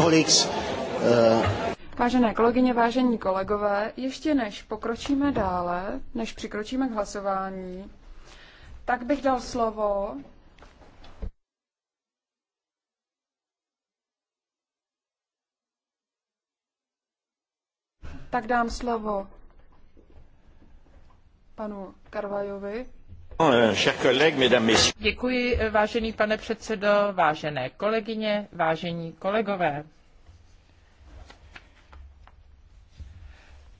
Uh, Vážené kolegyně, vážení kolegové, ještě než pokročíme dále, než přikročíme k hlasování, tak bych dal slovo tak dám slovo panu Karvajovi, Oh, eh, Děkuji, eh, vážený pane předsedo, vážené kolegyně, vážení kolegové.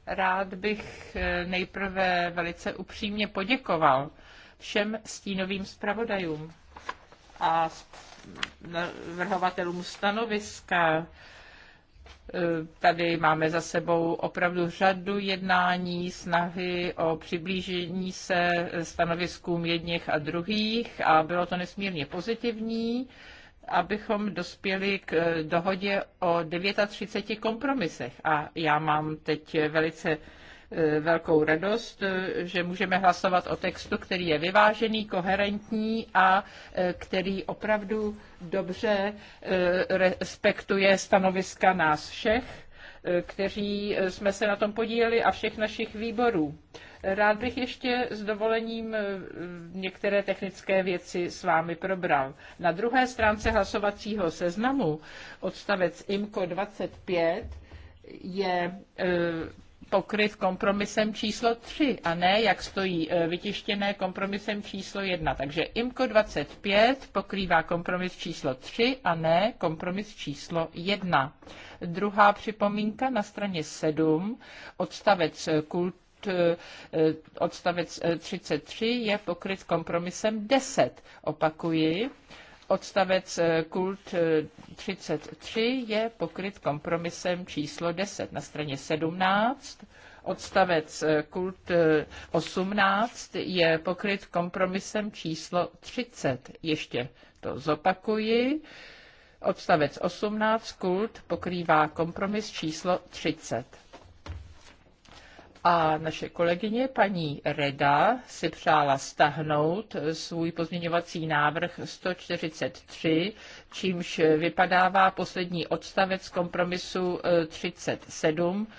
Rád bych eh, nejprve velice upřímně poděkoval všem stínovým zpravodajům a navrhovatelům stanoviska, Eh, tady máme za sebou opravdu řadu jednání, snahy o přiblížení se stanoviskům jedněch a druhých a bylo to nesmírně pozitivní, abychom dospěli k eh, dohodě o 39 kompromisech. A já mám teď velice velkou radost, že můžeme hlasovat o textu, který je vyvážený, koherentní a eh, který opravdu dobře eh, respektuje stanoviska nás všech, eh, kteří jsme se na tom podíleli a všech našich výborů. Rád bych ještě s dovolením některé technické věci s vámi probral. Na druhé stránce hlasovacího seznamu odstavec IMCO 25 je pokryt kompromisem číslo 3 a ne, jak stojí e, vytištěné kompromisem číslo 1. Takže IMCO 25 pokrývá kompromis číslo 3 a ne kompromis číslo 1. Druhá připomínka na straně 7, odstavec kultury e, e, odstavec 33 je pokryt kompromisem 10. Opakuji, odstavec eh, kult 33 eh, je pokryt kompromisem číslo 10 na straně 17. Odstavec eh, kult 18 je pokryt kompromisem číslo 30. Ještě to zopakuji. Odstavec 18 kult pokrývá kompromis číslo 30. A naše kolegyně paní Reda si přála stahnout svůj pozměňovací návrh 143, čímž vypadává poslední odstavec kompromisu 37, eh,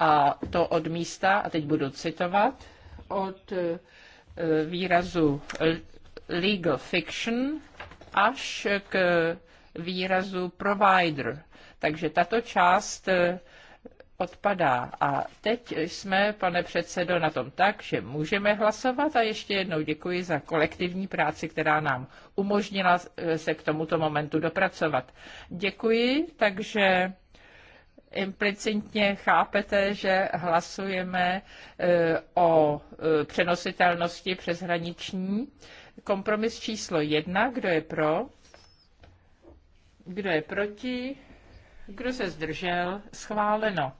a to od místa, a teď budu citovat, od eh, výrazu legal fiction až k výrazu provider. Takže tato část eh, odpadá. A teď jsme, pane předsedo, na tom tak, že můžeme hlasovat a ještě jednou děkuji za kolektivní práci, která nám umožnila eh, se k tomuto momentu dopracovat. Děkuji, takže implicitně chápete, že hlasujeme eh, o eh, přenositelnosti přeshraniční. Kompromis číslo jedna, kdo je pro? Kdo je proti? Kdo se zdržel? Schváleno.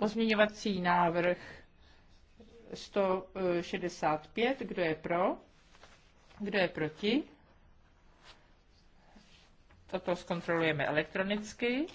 Pozměňovací návrh 165, kdo je pro, kdo je proti. Toto zkontrolujeme elektronicky.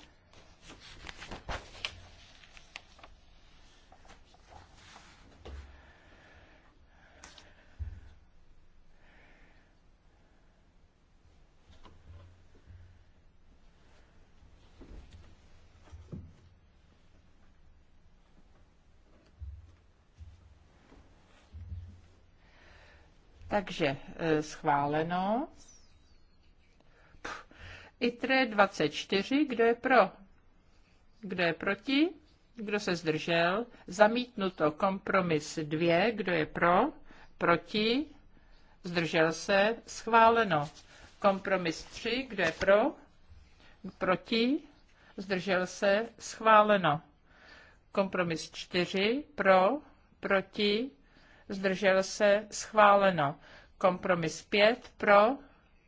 Takže e, schváleno. ITRE 24, kdo je pro? Kdo je proti? Kdo se zdržel? Zamítnuto kompromis 2, kdo je pro? Proti? Zdržel se? Schváleno. Kompromis 3, kdo je pro? Proti? Zdržel se? Schváleno. Kompromis 4, pro? Proti? zdržel se, schváleno. Kompromis 5 pro,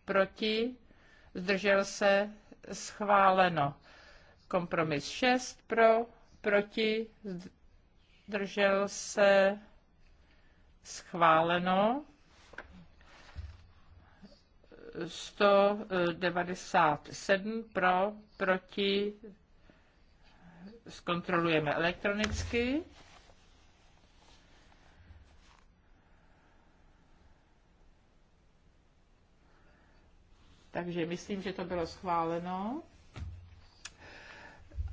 proti, zdržel se, schváleno. Kompromis 6 pro, proti, zdržel se, schváleno. 197 pro, proti, zkontrolujeme elektronicky. Takže myslím, že to bylo schváleno.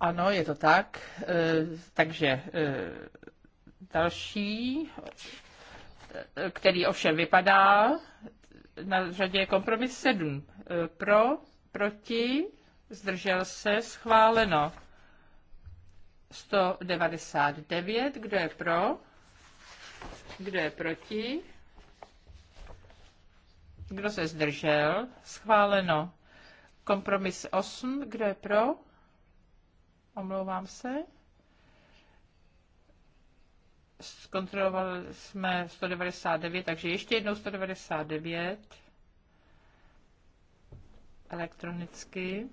Ano, je to tak. E, takže e, další, e, který ovšem vypadá, na řadě je kompromis 7. pro, proti, zdržel se, schváleno. 199, kdo je pro, kdo je proti, kdo se zdržel? Schváleno. Kompromis 8. Kdo je pro? Omlouvám se. Zkontrolovali jsme 199, takže ještě jednou 199 elektronicky.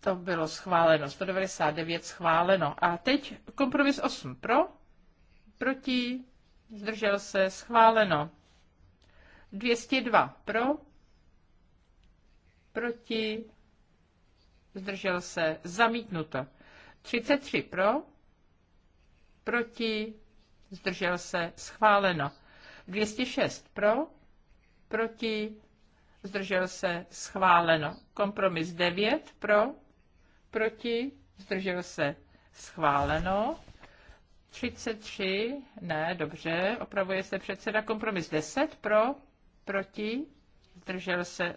To bylo schváleno, 199 schváleno. A teď kompromis 8 pro, proti, zdržel se, schváleno. 202 pro, proti, zdržel se, zamítnuto. 33 pro, proti, zdržel se, schváleno. 206 pro, proti, zdržel se, schváleno. Kompromis 9 pro, proti, zdržel se, schváleno. 33, ne, dobře, opravuje se předseda kompromis 10 pro, proti, zdržel se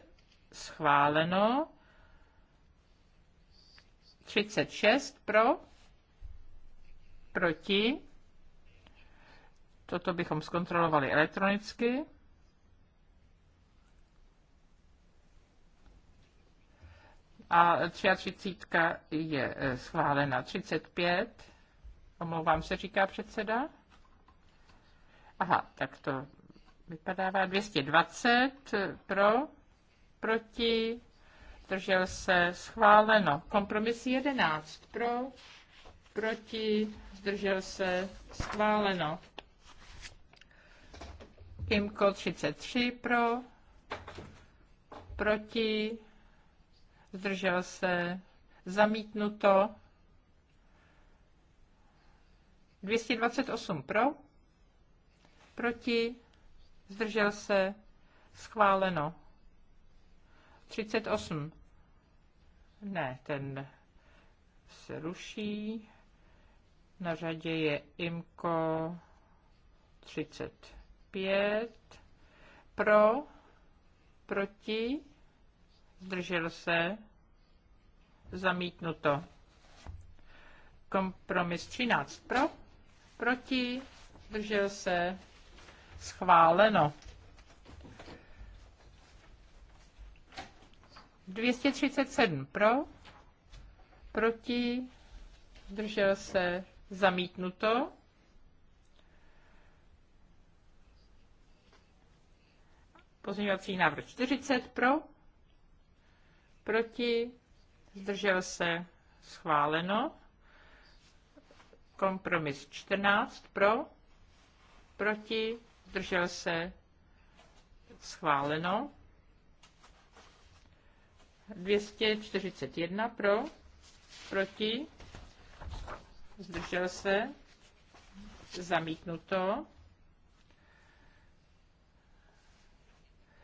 schváleno, 36 pro, proti, toto bychom zkontrolovali elektronicky, a 33 je eh, schválena 35, Omlouvám se, říká předseda. Aha, tak to vypadává 220 pro, proti, držel se, schváleno. Kompromis 11 pro, proti, zdržel se, schváleno. Imko 33 pro, proti, zdržel se, zamítnuto. 228 pro, proti, zdržel se, schváleno. 38. Ne, ten se ruší. Na řadě je IMKO 35. Pro, proti, zdržel se, zamítnuto. Kompromis 13 pro proti, zdržel se, schváleno. 237 pro, proti, zdržel se, zamítnuto. Pozměňovací návrh 40 pro, proti, zdržel se, schváleno. Kompromis 14 pro, proti, zdržel se, schváleno. 241 pro, proti, zdržel se, zamítnuto.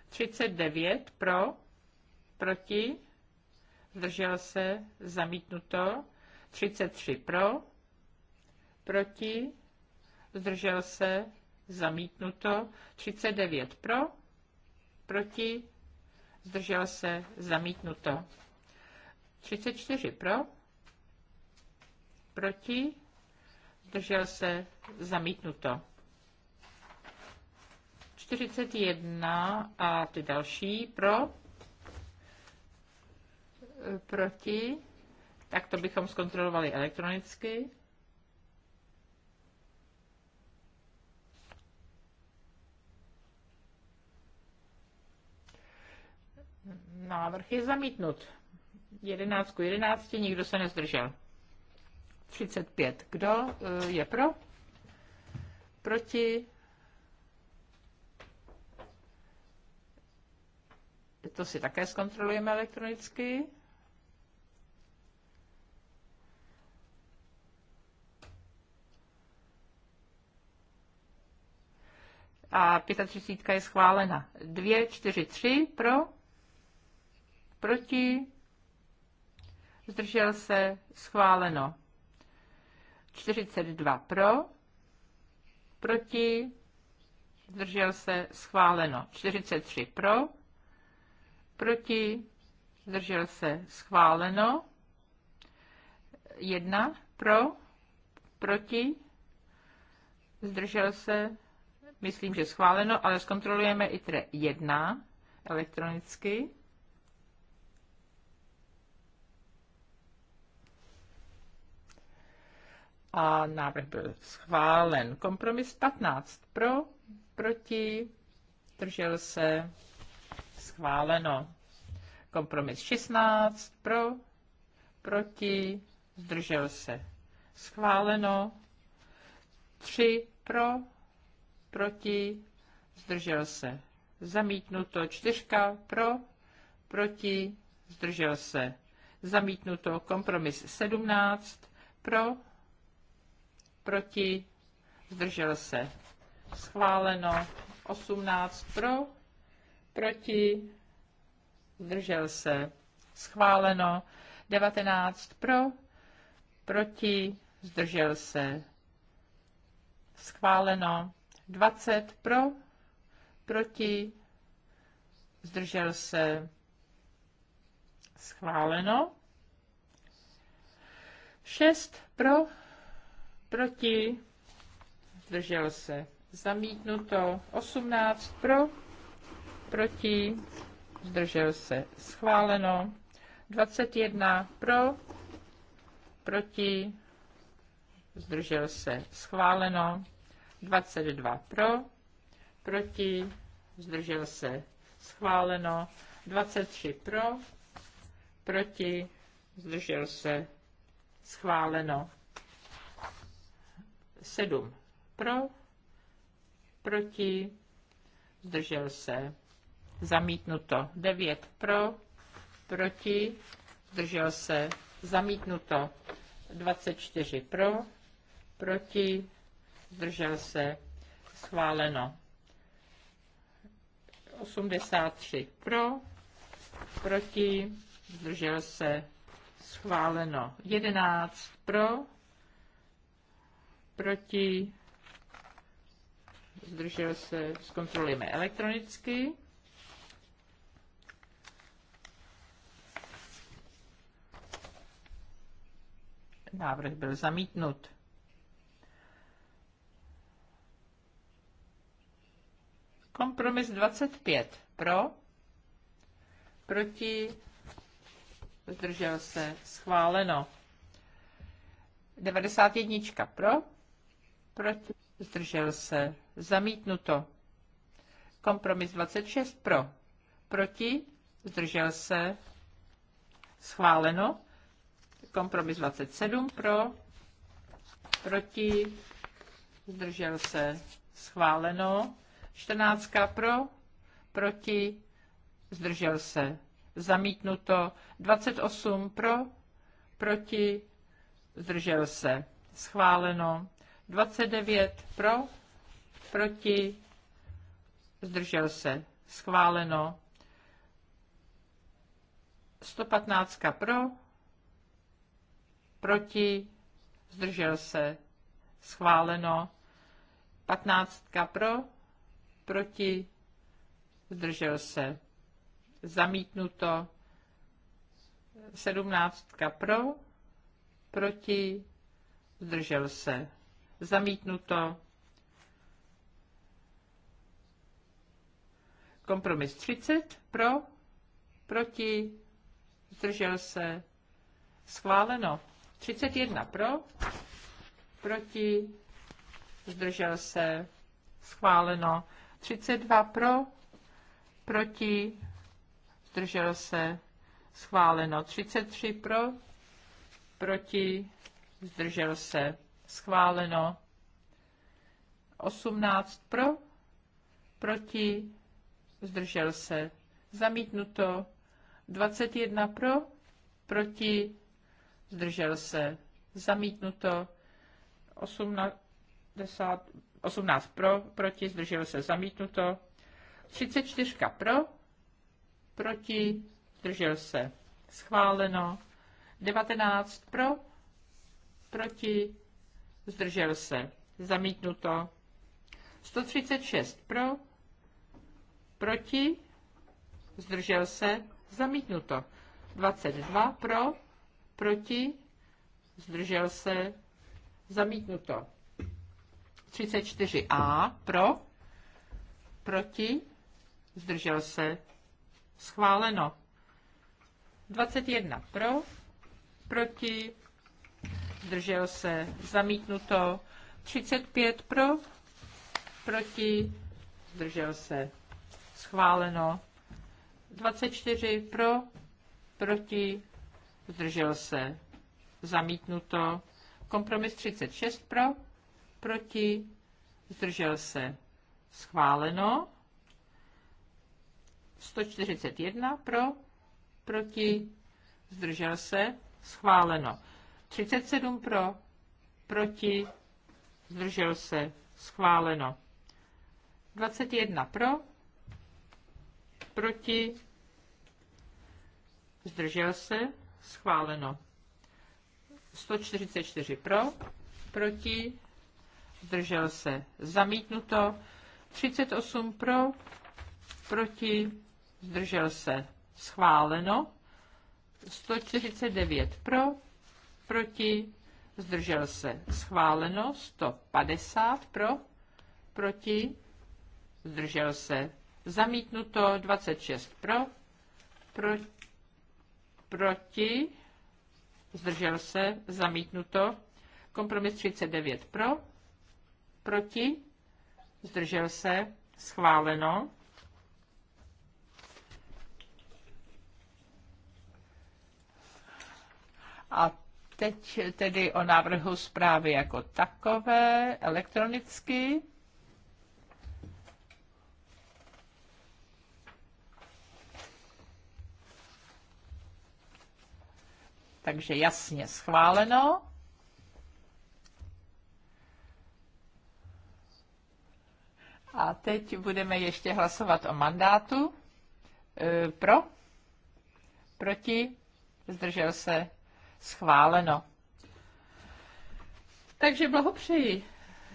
39 pro, proti, zdržel se, zamítnuto. 33 pro, proti, zdržel se, zamítnuto, 39 pro, proti, zdržel se, zamítnuto, 34 pro, proti, zdržel se, zamítnuto. 41 a ty další pro, proti, tak to bychom zkontrolovali elektronicky. Návrh je zamítnut. 11 ku 11, nikdo se nezdržel. 35. Kdo eh, je pro? Proti? To si také zkontrolujeme elektronicky. A 35 je schválena. 2, 4, 3 pro proti, zdržel se, schváleno. 42 pro, proti, zdržel se, schváleno. 43 pro, proti, zdržel se, schváleno. 1 pro, proti, zdržel se, myslím, že schváleno, ale zkontrolujeme i tre 1 elektronicky. a návrh byl schválen. Kompromis 15 pro, proti, držel se, schváleno. Kompromis 16 pro, proti, zdržel se, schváleno. 3 pro, proti, zdržel se, zamítnuto. 4 pro, proti, zdržel se, zamítnuto. Kompromis 17 pro, proti, zdržel se. Schváleno 18 pro, proti, zdržel se. Schváleno 19 pro, proti, zdržel se. Schváleno 20 pro, proti, zdržel se. Schváleno. 6 pro, proti, zdržel se zamítnuto, 18 pro, proti, zdržel se schváleno, 21 pro, proti, zdržel se schváleno, 22 pro, proti, zdržel se schváleno, 23 pro, proti, zdržel se schváleno. 7 pro, proti, zdržel se, zamítnuto. 9 pro, proti, zdržel se, zamítnuto. 24 pro, proti, zdržel se, schváleno. 83 pro, proti, zdržel se, schváleno. 11 pro, proti, zdržel se, zkontrolujeme elektronicky. Návrh byl zamítnut. Kompromis 25 pro, proti, zdržel se, schváleno. 91 pro, proti, zdržel se, zamítnuto. Kompromis 26 pro, proti, zdržel se, schváleno. Kompromis 27 pro, proti, zdržel se, schváleno. 14 pro, proti, zdržel se, zamítnuto. 28 pro, proti, zdržel se, schváleno. 29 pro, proti, zdržel se, schváleno. 115 pro, proti, zdržel se, schváleno. 15 pro, proti, zdržel se, zamítnuto. 17 pro, proti, zdržel se zamítnuto. Kompromis 30 pro, proti, zdržel se, schváleno. 31 pro, proti, zdržel se, schváleno. 32 pro, proti, zdržel se, schváleno. 33 pro, proti, zdržel se, schváleno. 18 pro, proti, zdržel se, zamítnuto. 21 pro, proti, zdržel se, zamítnuto. 18, 18 pro, proti, zdržel se, zamítnuto. 34 pro, proti, zdržel se, schváleno. 19 pro, proti, zdržel se, zamítnuto. 136 pro, proti, zdržel se, zamítnuto. 22 pro, proti, zdržel se, zamítnuto. 34a pro, proti, zdržel se, schváleno. 21 pro, proti, zdržel se, zamítnuto. 35 pro, proti, zdržel se, schváleno. 24 pro, proti, zdržel se, zamítnuto. Kompromis 36 pro, proti, zdržel se, schváleno. 141 pro, proti, zdržel se, schváleno. 37 pro, proti, zdržel se, schváleno. 21 pro, proti, zdržel se, schváleno. 144 pro, proti, zdržel se, zamítnuto. 38 pro, proti, zdržel se, schváleno. 149 pro, proti, zdržel se schváleno, 150 pro, proti, zdržel se zamítnuto, 26 pro, pro proti, zdržel se zamítnuto, kompromis 39 pro, proti, zdržel se schváleno. A Teď tedy o návrhu zprávy jako takové elektronicky. Takže jasně schváleno. A teď budeme ještě hlasovat o mandátu. E, pro? Proti? Zdržel se? Schváleno. Takže blahopřeji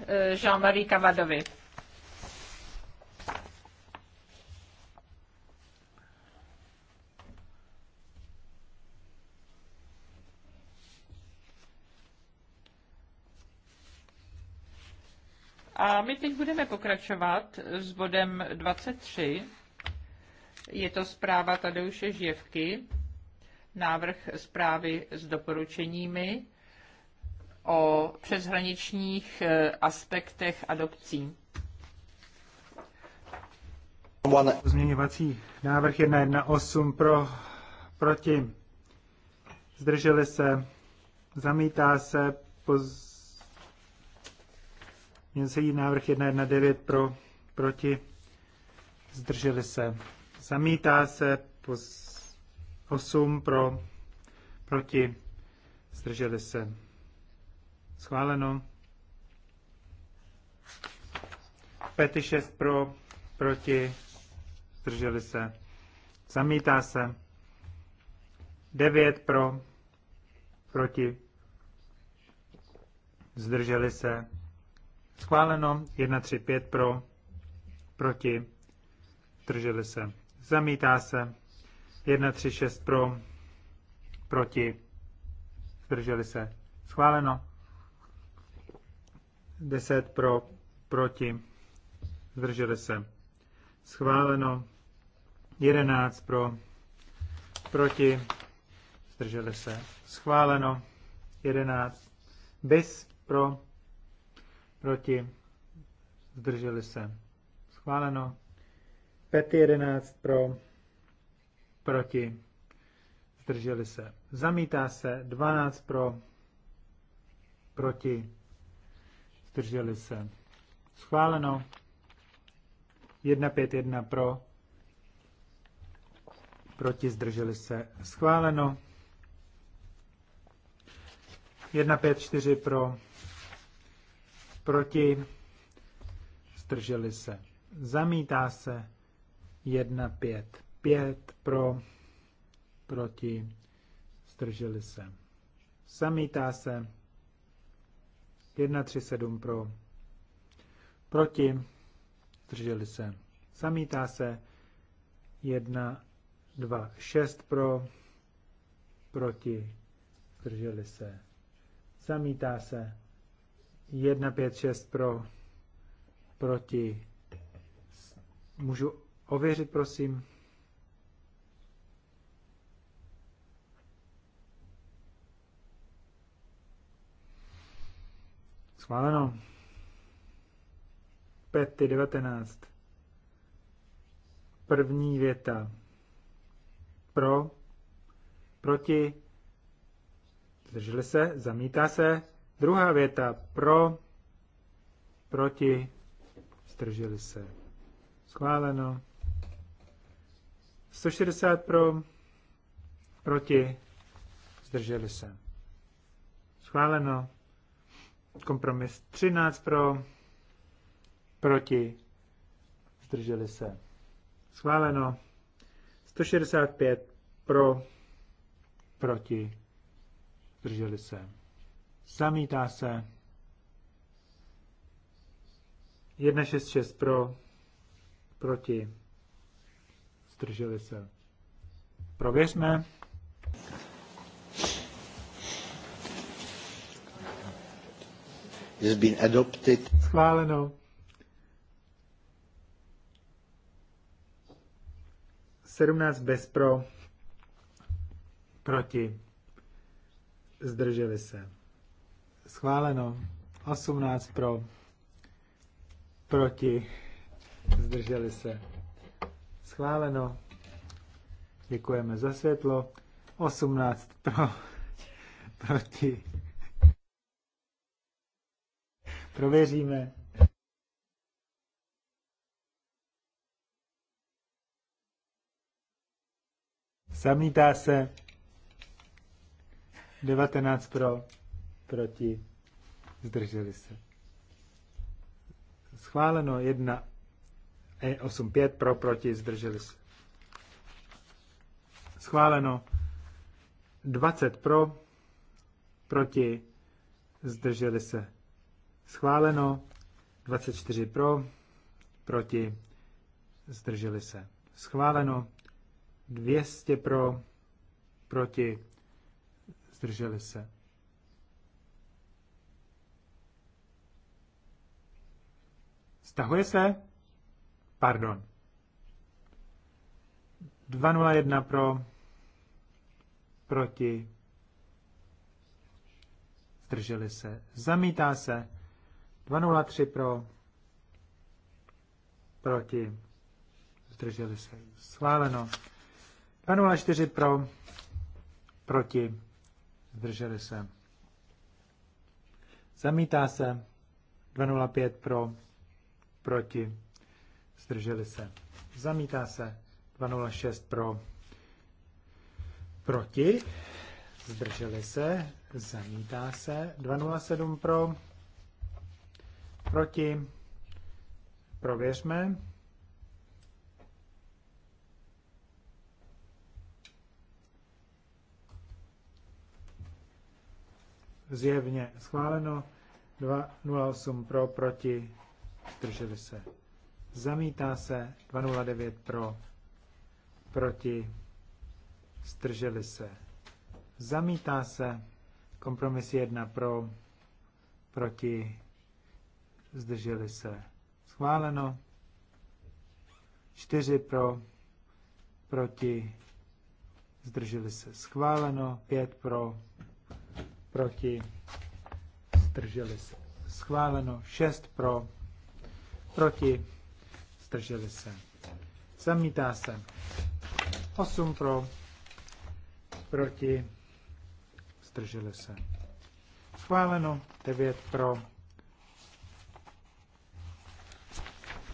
eh, Jean-Marie Kavadovi. A my teď budeme pokračovat s bodem 23. Je to zpráva Tadeuše Žijevky návrh zprávy s doporučeními o přeshraničních eh, aspektech adopcí. Pozměňovací návrh 1.1.8 pro, proti. Zdrželi se. Zamítá se. Poz... Měncejí návrh 1.1.9 pro, proti. Zdrželi se. Zamítá se. Poz 8 pro, proti, zdrželi se. Schváleno. 5 6 pro, proti, zdrželi se. Zamítá se. 9 pro, proti, zdrželi se. Schváleno 1, 3, 5 pro, proti, zdrželi se. Zamítá se. 1, 3, 6 pro, proti, zdrželi se. Schváleno. 10 pro, proti, zdrželi se. Schváleno. 11 pro, proti, zdrželi se. Schváleno. 11 bis pro, proti, zdrželi se. Schváleno. 5 11 pro, proti, zdrželi se. Zamítá se 12 pro, proti, zdrželi se. Schváleno 151 pro, proti, zdrželi se. Schváleno 154 pro, proti, zdrželi se. Zamítá se 1-5. 5 pro, proti, zdrželi se. Samítá se sedm pro, proti, zdrželi se. Samítá se 1, 2, 6 pro, proti, zdrželi se. Zamítá se 1, 5, 6 pro, proti. Můžu ověřit, prosím? Schváleno. Pety 19. První věta. Pro. Proti. Zdrželi se. Zamítá se. Druhá věta. Pro. Proti. Zdrželi se. Schváleno. 160 pro. Proti. Zdrželi se. Schváleno. Kompromis 13 pro, proti, zdrželi se. Schváleno. 165 pro, proti, zdrželi se. Zamítá se. 166 pro, proti, zdrželi se. Prověřme. has been adopted. Schváleno. Sedmnáct bez pro, proti, zdrželi se. Schváleno. 18 pro, proti, zdrželi se. Schváleno. Děkujeme za světlo. 18 pro, proti, Prověříme. Zamítá se 19 pro, proti, zdrželi se. Schváleno 1, 8, 5 pro, proti, zdrželi se. Schváleno 20 pro, proti, zdrželi se. Schváleno 24 pro, proti, zdrželi se. Schváleno 200 pro, proti, zdrželi se. Stahuje se? Pardon. 201 pro, proti, zdrželi se. Zamítá se. 203 pro, proti, zdrželi se, schváleno. 204 pro, proti, zdrželi se. Zamítá se 205 pro, proti, zdrželi se. Zamítá se 206 pro, proti, zdrželi se, zamítá se 207 pro, Proti? Prověřme. Zjevně schváleno. 208 pro, proti, zdrželi se. Zamítá se 209 pro, proti, zdrželi se. Zamítá se kompromis 1 pro, proti, zdrželi se. Schváleno. čtyři pro, proti, zdrželi se. Schváleno. pět pro, proti, zdrželi se. Schváleno. šest pro, proti, zdrželi se. Zamítá se. osm pro, proti, zdrželi se. Schváleno. devět pro,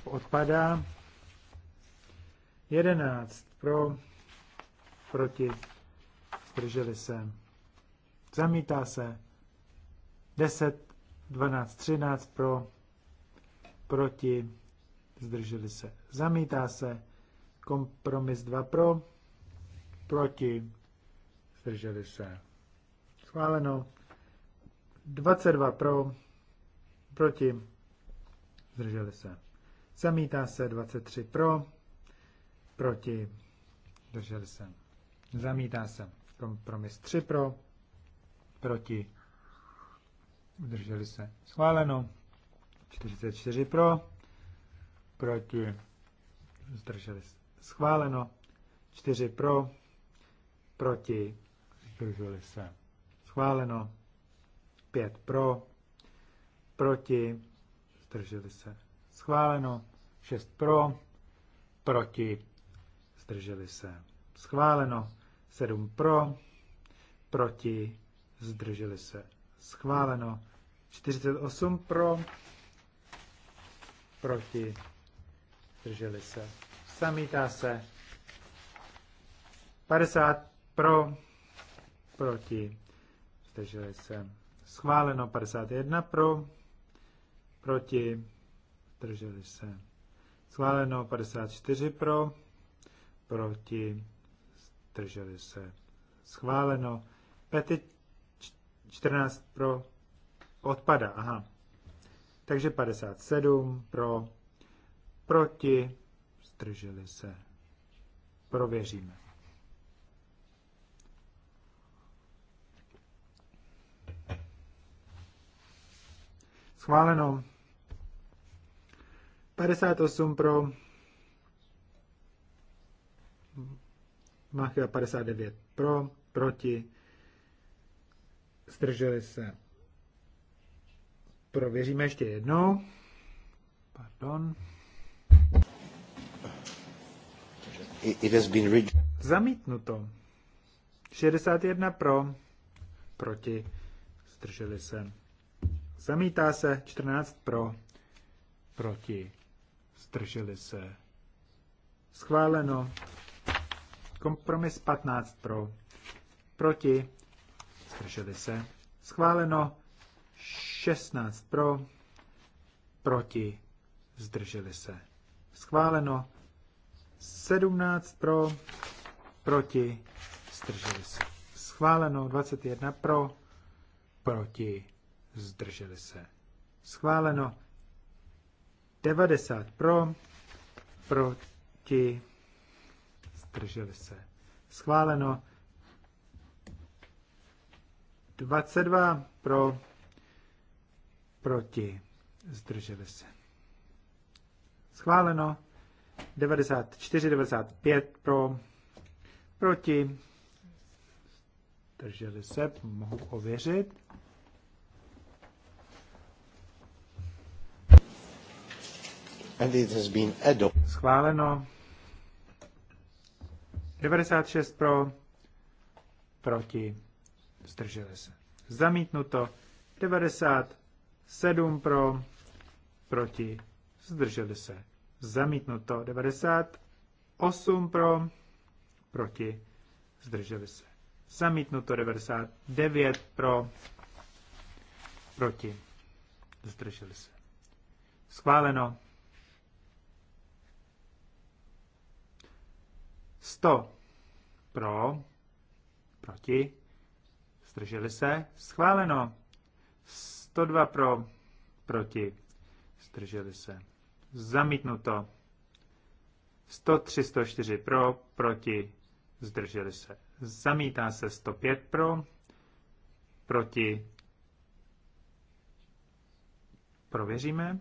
odpadá. 11 pro, proti, zdrželi se, zamítá se. 10, 12, 13 pro, proti, zdrželi se, zamítá se. Kompromis 2 pro, proti, zdrželi se. Schváleno. 22 pro, proti, zdrželi se. Zamítá se 23 pro, proti, drželi se. Zamítá se kompromis 3 pro, proti, drželi se. Schváleno 44 pro, proti, zdrželi se. Schváleno 4 pro, proti, zdrželi se. Schváleno 5 pro, proti, zdrželi se. Schváleno 6 pro, proti, zdrželi se. Schváleno. 7 pro, proti, zdrželi se. Schváleno. 48 pro, proti, zdrželi se. Samítá se. 50 pro, proti, zdrželi se. Schváleno 51 pro, proti, zdrželi se Schváleno 54 pro, proti, zdrželi se. Schváleno. Pety 14 pro, odpada, aha. Takže 57 pro, proti, zdrželi se. Prověříme. Schváleno 58 pro Machia 59 pro, proti, zdrželi se. Prověříme ještě jednou. Pardon. It has been Zamítnuto. 61 pro, proti, zdrželi se. Zamítá se 14 pro, proti, zdrželi se. Schváleno. Kompromis 15 pro, proti, zdrželi se. Schváleno 16 pro, proti, zdrželi se. Schváleno 17 pro, proti, zdrželi se. Schváleno 21 pro, proti, zdrželi se. Schváleno 90 pro, proti, zdrželi se. Schváleno. 22 pro, proti, zdrželi se. Schváleno. 94, 95 pro, proti, zdrželi se, mohu ověřit. and it has been adopted. Schváleno. 96 pro, proti, zdrželi se. Zamítnuto. 97 pro, proti, zdrželi se. Zamítnuto. 98 pro, proti, zdrželi se. Zamítnuto 99 pro, proti, zdrželi se. Schváleno 100 pro, proti, zdrželi se, schváleno. 102 pro, proti, zdrželi se, zamítnuto. 103, 104 pro, proti, zdrželi se. Zamítá se 105 pro, proti, prověříme.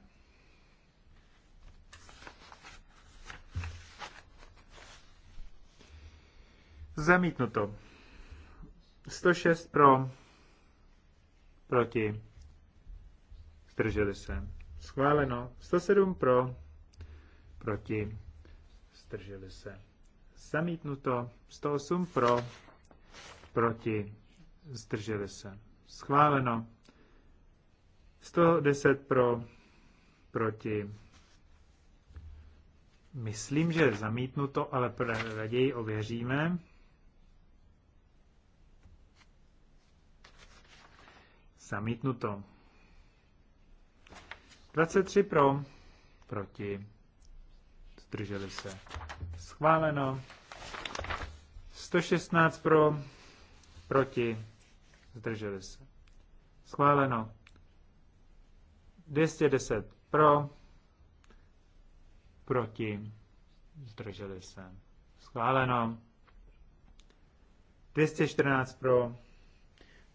Zamítnuto. 106 pro, proti, zdrželi se. Schváleno. 107 pro, proti, zdrželi se. Zamítnuto. 108 pro, proti, zdrželi se. Schváleno. 110 pro, proti. Myslím, že zamítnuto, ale raději ověříme. Zamítnuto. 23 pro, proti, zdrželi se. Schváleno. 116 pro, proti, zdrželi se. Schváleno. 210 pro, proti, zdrželi se. Schváleno. 214 pro,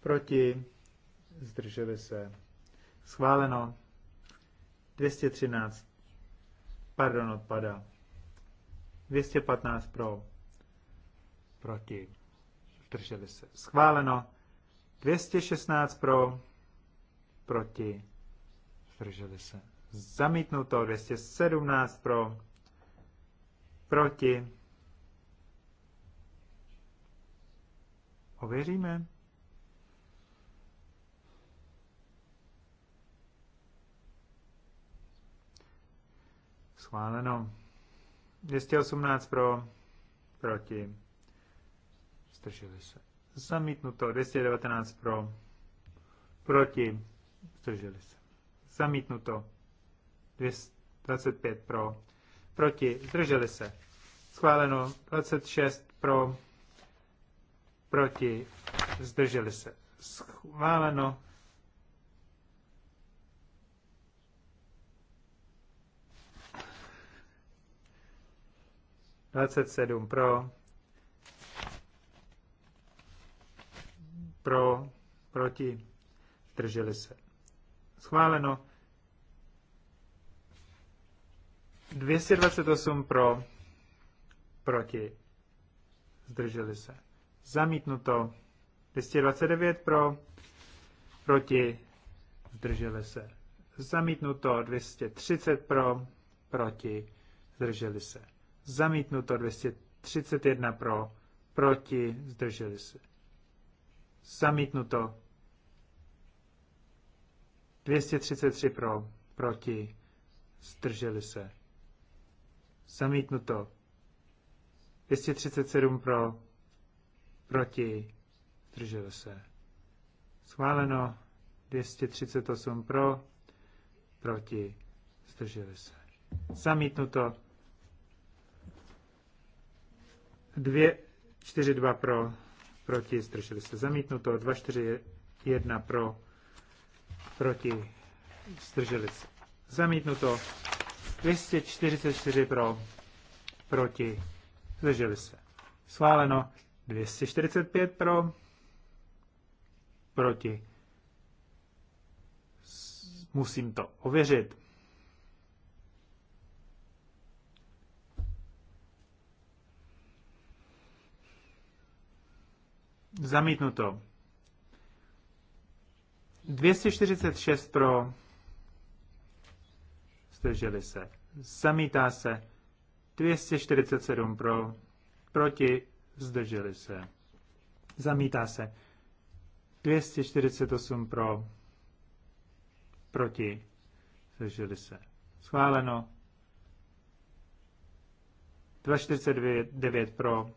proti, zdrželi se. Schváleno. 213. Pardon, odpada. 215 pro. Proti. Zdrželi se. Schváleno. 216 pro. Proti. Zdrželi se. Zamítnuto. 217 pro. Proti. Ověříme. Schváleno. 218 pro, proti. Zdrželi se. Zamítnuto. 219 pro, proti. Zdrželi se. Zamítnuto. 225 pro, proti. Zdrželi se. Schváleno. 26 pro, proti. Zdrželi se. Schváleno. 27 pro, pro, proti, zdrželi se. Schváleno. 228 pro, proti, zdrželi se. Zamítnuto. 229 pro, proti, zdrželi se. Zamítnuto 230 pro, proti, zdrželi se. Zamítnuto 231 pro, proti, zdrželi se. Zamítnuto 233 pro, proti, zdrželi se. Zamítnuto 237 pro, proti, zdrželi se. Schváleno 238 pro, proti, zdrželi se. Zamítnuto 2, 4, 2 pro, proti, zdrželi se zamítnuto, 2, 4, 1 pro, proti, zdrželi se zamítnuto, 244 pro, proti, zdrželi se. Schváleno 245 pro, proti. Musím to ověřit. Zamítnuto. 246 pro. Zdrželi se. Zamítá se. 247 pro. Proti. Zdrželi se. Zamítá se. 248 pro. Proti. Zdrželi se. Schváleno. 249 pro.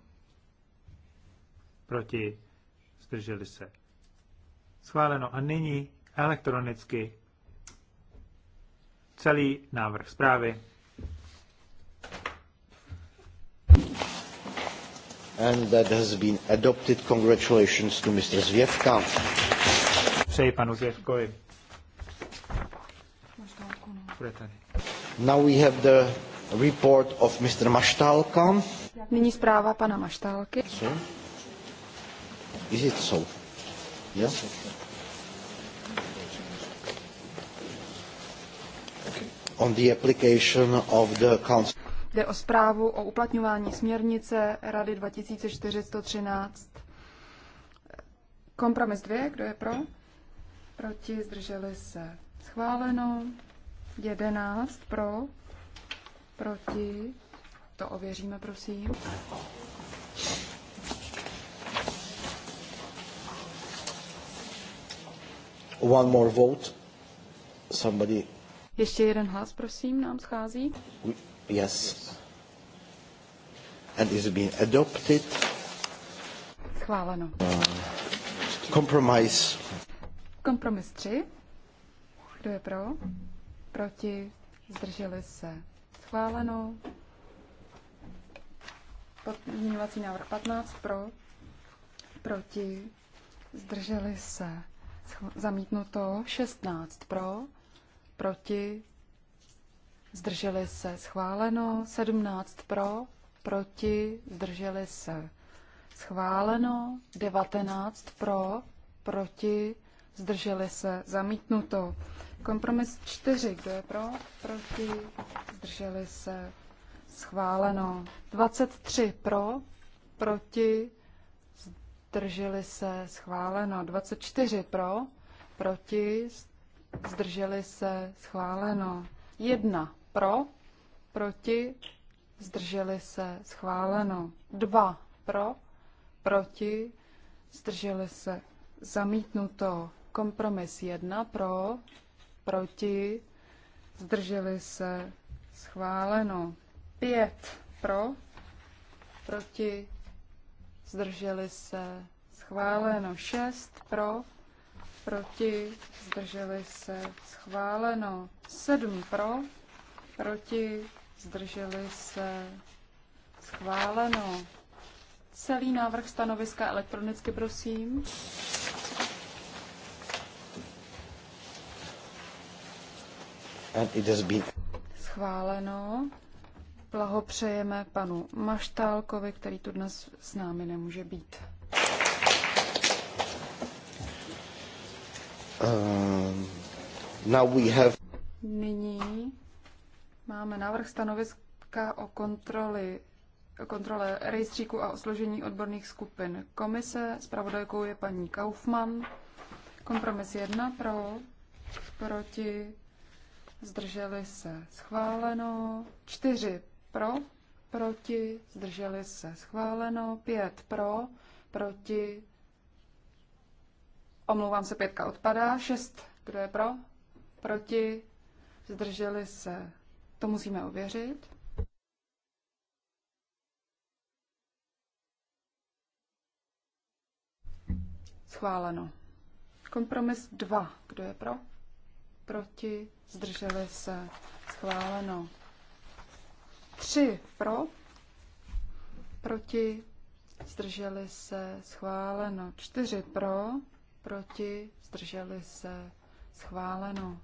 Proti zdrželi se. Schváleno. A nyní elektronicky celý návrh zprávy. And that has been adopted. Congratulations to Mr. Zvěvka. Přeji panu Zvěvkovi. Bude tady. Now we have the report of Mr. Maštálka. Nyní zpráva pana Maštálky. Sorry. Is it so? Yes? On the application of the council. Jde o zprávu o uplatňování směrnice Rady 2413. Kompromis 2, kdo je pro? Proti, zdrželi se. Schváleno. 11 pro, proti. To ověříme, prosím. One more vote. Somebody. Ještě jeden hlas, prosím, nám schází. Yes. And is being adopted. Schváleno. Uh, compromise. Kompromis 3. Kdo je pro? Proti? Zdrželi se? Schváleno. Podmínovací návrh 15 pro, proti, zdrželi se zamítnuto 16 pro, proti, zdrželi se schváleno 17 pro, proti, zdrželi se schváleno 19 pro, proti, zdrželi se zamítnuto. Kompromis 4, kdo je pro, proti, zdrželi se schváleno 23 pro, proti, zdrželi se, schváleno. 24 pro, proti, zdrželi se, schváleno. 1 pro, proti, zdrželi se, schváleno. 2 pro, proti, zdrželi se, zamítnuto. Kompromis 1 pro, proti, zdrželi se, schváleno. 5 pro, proti, zdrželi se, schváleno 6 pro, proti, zdrželi se, schváleno 7 pro, proti, zdrželi se, schváleno. Celý návrh stanoviska elektronicky, prosím. And it has been... Schváleno. Blahopřejeme panu Maštálkovi, který tu dnes s námi nemůže být. Uh, now we have... Nyní máme návrh stanoviska o kontroli kontrole rejstříku a osložení odborných skupin komise. Spravodajkou je paní Kaufmann. Kompromis 1 pro, proti, zdrželi se schváleno. 4 pro, proti, zdrželi se schváleno, pět pro, proti, omlouvám se, pětka odpadá, šest, kdo je pro, proti, zdrželi se, to musíme ověřit. Schváleno. Kompromis 2. Kdo je pro? Proti? Zdrželi se? Schváleno. 3 pro, proti, zdrželi se, schváleno. 4 pro, proti, zdrželi se, schváleno.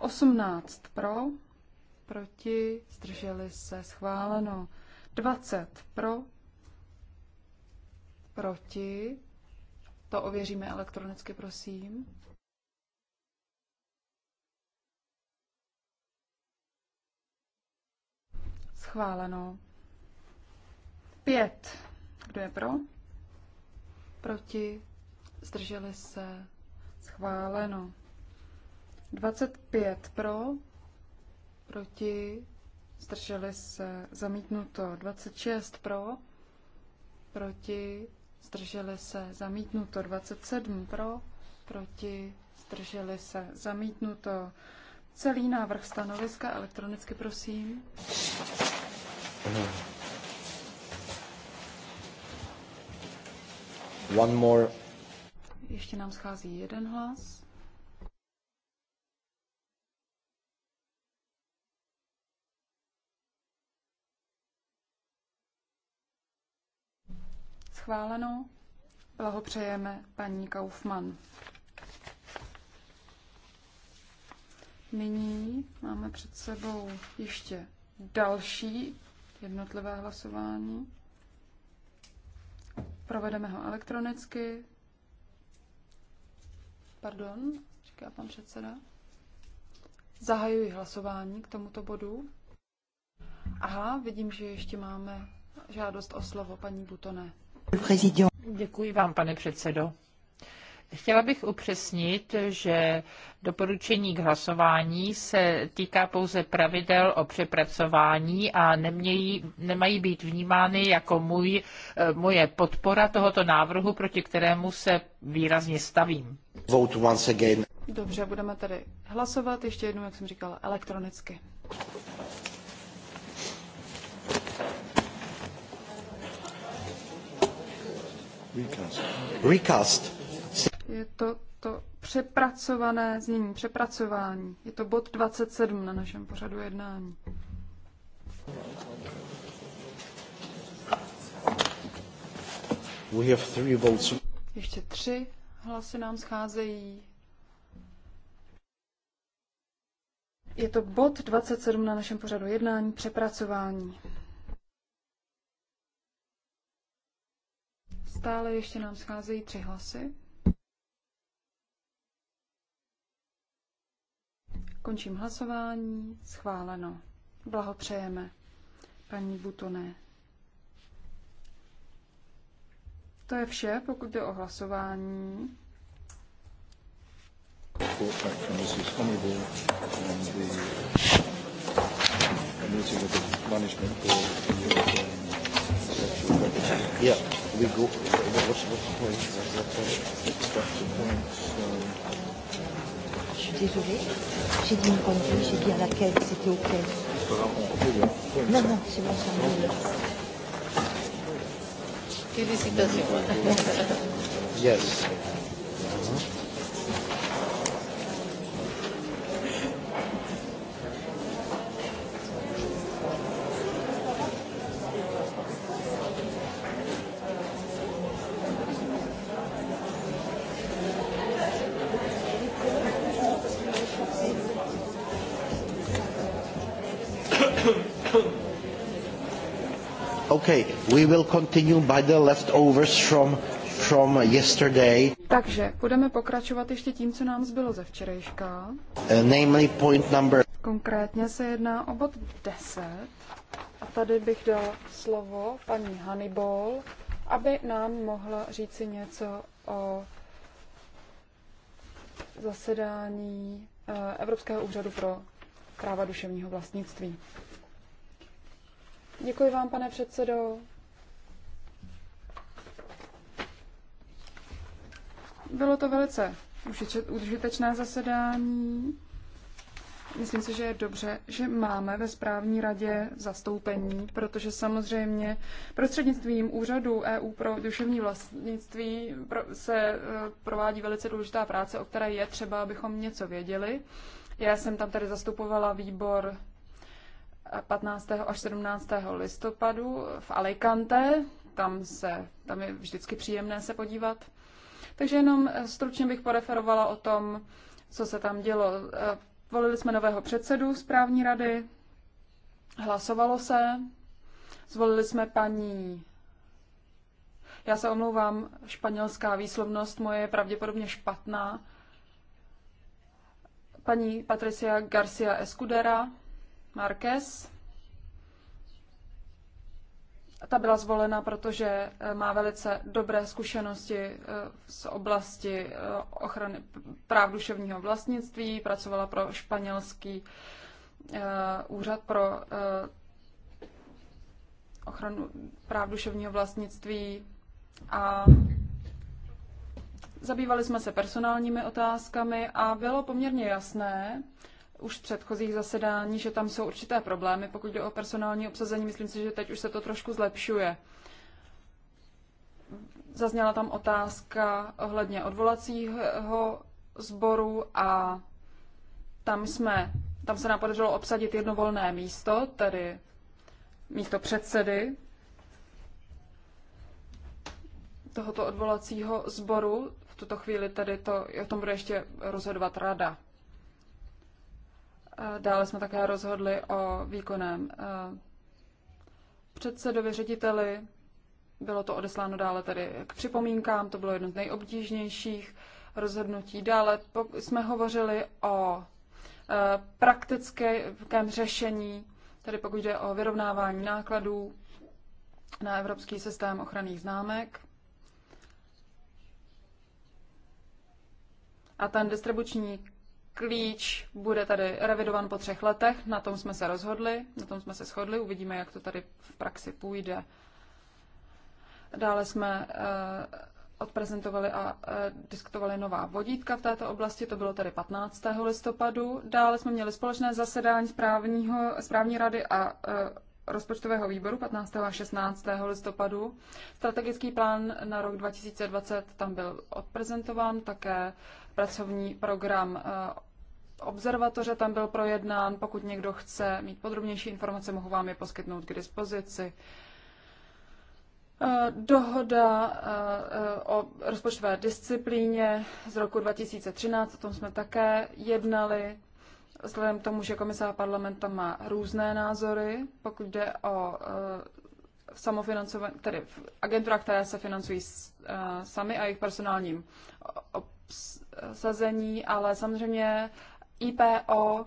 18 pro, proti, zdrželi se, schváleno. 20 pro, proti, to ověříme elektronicky, prosím. schváleno. Pět. Kdo je pro? Proti? Zdrželi se? Schváleno. 25 pro? Proti? Zdrželi se? Zamítnuto. 26 pro? Proti? Zdrželi se? Zamítnuto. 27 pro? Proti? Zdrželi se? Zamítnuto. Celý návrh stanoviska elektronicky prosím. One more. Ještě nám schází jeden hlas. Schváleno. Blahopřejeme paní Kaufmann. Nyní máme před sebou ještě další jednotlivé hlasování. Provedeme ho elektronicky. Pardon, říká pan předseda. Zahajuji hlasování k tomuto bodu. Aha, vidím, že ještě máme žádost o slovo paní Butone. Děkuji vám, pane předsedo. Chtěla bych upřesnit, že doporučení k hlasování se týká pouze pravidel o přepracování a nemějí, nemají být vnímány jako můj, eh, moje podpora tohoto návrhu, proti kterému se výrazně stavím. Vote once again. Dobře, budeme tady hlasovat ještě jednou, jak jsem říkala, elektronicky. Recast. Recast. Je to to přepracované znění, přepracování. Je to bod 27 na našem pořadu jednání. We have three votes. Ještě tři hlasy nám scházejí. Je to bod 27 na našem pořadu jednání, přepracování. Stále ještě nám scházejí tři hlasy. Končím hlasování. Schváleno. Blahopřejeme. Paní Butoné. To je vše, pokud jde o hlasování. Yeah, we go. What's, what's the point? Is that the point. So suis désolée. J'ai dit une bonne fille, j'ai dit à laquelle c'était OK. Non, non, c'est bon, ça Félicitations. Yes. We will continue by the leftovers from, from yesterday. Takže budeme pokračovat ještě tím, co nám zbylo ze včerejška. Uh, namely point number... Konkrétně se jedná o bod 10. A tady bych dal slovo paní Hannibal, aby nám mohla říci něco o zasedání eh, Evropského úřadu pro práva duševního vlastnictví. Děkuji vám, pane předsedo. Bylo to velice užitečné zasedání. Myslím si, že je dobře, že máme ve správní radě zastoupení, protože samozřejmě prostřednictvím úřadu EU pro duševní vlastnictví se eh, provádí velice důležitá práce, o které je třeba, abychom něco věděli. Já jsem tam tady zastupovala výbor 15. Eh, až 17. listopadu v Alicante. Tam, se, tam je vždycky příjemné se podívat takže jenom eh, stručně bych poreferovala o tom, co se tam dělo. Eh, volili jsme nového předsedu správní rady, hlasovalo se, zvolili jsme paní já se omlouvám, španělská výslovnost moje je pravděpodobně špatná. Paní Patricia Garcia Escudera Marquez ta byla zvolena, protože eh, má velice dobré zkušenosti eh, z oblasti eh, ochrany práv duševního vlastnictví, pracovala pro španělský úřad pro ochranu práv duševního vlastnictví a zabývali jsme se personálními otázkami a bylo poměrně jasné, už z předchozích zasedání, že tam jsou určité problémy, pokud jde o personální obsazení. Myslím si, že teď už se to trošku zlepšuje. Zazněla tam otázka ohledně odvolacího sboru a tam, jsme, tam se nám podařilo obsadit jedno volné místo, tedy místo předsedy tohoto odvolacího sboru. V tuto chvíli tedy to, o tom bude ještě rozhodovat rada. Dále jsme také rozhodli o výkonném eh, předsedovi, řediteli. Bylo to odesláno dále tedy k připomínkám, to bylo jedno z nejobtížnějších rozhodnutí. Dále jsme hovořili o eh, praktickém řešení, tedy pokud jde o vyrovnávání nákladů na Evropský systém ochranných známek. A ten distribuční klíč bude tady revidovan po třech letech, na tom jsme se rozhodli, na tom jsme se shodli, uvidíme, jak to tady v praxi půjde. Dále jsme eh, odprezentovali a eh, diskutovali nová vodítka v této oblasti, to bylo tady 15. listopadu. Dále jsme měli společné zasedání správního, správní rady a eh, rozpočtového výboru 15. a 16. listopadu. Strategický plán na rok 2020 tam byl odprezentován, také pracovní program eh, observatoře tam byl projednán. Pokud někdo chce mít podrobnější informace, mohu vám je poskytnout k dispozici. Eh, dohoda eh, o rozpočtové disciplíně z roku 2013, o tom jsme také jednali vzhledem k tomu, že komise a parlament tam má různé názory, pokud jde o eh, samofinancování, tedy agentura, které se financují eh, sami a jejich personálním obsazení, ale samozřejmě IPO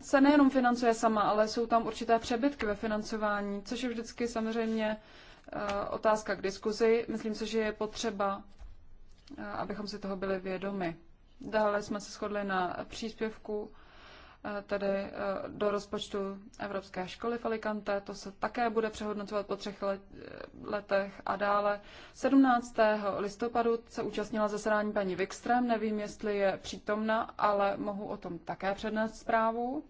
se nejenom financuje sama, ale jsou tam určité přebytky ve financování, což je vždycky samozřejmě eh, otázka k diskuzi. Myslím si, že je potřeba, abychom si toho byli vědomi. Dále jsme se shodli na příspěvku Eh, tedy eh, do rozpočtu Evropské školy v Alicante. To se také bude přehodnocovat po třech eh, letech a dále. 17. listopadu se účastnila zasedání paní Wikström. Nevím, jestli je přítomna, ale mohu o tom také přednést zprávu.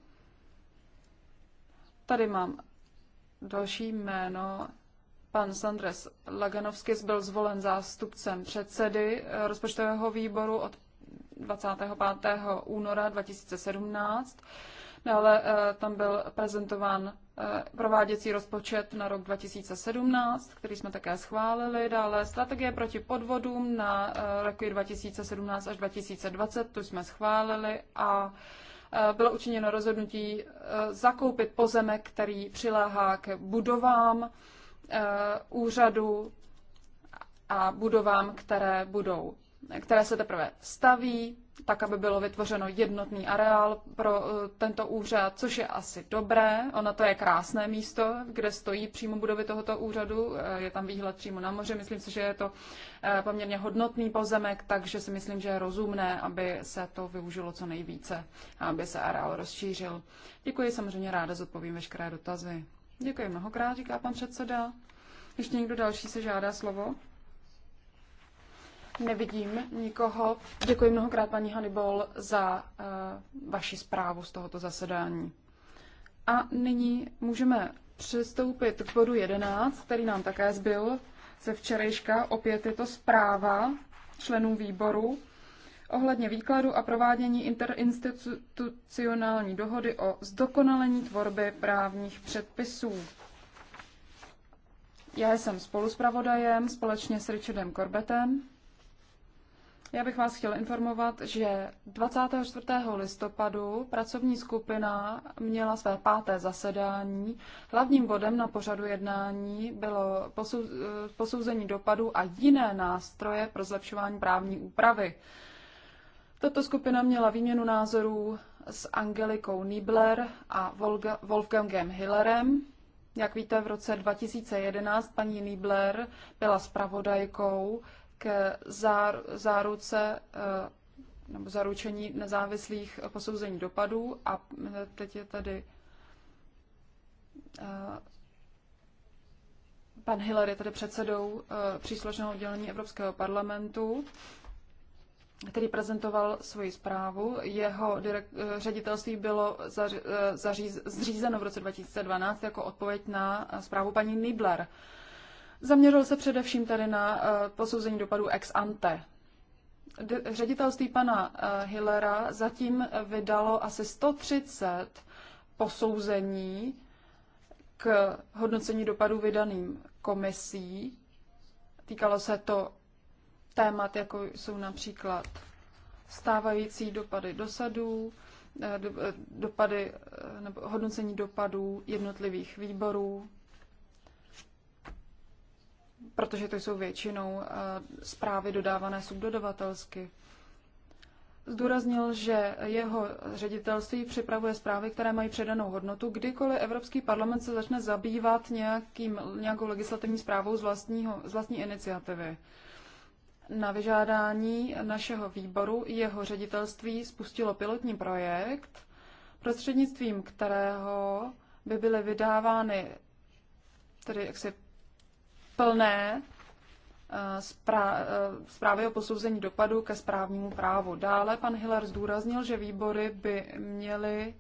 Tady mám další jméno. Pan Sandres Laganovskis byl zvolen zástupcem předsedy rozpočtového výboru od 25. února 2017. Dále eh, tam byl prezentován eh, prováděcí rozpočet na rok 2017, který jsme také schválili. Dále strategie proti podvodům na eh, roky 2017 až 2020, tu jsme schválili a bylo učiněno rozhodnutí zakoupit pozemek, který přiláhá k budovám úřadu a budovám, které budou které se teprve staví, tak, aby bylo vytvořeno jednotný areál pro eh, tento úřad, což je asi dobré. Ono to je krásné místo, kde stojí přímo budovy tohoto úřadu. Eh, je tam výhled přímo na moře. Myslím si, že je to eh, poměrně hodnotný pozemek, takže si myslím, že je rozumné, aby se to využilo co nejvíce a aby se areál rozšířil. Děkuji, samozřejmě ráda zodpovím veškeré dotazy. Děkuji mnohokrát, říká pan předseda. Ještě někdo další se žádá slovo? Nevidím nikoho. Děkuji mnohokrát, paní Hannibal, za uh, vaši zprávu z tohoto zasedání. A nyní můžeme přistoupit k bodu 11, který nám také zbyl ze včerejška. Opět je to zpráva členů výboru ohledně výkladu a provádění interinstitucionální dohody o zdokonalení tvorby právních předpisů. Já jsem spoluspravodajem společně s Richardem Korbetem. Já bych vás chtěla informovat, že 24. listopadu pracovní skupina měla své páté zasedání. Hlavním bodem na pořadu jednání bylo posouzení dopadů a jiné nástroje pro zlepšování právní úpravy. Tato skupina měla výměnu názorů s Angelikou Niebler a Wolfgangem Hillerem. Jak víte, v roce 2011 paní Niebler byla spravodajkou k záruce eh, nebo zaručení nezávislých posouzení dopadů a teď je tady eh, pan Hiller je tady předsedou eh, příslušného oddělení Evropského parlamentu, který prezentoval svoji zprávu. Jeho direkt, ředitelství bylo zaři, zaříz, zřízeno v roce 2012 jako odpověď na zprávu paní Nibler. Zaměřil se především tady na eh, posouzení dopadů ex ante. Ředitelství pana eh, Hillera zatím vydalo asi 130 posouzení k hodnocení dopadů vydaným komisí. Týkalo se to témat, jako jsou například stávající dopady dosadů, eh, dopady, nebo hodnocení dopadů jednotlivých výborů, protože to jsou většinou eh, zprávy dodávané subdodavatelsky. Zdůraznil, že jeho ředitelství připravuje zprávy, které mají předanou hodnotu. Kdykoliv Evropský parlament se začne zabývat nějakým, nějakou legislativní zprávou z, vlastního, z vlastní iniciativy, na vyžádání našeho výboru jeho ředitelství spustilo pilotní projekt, prostřednictvím kterého by byly vydávány tedy jaksi plné eh, eh, zprávy o posouzení dopadu ke správnímu právu. Dále pan Hiller zdůraznil, že výbory by měly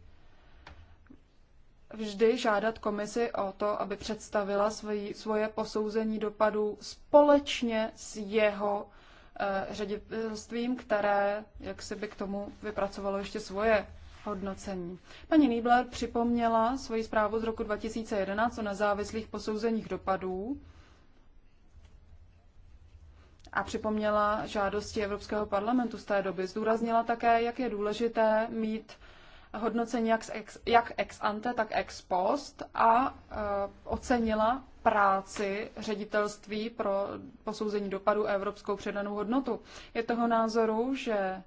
vždy žádat komisi o to, aby představila svoji, svoje posouzení dopadů společně s jeho uh, ředitelstvím, které jak si by k tomu vypracovalo ještě svoje hodnocení. Paní Niebler připomněla svoji zprávu z roku 2011 o nezávislých posouzeních dopadů a připomněla žádosti Evropského parlamentu z té doby. Zdůraznila také, jak je důležité mít hodnocení jak ex, jak ex ante, tak ex post a e, ocenila práci ředitelství pro posouzení dopadu a evropskou předanou hodnotu. Je toho názoru, že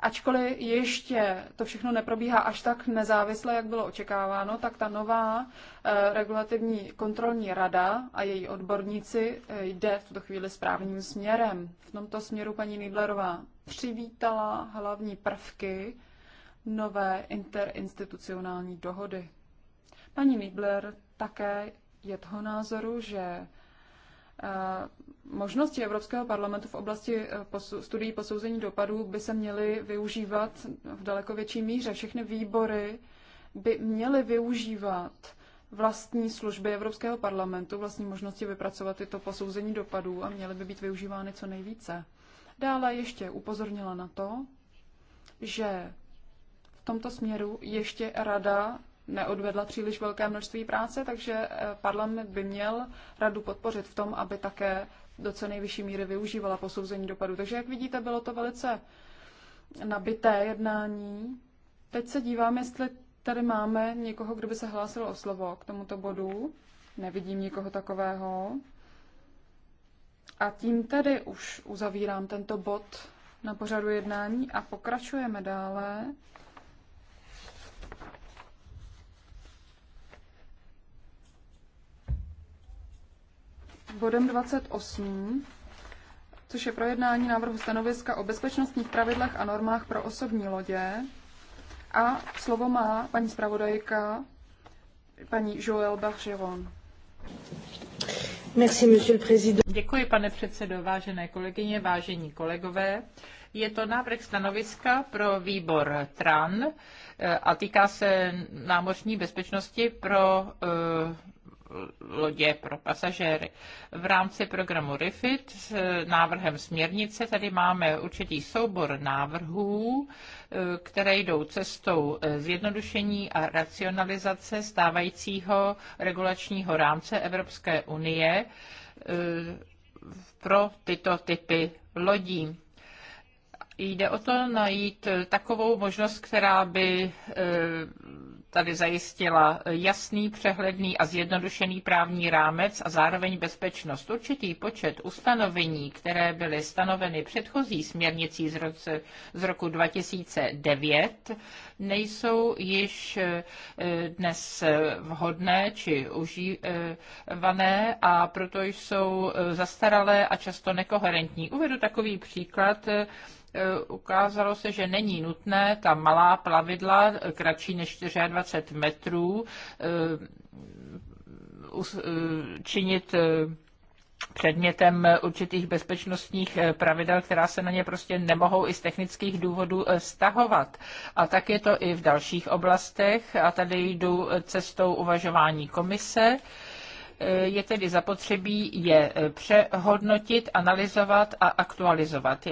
Ačkoliv ještě to všechno neprobíhá až tak nezávisle, jak bylo očekáváno, tak ta nová eh, regulativní kontrolní rada a její odborníci eh, jde v tuto chvíli správným směrem. V tomto směru paní Nidlerová přivítala hlavní prvky nové interinstitucionální dohody. Paní Nidler také je toho názoru, že Eh, možnosti Evropského parlamentu v oblasti eh, studií posouzení dopadů by se měly využívat v daleko větší míře. Všechny výbory by měly využívat vlastní služby Evropského parlamentu, vlastní možnosti vypracovat tyto posouzení dopadů a měly by být využívány co nejvíce. Dále ještě upozornila na to, že v tomto směru ještě rada neodvedla příliš velké množství práce, takže eh, parlament by měl radu podpořit v tom, aby také do co nejvyšší míry využívala posouzení dopadu. Takže jak vidíte, bylo to velice nabité jednání. Teď se dívám, jestli tady máme někoho, kdo by se hlásil o slovo k tomuto bodu. Nevidím nikoho takového. A tím tedy už uzavírám tento bod na pořadu jednání a pokračujeme dále. bodem 28, což je projednání návrhu stanoviska o bezpečnostních pravidlech a normách pro osobní lodě. A slovo má paní zpravodajka, paní Joël Bachiron. Děkuji, pane předsedo, vážené kolegyně, vážení kolegové. Je to návrh stanoviska pro výbor TRAN eh, a týká se námořní bezpečnosti pro eh, lodě pro pasažéry. V rámci programu RIFIT s návrhem směrnice tady máme určitý soubor návrhů, eh, které jdou cestou zjednodušení a racionalizace stávajícího regulačního rámce Evropské unie eh, pro tyto typy lodí. Jde o to najít takovou možnost, která by eh, tady zajistila jasný, přehledný a zjednodušený právní rámec a zároveň bezpečnost. Určitý počet ustanovení, které byly stanoveny předchozí směrnicí z, roce, z roku 2009, nejsou již e, dnes vhodné či užívané a proto jsou zastaralé a často nekoherentní. Uvedu takový příklad Eh, ukázalo se, že není nutné ta malá plavidla, eh, kratší než 24 metrů, eh, činit předmětem určitých bezpečnostních pravidel, která se na ně prostě nemohou i z technických důvodů stahovat. A tak je to i v dalších oblastech a tady jdu cestou uvažování komise je tedy zapotřebí je přehodnotit, analyzovat a aktualizovat.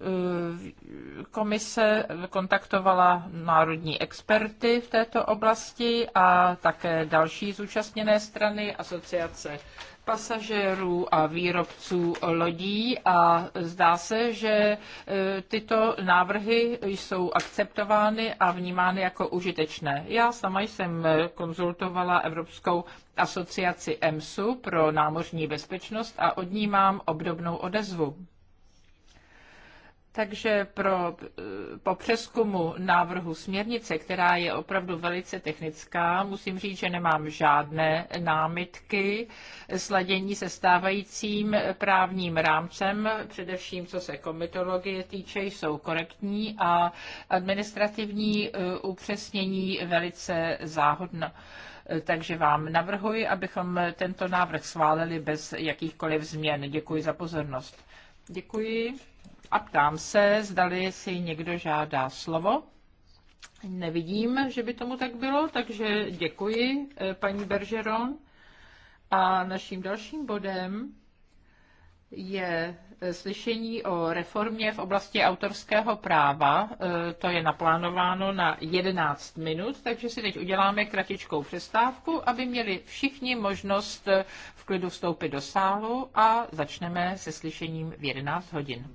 Eh, komise kontaktovala národní experty v této oblasti a také další zúčastněné strany, asociace pasažérů a výrobců lodí a zdá se, že eh, tyto návrhy jsou akceptovány a vnímány jako užitečné. Já sama jsem konzultovala Evropskou asociaci EMSu pro námořní bezpečnost a od ní mám obdobnou odezvu. Takže pro, po přeskumu návrhu směrnice, která je opravdu velice technická, musím říct, že nemám žádné námitky. Sladění se stávajícím právním rámcem, především co se komitologie týče, jsou korektní a administrativní e, upřesnění velice záhodná takže vám navrhuji, abychom tento návrh schválili bez jakýchkoliv změn. Děkuji za pozornost. Děkuji. A ptám se, zdali si někdo žádá slovo. Nevidím, že by tomu tak bylo, takže děkuji eh, paní Bergeron. A naším dalším bodem je eh, slyšení o reformě v oblasti autorského práva. Eh, to je naplánováno na 11 minut, takže si teď uděláme kratičkou přestávku, aby měli všichni možnost v klidu vstoupit do sálu a začneme se slyšením v 11 hodin.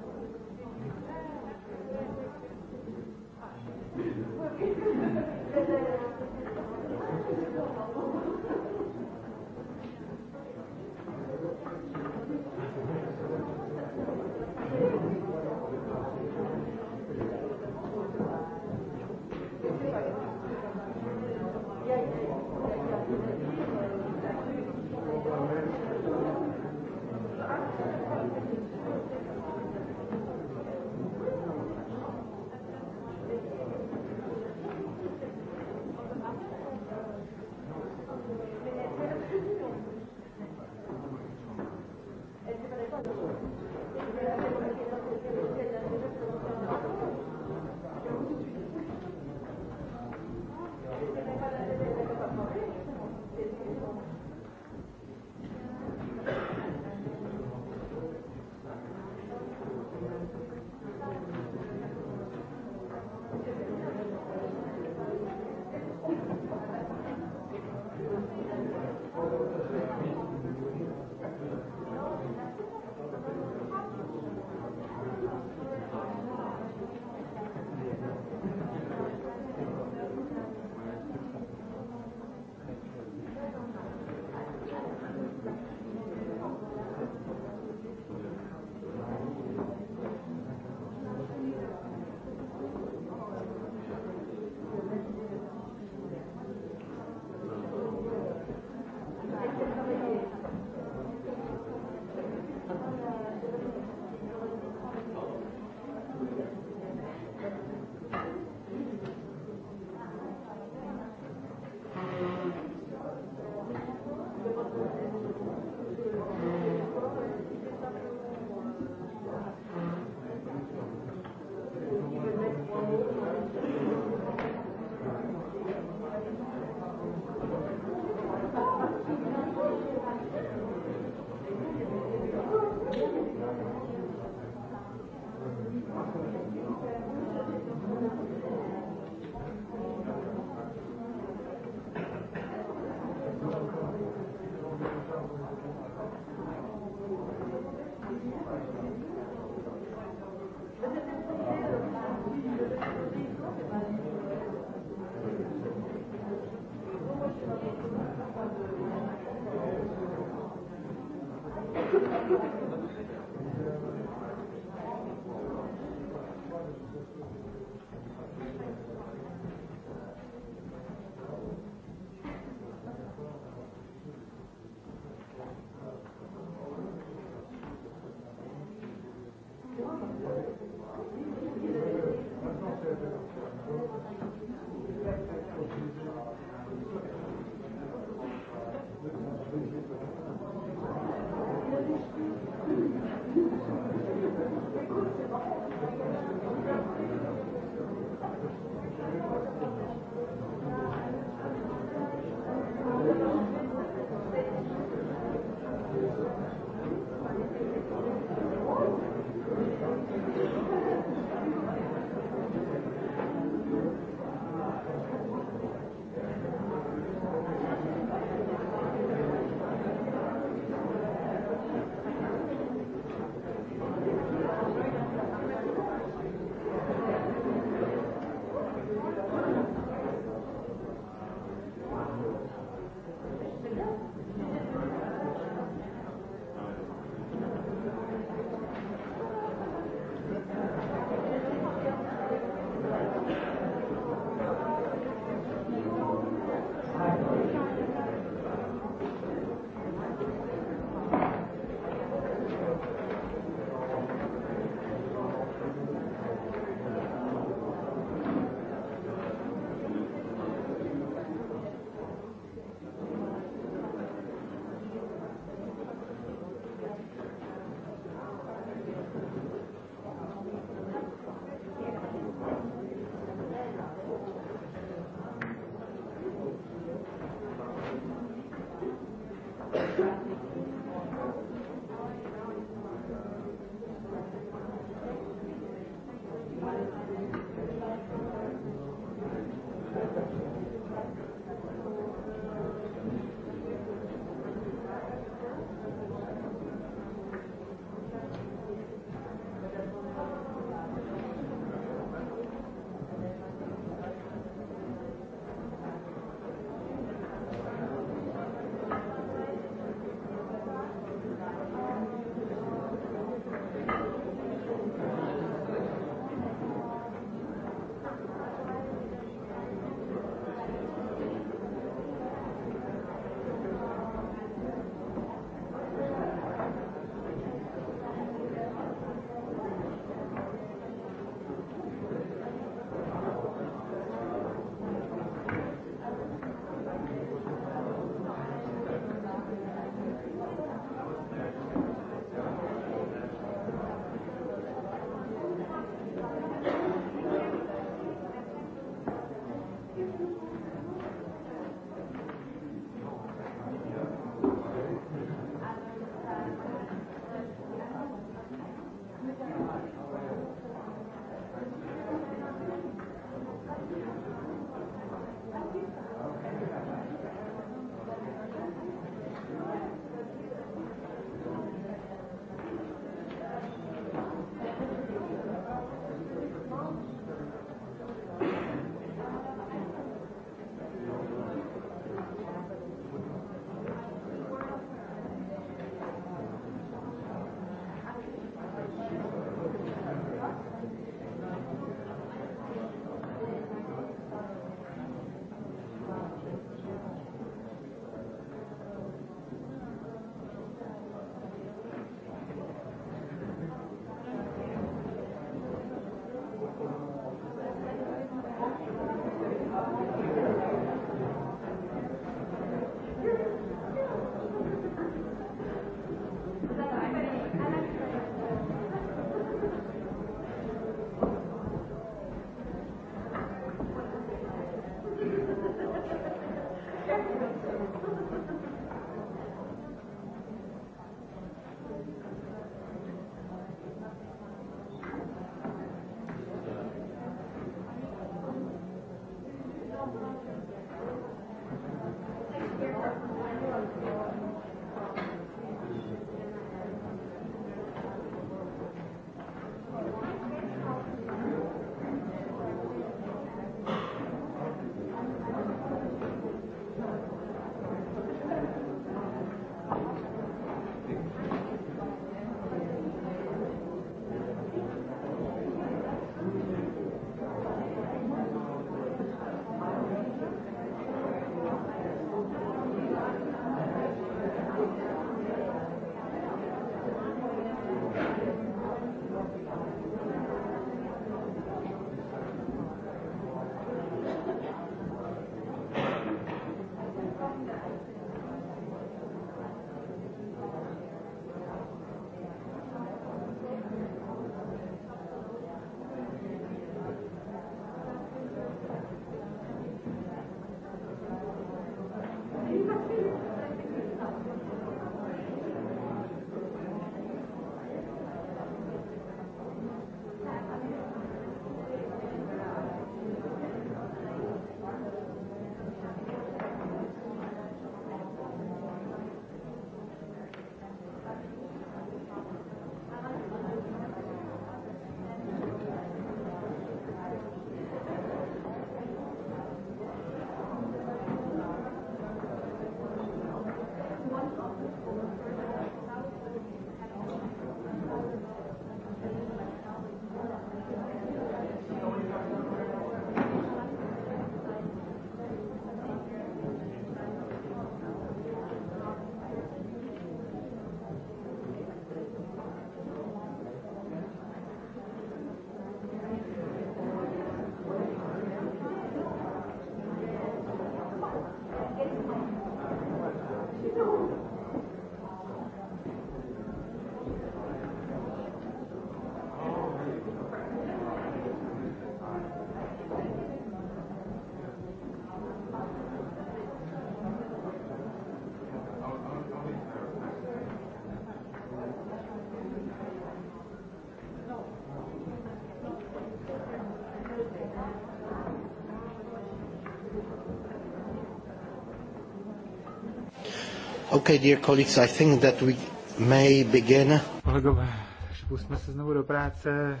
Okay, dear colleagues, I think that we may begin. Kolegové, Pustíme se znovu do práce,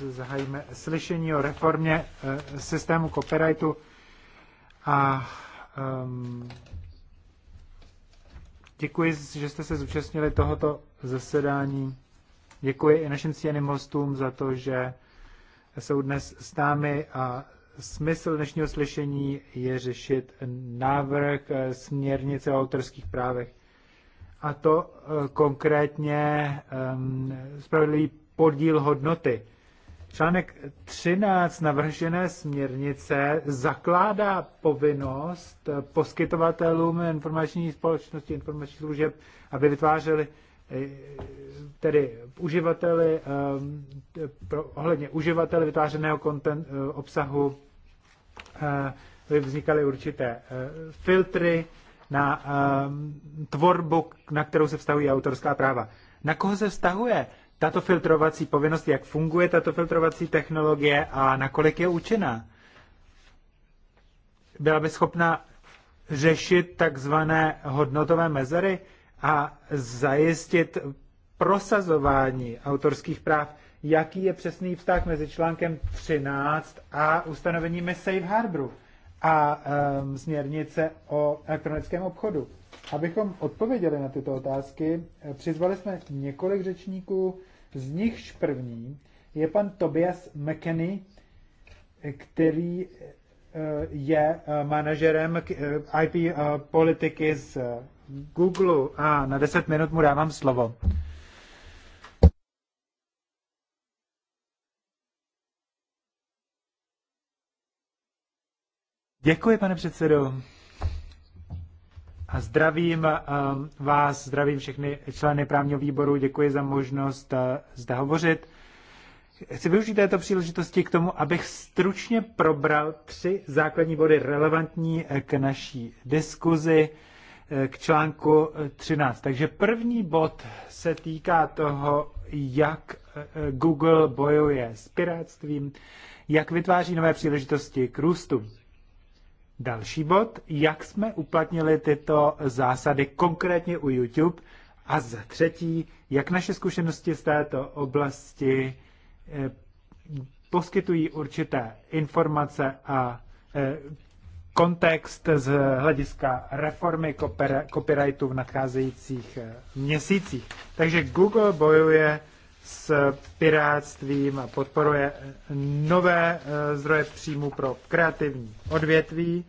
eh, zahájíme slyšení o reformě eh, systému copyrightu a um, děkuji, že jste se zúčastnili tohoto zasedání. Děkuji i našim ctěným hostům za to, že jsou dnes s námi a smysl dnešního slyšení je řešit návrh eh, směrnice o autorských právech. A to eh, konkrétně ehm, spravedlivý podíl hodnoty. Článek 13 navržené směrnice zakládá povinnost eh, poskytovatelům informační společnosti, informačních služeb, aby vytvářeli tedy uživateli, ehm, ohledně uživateli vytvářeného content, obsahu Eh, vznikaly určité eh, filtry na eh, tvorbu, na kterou se vztahují autorská práva. Na koho se vztahuje tato filtrovací povinnost, jak funguje tato filtrovací technologie a nakolik je účinná? Byla by schopna řešit takzvané hodnotové mezery a zajistit prosazování autorských práv jaký je přesný vztah mezi článkem 13 a ustanoveními Safe Harboru a um, směrnice o elektronickém obchodu. Abychom odpověděli na tyto otázky, eh, přizvali jsme několik řečníků, z nichž první je pan Tobias McKenny, který eh, je eh, manažerem IP politiky z Google a na 10 minut mu dávám slovo. Děkuji, pane předsedo. A zdravím eh, vás, zdravím všechny členy právního výboru, děkuji za možnost eh, zde hovořit. Chci využít této příležitosti k tomu, abych stručně probral tři základní body relevantní eh, k naší diskuzi, k článku 13. Takže první bod se týká toho, jak Google bojuje s pirátstvím, jak vytváří nové příležitosti k růstu. Další bod, jak jsme uplatnili tyto zásady konkrétně u YouTube. A za třetí, jak naše zkušenosti z této oblasti eh, poskytují určité informace a eh, kontext z hlediska reformy copyrightu v nadcházejících eh, měsících. Takže Google bojuje s piráctvím a podporuje nové eh, zdroje příjmu pro kreativní odvětví.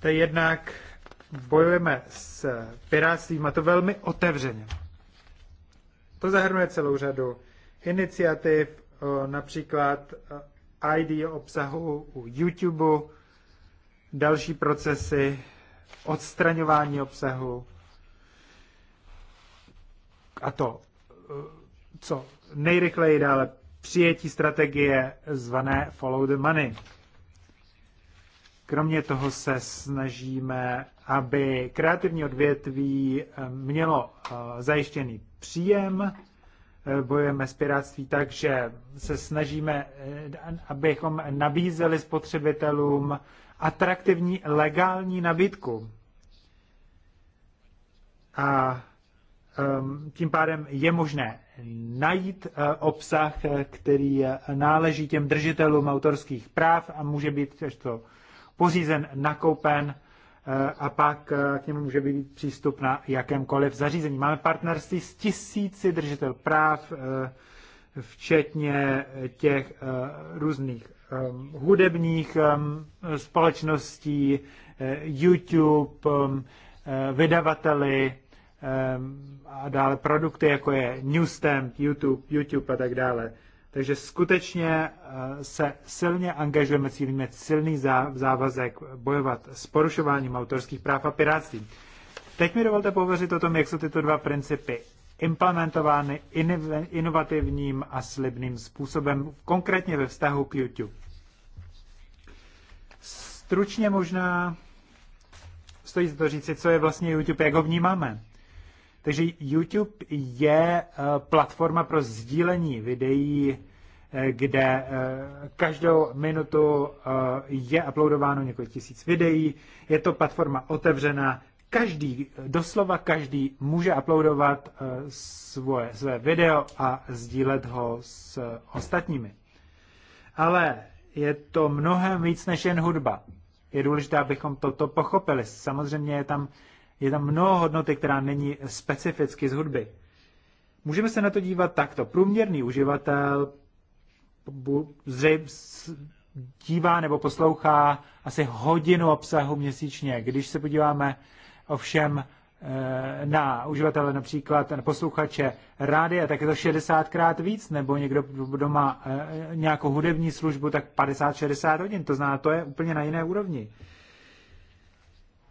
To jednak bojujeme s pirátstvím a to velmi otevřeně. To zahrnuje celou řadu iniciativ, například eh, ID obsahu u YouTube, další procesy odstraňování obsahu, a to, eh, co nejrychleji dále přijetí strategie zvané Follow the Money. Kromě toho se snažíme, aby kreativní odvětví eh, mělo eh, zajištěný příjem. Bojujeme s piráctví tak, že se snažíme, abychom nabízeli spotřebitelům atraktivní legální nabídku. A Ehm, tím pádem je možné najít eh, obsah, eh, který eh, náleží těm držitelům autorských práv a může být to pořízen, nakoupen a pak k němu může být přístup na jakémkoliv zařízení. Máme partnerství s tisíci držitel práv, včetně těch různých ehm, hudebních ehm, společností, YouTube, vydavateli, Ehm, a dále produkty, jako je Newstem, YouTube, YouTube a tak dále. Takže skutečně eh, se silně angažujeme, cílíme silný závazek bojovat s porušováním autorských práv a piráctvím. Teď mi dovolte pověřit o tom, jak jsou tyto dva principy implementovány inovativním a slibným způsobem, konkrétně ve vztahu k YouTube. Stručně možná stojí za to říci, co je vlastně YouTube, jak ho vnímáme. Takže YouTube je eh, platforma pro sdílení videí, eh, kde eh, každou minutu je uploadováno několik tisíc videí. Je to platforma otevřená, každý, doslova každý může uploadovat svoje, své video a sdílet ho s ostatními. Ale je to mnohem víc než jen hudba. Je důležité, abychom toto pochopili. Samozřejmě je tam je tam mnoho hodnoty, která není specificky z hudby. Můžeme se na to dívat takto. Průměrný uživatel dívá nebo poslouchá asi hodinu obsahu měsíčně. Když se podíváme ovšem eh, na uživatele například, na posluchače rádia, tak je to 60krát víc, nebo někdo, kdo má eh, nějakou hudební službu, tak 50-60 hodin. To zná, to je úplně na jiné úrovni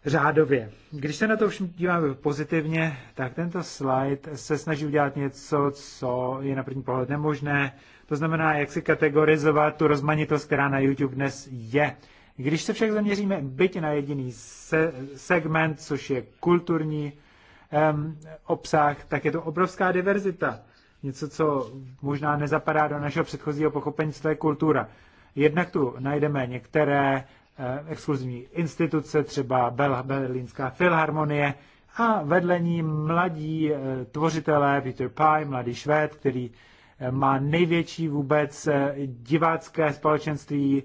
řádově. Když se na to všem díváme pozitivně, tak tento slide se snaží udělat něco, co je na první pohled nemožné. To znamená, jak si kategorizovat tu rozmanitost, která na YouTube dnes je. Když se však zaměříme byť na jediný se- segment, což je kulturní um, obsah, tak je to obrovská diverzita. Něco, co možná nezapadá do našeho předchozího pochopení, co to je kultura. Jednak tu najdeme některé Eh, exkluzivní instituce, třeba Berlínská filharmonie, a vedle ní mladí eh, tvořitelé Peter Pye, mladý Švéd, který eh, má největší vůbec divácké společenství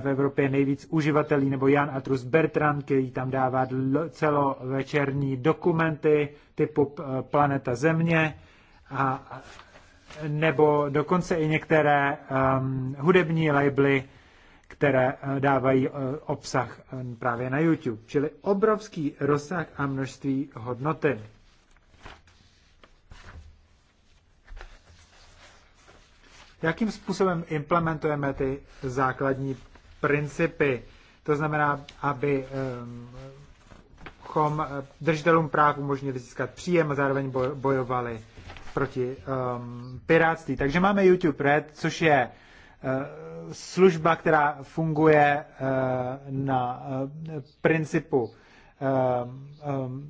v Evropě, nejvíc uživatelí, nebo Jan Atrus Bertrand, který tam dává celovečerní dokumenty typu Planeta Země, a, nebo dokonce i některé um, hudební labely, které eh, dávají eh, obsah eh, právě na YouTube. Čili obrovský rozsah a množství hodnoty. Jakým způsobem implementujeme ty základní principy? To znamená, aby ehm, chom držitelům práv umožnili získat příjem a zároveň bojovali proti um, pirátství. Takže máme YouTube Red, což je Eh, služba, která funguje eh, na eh, principu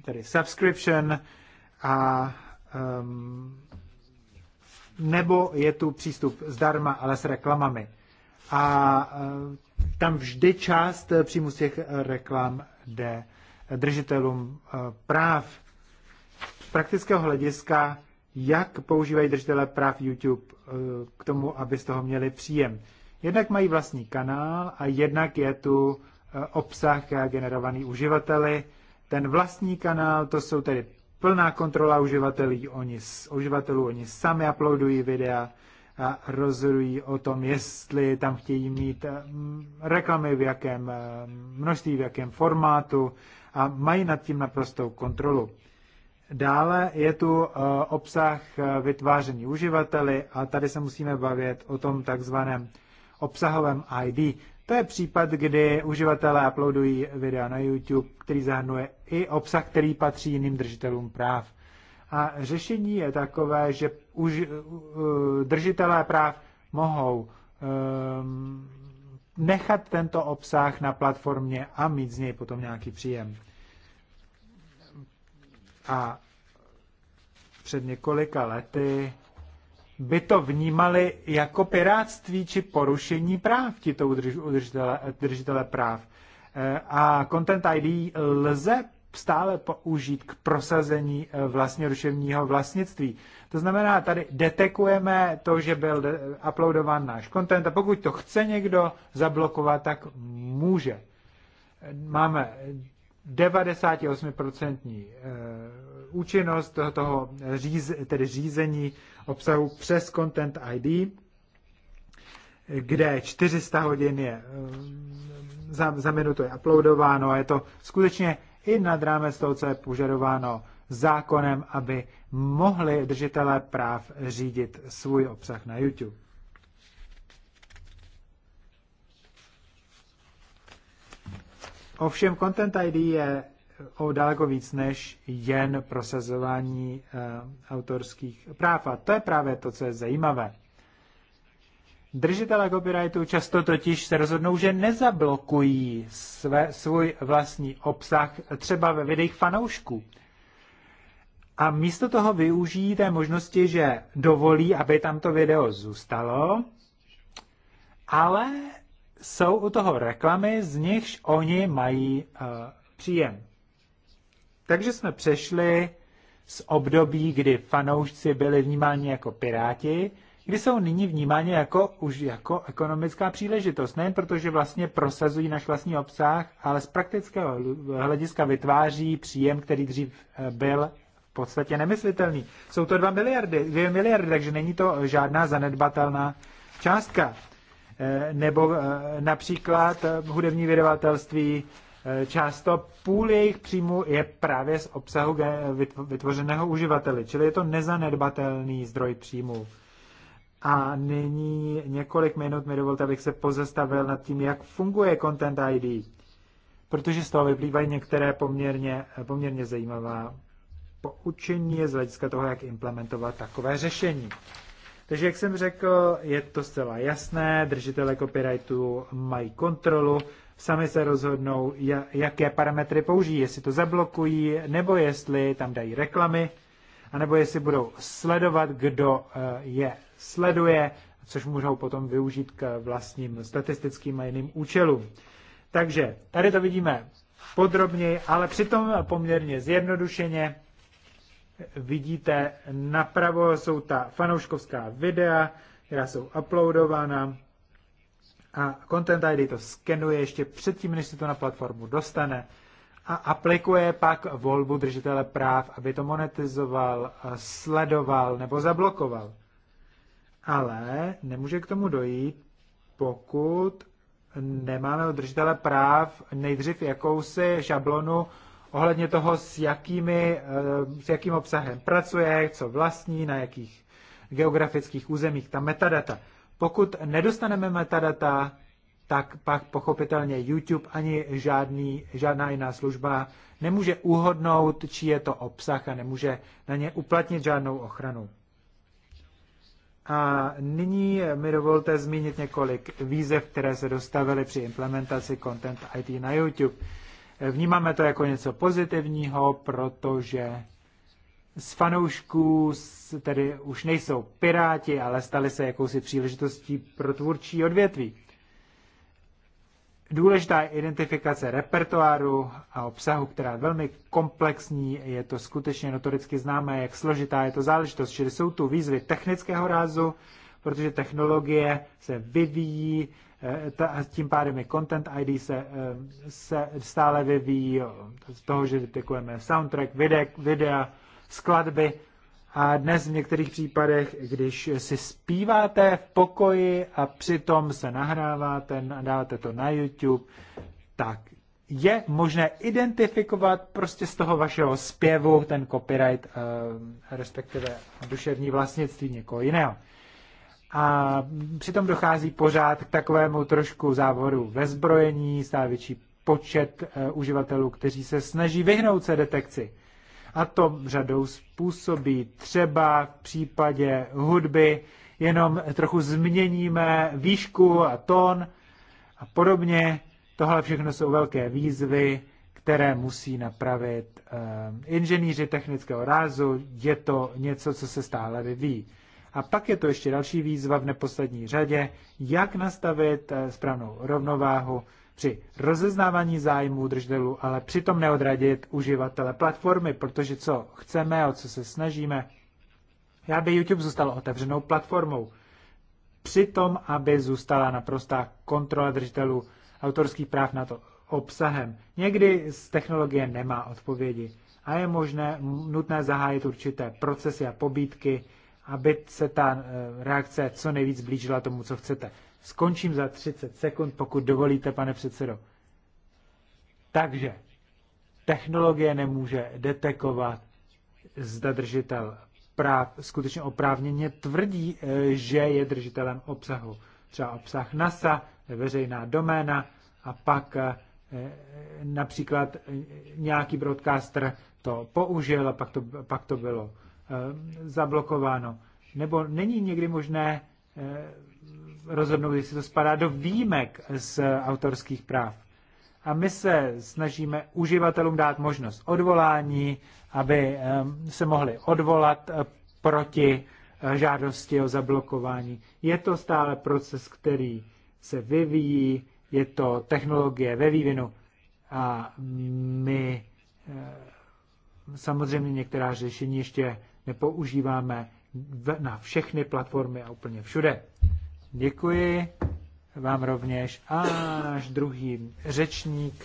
tedy subscription a nebo je tu přístup zdarma, ale s reklamami. A tam vždy část příjmu z těch reklam jde držitelům práv. Z praktického hlediska jak používají držitele práv YouTube eh, k tomu, aby z toho měli příjem. Jednak mají vlastní kanál a jednak je tu eh, obsah eh, generovaný uživateli. Ten vlastní kanál, to jsou tedy plná kontrola uživatelů, oni, uživatelů, oni sami uploadují videa a rozhodují o tom, jestli tam chtějí mít reklamy, v jakém množství, v jakém formátu a mají nad tím naprostou kontrolu. Dále je tu eh, obsah eh, vytváření uživateli a tady se musíme bavit o tom takzvaném obsahovém ID. To je případ, kdy uživatelé uploadují videa na YouTube, který zahrnuje i obsah, který patří jiným držitelům práv. A řešení je takové, že už, eh, držitelé práv mohou um, nechat tento obsah na platformě a mít z něj potom nějaký příjem a před několika lety by to vnímali jako piráctví či porušení práv tito udržitele, držitele práv. E, a Content ID lze stále použít k prosazení e, vlastně ruševního vlastnictví. To znamená, tady detekujeme to, že byl uploadován náš content a pokud to chce někdo zablokovat, tak může. E, máme 98% eh, účinnost toho, toho říz, tedy řízení obsahu přes Content ID, kde 400 hodin je eh, za, za minutu je uploadováno a je to skutečně i nad rámec toho, co je požadováno zákonem, aby mohli držitelé práv řídit svůj obsah na YouTube. Ovšem Content ID je eh, o daleko víc než jen prosazování eh, autorských práv. A to je právě to, co je zajímavé. Držitelé copyrightu často totiž se rozhodnou, že nezablokují své, svůj vlastní obsah třeba ve videích fanoušků. A místo toho využijí té možnosti, že dovolí, aby tam to video zůstalo, ale jsou u toho reklamy, z nichž oni mají uh, příjem. Takže jsme přešli z období, kdy fanoušci byli vnímáni jako piráti, kdy jsou nyní vnímáni jako, už jako ekonomická příležitost. Nejen protože vlastně prosazují náš vlastní obsah, ale z praktického hlediska vytváří příjem, který dřív eh, byl v podstatě nemyslitelný. Jsou to 2 miliardy, 2 miliardy, takže není to žádná zanedbatelná částka. Eh, nebo eh, například eh, hudební vydavatelství, často půl jejich příjmu je právě z obsahu vytvořeného uživateli, čili je to nezanedbatelný zdroj příjmu. A nyní několik minut mi dovolte, abych se pozastavil nad tím, jak funguje Content ID, protože z toho vyplývají některé poměrně, poměrně zajímavá poučení z hlediska toho, jak implementovat takové řešení. Takže jak jsem řekl, je to zcela jasné, držitele copyrightu mají kontrolu, sami se rozhodnou, jaké parametry použijí, jestli to zablokují, nebo jestli tam dají reklamy, anebo jestli budou sledovat, kdo eh, je sleduje, což můžou potom využít k vlastním statistickým a jiným účelům. Takže tady to vidíme podrobněji, ale přitom poměrně zjednodušeně vidíte napravo, jsou ta fanouškovská videa, která jsou uploadována a Content ID to skenuje ještě předtím, než se to na platformu dostane a aplikuje pak volbu držitele práv, aby to monetizoval, sledoval nebo zablokoval. Ale nemůže k tomu dojít, pokud nemáme od držitele práv nejdřív jakousi šablonu ohledně toho, s, jakými, eh, s jakým obsahem pracuje, co vlastní, na jakých geografických územích, ta metadata. Pokud nedostaneme metadata, tak pak pochopitelně YouTube ani žádný, žádná jiná služba nemůže uhodnout, či je to obsah a nemůže na ně uplatnit žádnou ochranu. A nyní mi dovolte zmínit několik výzev, které se dostavily při implementaci Content IT na YouTube. Vnímáme to jako něco pozitivního, protože z fanoušků tedy už nejsou piráti, ale stali se jakousi příležitostí pro tvůrčí odvětví. Důležitá je identifikace repertoáru a obsahu, která je velmi komplexní, je to skutečně notoricky známé, jak složitá je to záležitost, čili jsou tu výzvy technického rázu, protože technologie se vyvíjí, Eh, ta, tím pádem je Content ID se, eh, se stále vyvíjí z toho, že detekujeme soundtrack, videa, videa, skladby a dnes v některých případech, když si zpíváte v pokoji a přitom se nahráváte a dáte to na YouTube, tak je možné identifikovat prostě z toho vašeho zpěvu ten copyright, eh, respektive duševní vlastnictví někoho jiného. A přitom dochází pořád k takovému trošku závodu ve zbrojení, stále větší počet eh, uživatelů, kteří se snaží vyhnout se detekci. A to řadou způsobí. Třeba v případě hudby jenom trochu změníme výšku a tón a podobně. Tohle všechno jsou velké výzvy, které musí napravit eh, inženýři technického rázu. Je to něco, co se stále vyvíjí. A pak je to ještě další výzva v neposlední řadě, jak nastavit eh, správnou rovnováhu při rozeznávání zájmů držitelů, ale přitom neodradit uživatele platformy, protože co chceme, o co se snažíme, já by YouTube zůstal otevřenou platformou. Přitom, aby zůstala naprostá kontrola držitelů autorských práv na to obsahem. Někdy z technologie nemá odpovědi a je možné nutné zahájit určité procesy a pobídky, aby se ta eh, reakce co nejvíc blížila tomu, co chcete. Skončím za 30 sekund, pokud dovolíte, pane předsedo. Takže technologie nemůže detekovat, zda držitel práv skutečně oprávněně tvrdí, eh, že je držitelem obsahu. Třeba obsah NASA, veřejná doména a pak eh, například nějaký broadcaster to použil a pak to, pak to bylo Eh, zablokováno. Nebo není někdy možné eh, rozhodnout, jestli to spadá do výjimek z autorských práv. A my se snažíme uživatelům dát možnost odvolání, aby eh, se mohli odvolat proti žádosti o zablokování. Je to stále proces, který se vyvíjí, je to technologie ve vývinu a my samozřejmě některá řešení ještě nepoužíváme na všechny platformy a úplně všude. Děkuji vám rovněž. A náš druhý řečník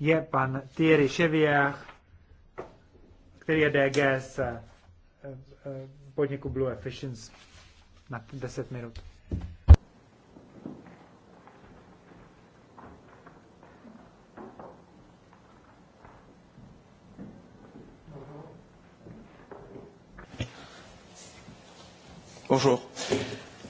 je pan Thierry Cheviach, který je DG z eh, eh, podniku Blue Efficiency na 10 minut. Bonjour.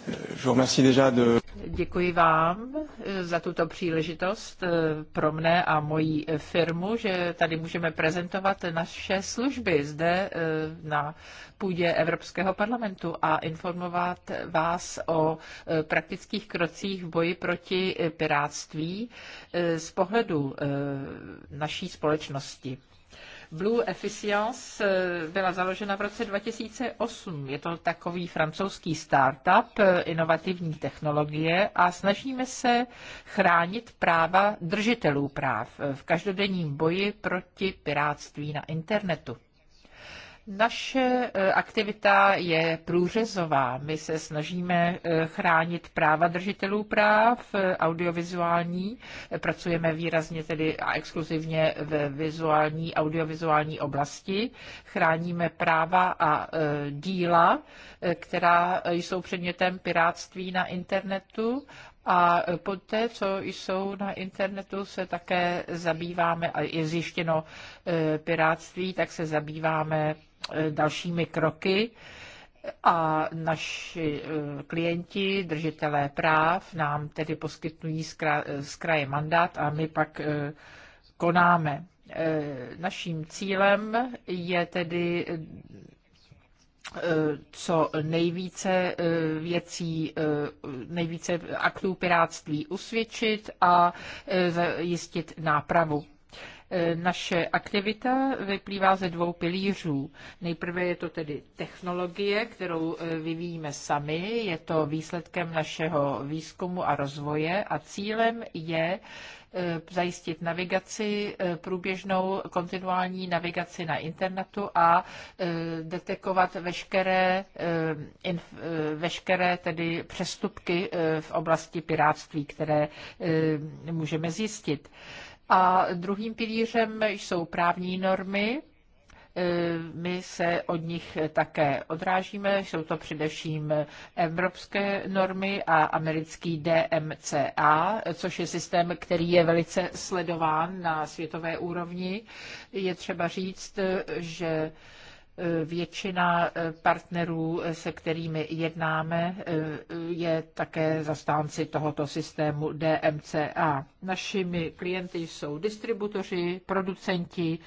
Je vous remercie déjà de... Děkuji vám eh, za tuto příležitost eh, pro mne a moji firmu, že tady můžeme prezentovat naše služby zde eh, na půdě Evropského parlamentu a informovat vás o praktických krocích v boji proti piráctví z pohledu naší společnosti. Blue Efficience eh, byla založena v roce 2008. Je to takový francouzský startup eh, inovativní technologie a snažíme se chránit práva držitelů práv eh, v každodenním boji proti pirátství na internetu. Naše eh, aktivita je průřezová. My se snažíme eh, chránit práva držitelů práv, eh, audiovizuální. Pracujeme výrazně tedy a exkluzivně ve vizuální, audiovizuální oblasti. Chráníme práva a díla, která jsou předmětem pirátství na internetu a poté, co jsou na internetu, se také zabýváme, a je zjištěno piráctví, tak se zabýváme Eh, dalšími kroky a naši eh, klienti, držitelé práv, nám tedy poskytují eh, z kraje mandát a my pak konáme. Naším cílem je tedy co nejvíce věcí, nejvíce aktů piráctví usvědčit a zajistit nápravu. Eh, naše aktivita vyplývá ze dvou pilířů. Nejprve je to tedy technologie, kterou eh, vyvíjíme sami, je to výsledkem našeho výzkumu a rozvoje a cílem je eh, zajistit navigaci, průběžnou kontinuální navigaci na internetu a detekovat veškeré, veškeré tedy přestupky v oblasti pirátství, které můžeme zjistit. A druhým pilířem jsou právní normy. E, my se od nich také odrážíme, jsou to především evropské normy a americký DMCA, což je systém, který je velice sledován na světové úrovni. Je třeba říct, že Eh, většina eh, partnerů, eh, se kterými jednáme, je také zastánci tohoto systému DMCA. Našimi klienty jsou distributoři, producenti,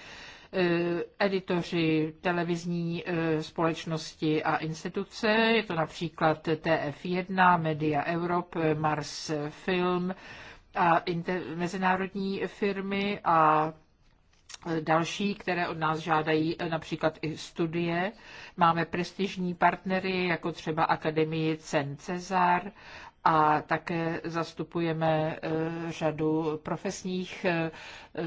editoři televizní společnosti a instituce. Je to například TF1, Media Europe, Mars Film a mezinárodní firmy a další, které od nás žádají eh, například i studie. Máme prestižní partnery, jako třeba Akademii Cen Cezar, a také zastupujeme eh, řadu profesních eh, eh,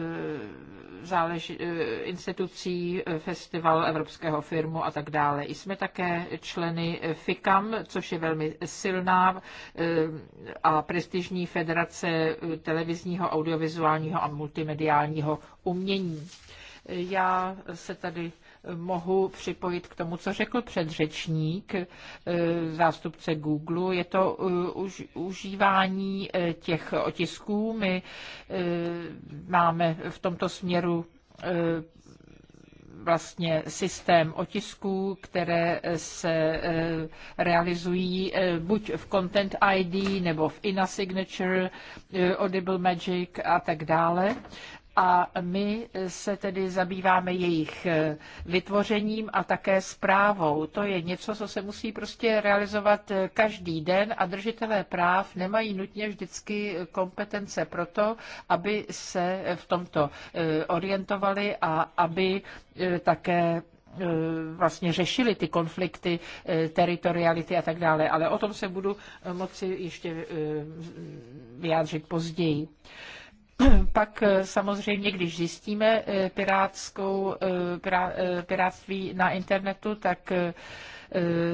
zálež- institucí, festival Evropského firmu a tak dále. Jsme také členy FICAM, což je velmi silná a prestižní federace televizního, audiovizuálního a multimediálního umění. Já se tady mohu připojit k tomu, co řekl předřečník, e, zástupce Google. Je to e, už, užívání e, těch otisků. My máme v tomto směru vlastně systém otisků, které se realizují buď v Content ID nebo v INA Signature, Audible Magic a tak dále a my se tedy zabýváme jejich eh, vytvořením a také zprávou. To je něco, co se musí prostě realizovat eh, každý den a držitelé práv nemají nutně vždycky kompetence pro to, aby se v tomto eh, orientovali a aby také vlastně řešili ty konflikty, teritoriality a tak dále, ale o tom se budu moci ještě vyjádřit později. Pak eh, samozřejmě, když zjistíme eh, pirátskou, eh, pirá, piráctví na internetu, tak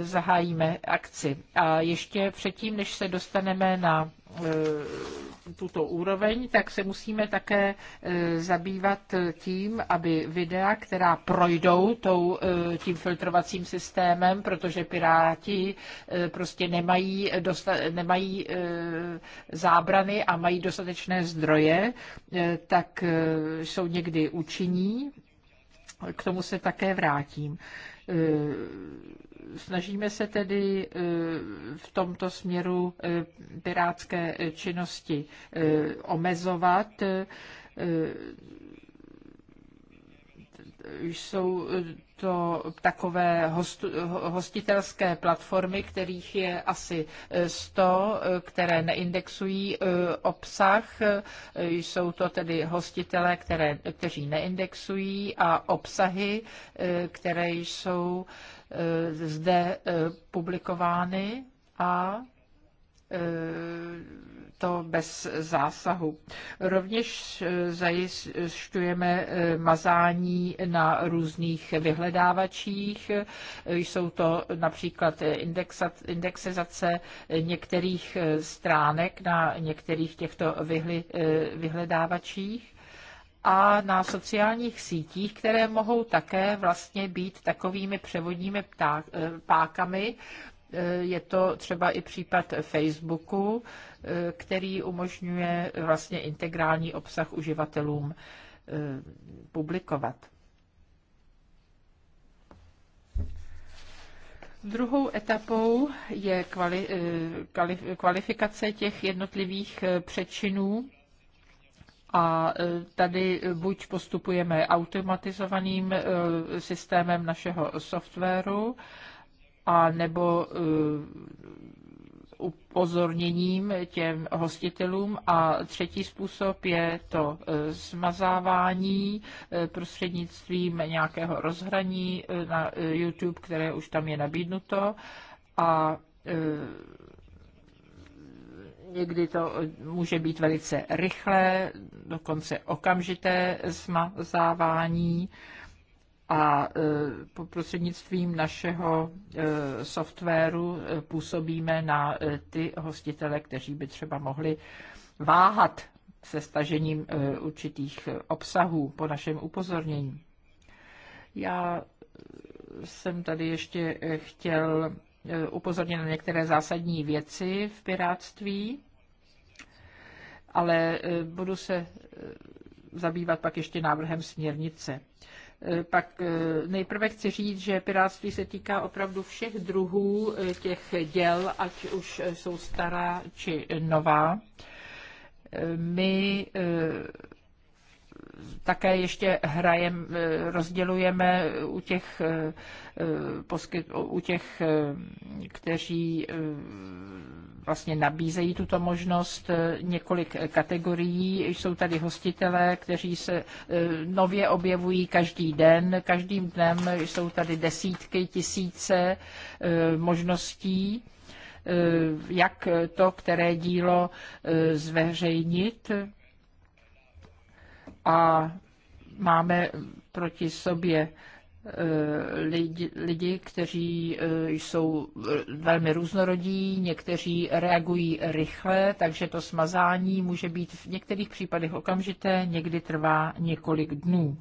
zahájíme akci. A ještě předtím, než se dostaneme na Eh, tuto úroveň, tak se musíme také eh, zabývat tím, aby videa, která projdou tou, eh, tím filtrovacím systémem, protože piráti prostě nemají, dosta, nemají zábrany a mají dostatečné zdroje, tak jsou někdy účinní. K tomu se také vrátím Snažíme se tedy eh, v tomto směru eh, pirátské činnosti eh, omezovat jsou to takové host, hostitelské platformy, kterých je asi 100, které neindexují obsah. Jsou to tedy hostitele, které, kteří neindexují a obsahy, které jsou Eh, zde eh, publikovány a eh, to bez zásahu. Rovněž zajišťujeme mazání na různých vyhledávačích. Jsou to například indexizace některých stránek na některých těchto vyhledávačích a na sociálních sítích, které mohou také vlastně být takovými převodními pták, eh, pákami. Eh, je to třeba i případ Facebooku, eh, který umožňuje vlastně integrální obsah uživatelům publikovat. Druhou etapou je kvali, kvalifikace těch jednotlivých přečinů a e, tady buď postupujeme automatizovaným e, systémem našeho softwaru, a nebo e, upozorněním těm hostitelům a třetí způsob je to smazávání prostřednictvím nějakého rozhraní na YouTube, které už tam je nabídnuto a Někdy to eh, může být velice rychlé, dokonce okamžité smazávání a eh, prostřednictvím našeho eh, softwaru působíme na ty hostitele, kteří by třeba mohli váhat se stažením určitých obsahů po našem upozornění. Já jsem tady ještě chtěl Eh, upozorněna na některé zásadní věci v pirátství, ale eh, budu se eh, zabývat pak ještě návrhem směrnice. Pak nejprve chci říct, že piráctví se týká opravdu všech druhů těch děl, ať už jsou stará či nová. My také ještě hrajem, eh, rozdělujeme u těch, eh, eh, poskyt, u těch, kteří vlastně nabízejí tuto možnost několik kategorií. Jsou tady hostitelé, kteří se nově objevují každý den. Každým dnem jsou tady desítky, tisíce možností jak to, které dílo zveřejnit a máme proti sobě e, lidi, lidi, kteří e, jsou velmi různorodí, někteří reagují rychle, takže to smazání může být v některých případech okamžité, někdy trvá několik dnů.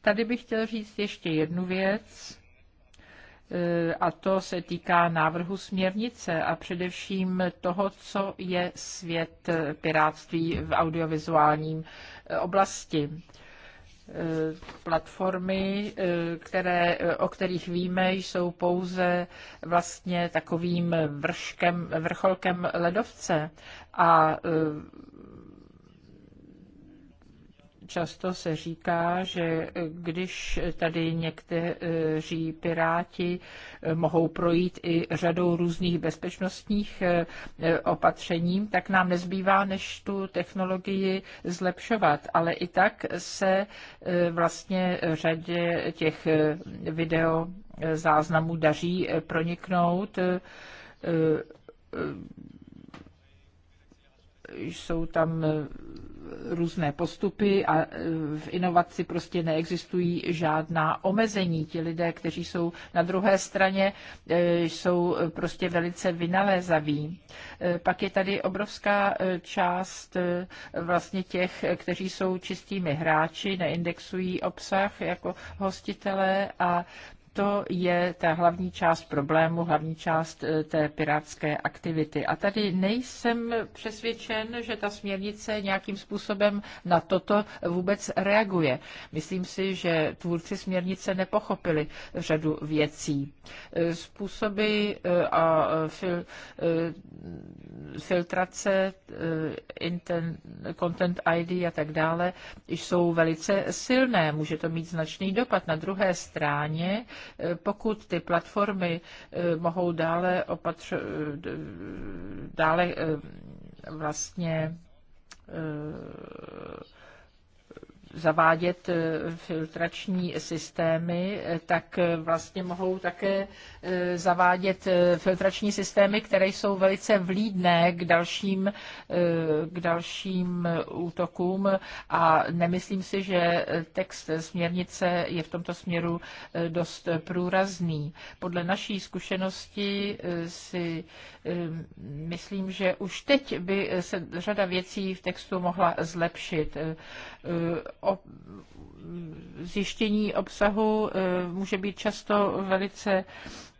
Tady bych chtěl říct ještě jednu věc. Eh, a to se týká návrhu směrnice a především toho, co je svět eh, pirátství v audiovizuálním eh, oblasti platformy, které, o kterých víme, jsou pouze vlastně takovým vrškem, vrcholkem ledovce. A Často se říká, že když tady někteří piráti mohou projít i řadou různých bezpečnostních eh, opatření, tak nám nezbývá, než tu technologii zlepšovat. Ale i tak se eh, vlastně řadě těch eh, video záznamů daří proniknout jsou tam různé postupy a e, v inovaci prostě neexistují žádná omezení. Ti lidé, kteří jsou na druhé straně, e, jsou prostě velice vynalézaví. E, pak je tady obrovská část vlastně těch, kteří jsou čistými hráči, neindexují obsah jako hostitelé a to je ta hlavní část problému, hlavní část eh, té pirátské aktivity. A tady nejsem přesvědčen, že ta směrnice nějakým způsobem na toto vůbec reaguje. Myslím si, že tvůrci směrnice nepochopili řadu věcí. Eh, způsoby eh, a fil, filtrace, intent, content ID a tak dále jsou velice silné. Může to mít značný dopad. Na druhé straně Eh, pokud ty platformy eh, mohou dále opatř- eh, dále vlastně zavádět eh, filtrační systémy, eh, tak eh, vlastně mohou také zavádět filtrační systémy, které jsou velice vlídné k dalším, k dalším útokům a nemyslím si, že text směrnice je v tomto směru dost průrazný. Podle naší zkušenosti si Ehm, myslím, že už teď by se řada věcí v textu mohla zlepšit. Ehm, o zjištění obsahu ehm, může být často velice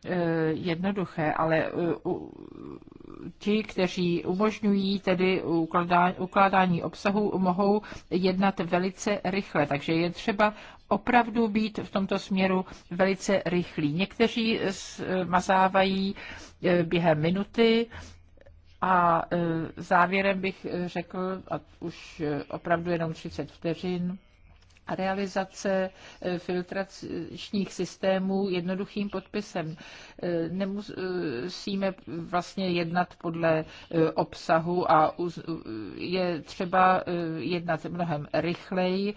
Eh, jednoduché, ale eh, ti, kteří umožňují tedy ukládání obsahu, mohou jednat velice rychle. Takže je třeba opravdu být v tomto směru velice rychlí. Někteří mazávají eh, během minuty, a závěrem bych řekl, a už opravdu jenom 30 vteřin, realizace eh, filtračních systémů jednoduchým podpisem. Eh, nemusíme vlastně jednat podle eh, obsahu a je třeba jednat mnohem rychleji,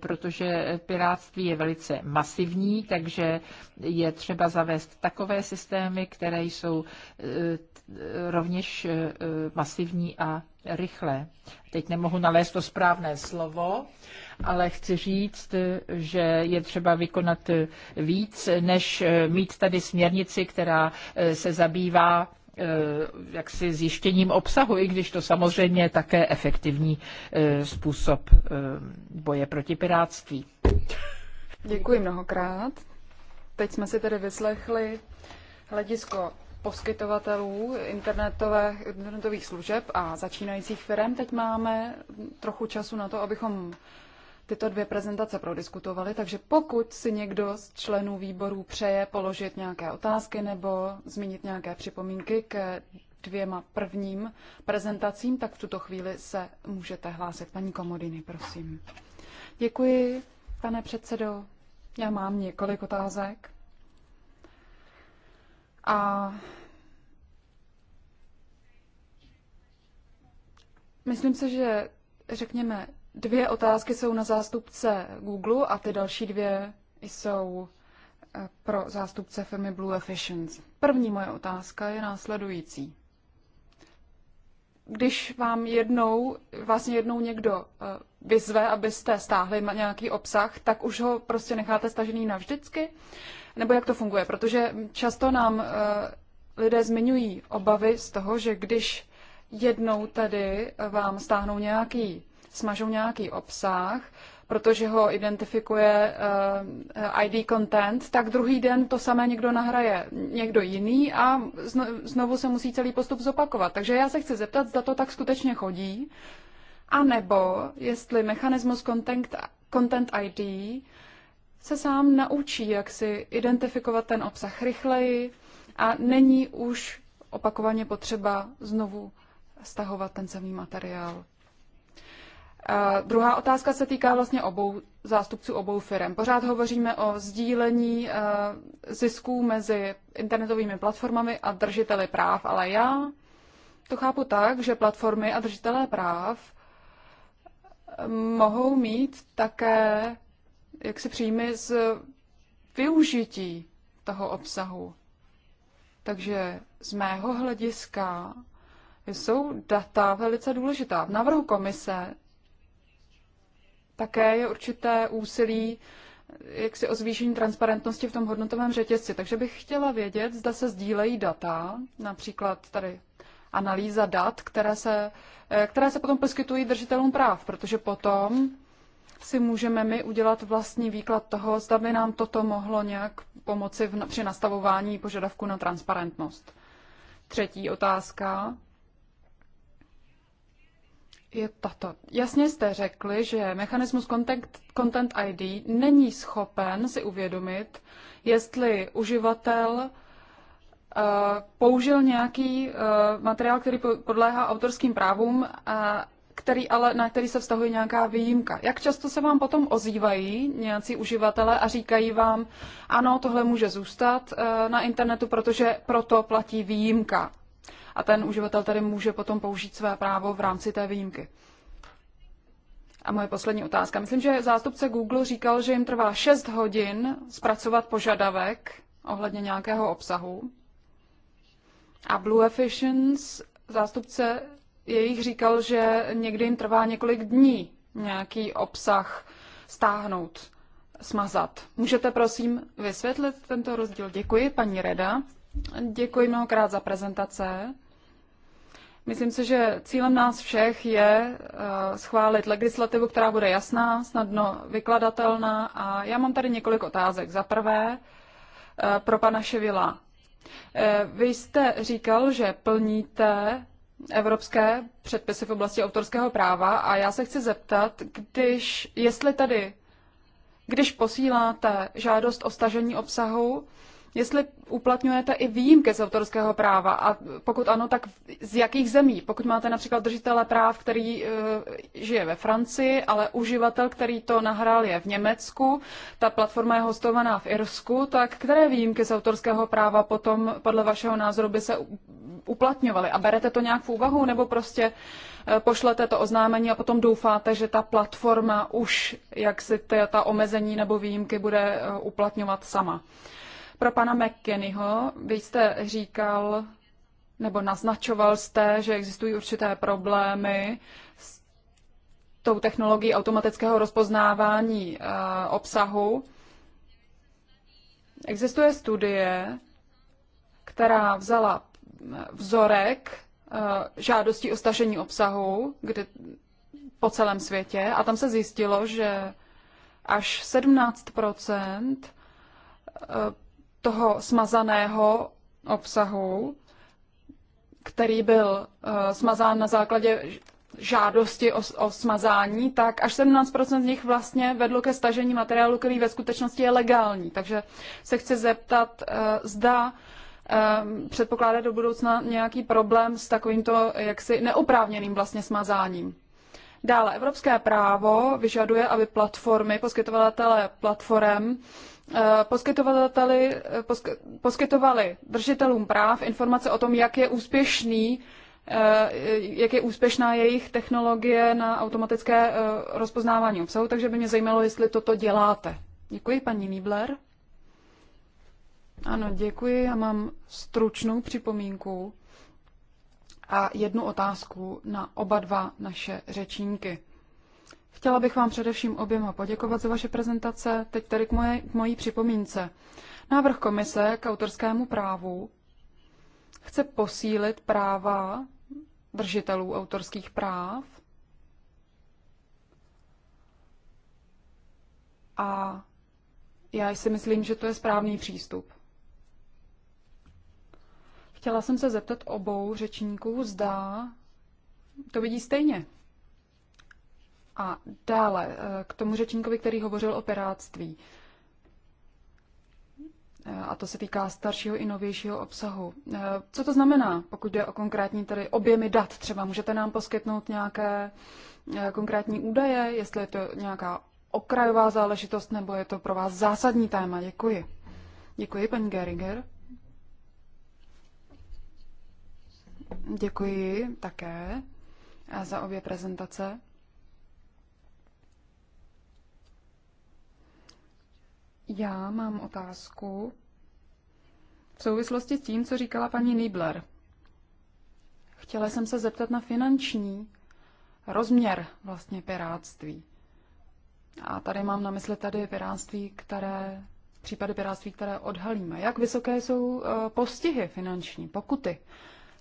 protože pirátství je velice masivní, takže je třeba zavést takové systémy, které jsou rovněž masivní a rychlé. Teď nemohu nalézt to správné slovo ale chci říct, že je třeba vykonat víc, než mít tady směrnici, která eh, se zabývá eh, jaksi zjištěním obsahu, i když to samozřejmě je také efektivní eh, způsob boje proti piráctví. Děkuji mnohokrát. Teď jsme si tedy vyslechli hledisko poskytovatelů internetové, internetových služeb a začínajících firm. Teď máme trochu času na to, abychom tyto dvě prezentace prodiskutovali, takže pokud si někdo z členů výboru přeje položit nějaké otázky nebo zmínit nějaké připomínky ke dvěma prvním prezentacím, tak v tuto chvíli se můžete hlásit. Paní Komodiny, prosím. Děkuji, pane předsedo. Já mám několik otázek. A myslím se, že řekněme Dvě otázky jsou na zástupce Google a ty další dvě jsou eh, pro zástupce firmy Blue Efficient. První moje otázka je následující. Když vám jednou, vlastně jednou někdo eh, vyzve, abyste stáhli nějaký obsah, tak už ho prostě necháte stažený navždycky? Nebo jak to funguje? Protože často nám eh, lidé zmiňují obavy z toho, že když jednou tedy vám stáhnou nějaký smažou nějaký obsah, protože ho identifikuje eh, ID content, tak druhý den to samé někdo nahraje někdo jiný a znovu se musí celý postup zopakovat. Takže já se chci zeptat, zda to tak skutečně chodí, anebo jestli mechanismus content, content ID se sám naučí, jak si identifikovat ten obsah rychleji a není už opakovaně potřeba znovu stahovat ten samý materiál. A druhá otázka se týká vlastně obou zástupců obou firm. Pořád hovoříme o sdílení eh, zisků mezi internetovými platformami a držiteli práv, ale já to chápu tak, že platformy a držitelé práv eh, mohou mít také jak si příjmy z využití toho obsahu. Takže z mého hlediska jsou data velice důležitá. V návrhu komise také je určité úsilí jak si o zvýšení transparentnosti v tom hodnotovém řetězci. Takže bych chtěla vědět, zda se sdílejí data, například tady analýza dat, které se, eh, které se potom poskytují držitelům práv, protože potom si můžeme my udělat vlastní výklad toho, zda by nám toto mohlo nějak pomoci v, při nastavování požadavku na transparentnost. Třetí otázka je tato. Jasně jste řekli, že mechanismus Content, Content ID není schopen si uvědomit, jestli uživatel eh, použil nějaký eh, materiál, který podléhá autorským právům, který ale, na který se vztahuje nějaká výjimka. Jak často se vám potom ozývají nějací uživatelé a říkají vám, ano, tohle může zůstat eh, na internetu, protože proto platí výjimka a ten uživatel tedy může potom použít své právo v rámci té výjimky. A moje poslední otázka. Myslím, že zástupce Google říkal, že jim trvá 6 hodin zpracovat požadavek ohledně nějakého obsahu. A Blue Efficients, zástupce jejich říkal, že někdy jim trvá několik dní nějaký obsah stáhnout, smazat. Můžete prosím vysvětlit tento rozdíl? Děkuji, paní Reda. Děkuji mnohokrát za prezentace. Myslím si, že cílem nás všech je eh, schválit legislativu, která bude jasná, snadno vykladatelná. A já mám tady několik otázek. Za prvé, eh, pro pana Ševila. Eh, vy jste říkal, že plníte evropské předpisy v oblasti autorského práva a já se chci zeptat, když, jestli tady, když posíláte žádost o stažení obsahu, jestli uplatňujete i výjimky z autorského práva a pokud ano, tak z jakých zemí? Pokud máte například držitele práv, který eh, žije ve Francii, ale uživatel, který to nahrál, je v Německu, ta platforma je hostovaná v Irsku, tak které výjimky z autorského práva potom podle vašeho názoru by se uplatňovaly? A berete to nějak v úvahu nebo prostě eh, pošlete to oznámení a potom doufáte, že ta platforma už jak si ta omezení nebo výjimky bude eh, uplatňovat sama? pro pana McKennyho. Vy jste říkal, nebo naznačoval jste, že existují určité problémy s tou technologií automatického rozpoznávání eh, obsahu. Existuje studie, která vzala vzorek eh, žádostí o stažení obsahu kde, po celém světě a tam se zjistilo, že až 17 toho smazaného obsahu, který byl uh, smazán na základě žádosti o, o smazání, tak až 17% z nich vlastně vedlo ke stažení materiálu, který ve skutečnosti je legální. Takže se chci zeptat, uh, zda um, eh, předpokládá do budoucna nějaký problém s takovýmto jaksi neoprávněným vlastně smazáním. Dále, evropské právo vyžaduje, aby platformy, poskytovatelé platform, Eh, poskytovateli, eh, poskytovali držitelům práv informace o tom, jak je úspěšný eh, jak je úspěšná jejich technologie na automatické rozpoznávání obsahu, takže by mě zajímalo, jestli toto děláte. Děkuji, paní Niebler. Ano, děkuji. Já mám stručnou připomínku a jednu otázku na oba dva naše řečníky. Chtěla bych vám především oběma poděkovat za vaše prezentace. Teď tady k, moje, k mojí připomínce. Návrh komise k autorskému právu chce posílit práva držitelů autorských práv a já si myslím, že to je správný přístup. Chtěla jsem se zeptat obou řečníků, zda to vidí stejně. A dále eh, k tomu řečníkovi, který hovořil o piráctví. Eh, a to se týká staršího i novějšího obsahu. Eh, co to znamená, pokud jde o konkrétní tedy objemy dat? Třeba můžete nám poskytnout nějaké konkrétní údaje, jestli je to nějaká okrajová záležitost, nebo je to pro vás zásadní téma? Děkuji. Děkuji, paní Geringer. Děkuji také za obě prezentace. Já mám otázku v souvislosti s tím, co říkala paní Nibler. Chtěla jsem se zeptat na finanční rozměr vlastně piráctví. A tady mám na mysli tady piráctví, které, případy piráctví, které odhalíme. Jak vysoké jsou eh, postihy finanční, pokuty,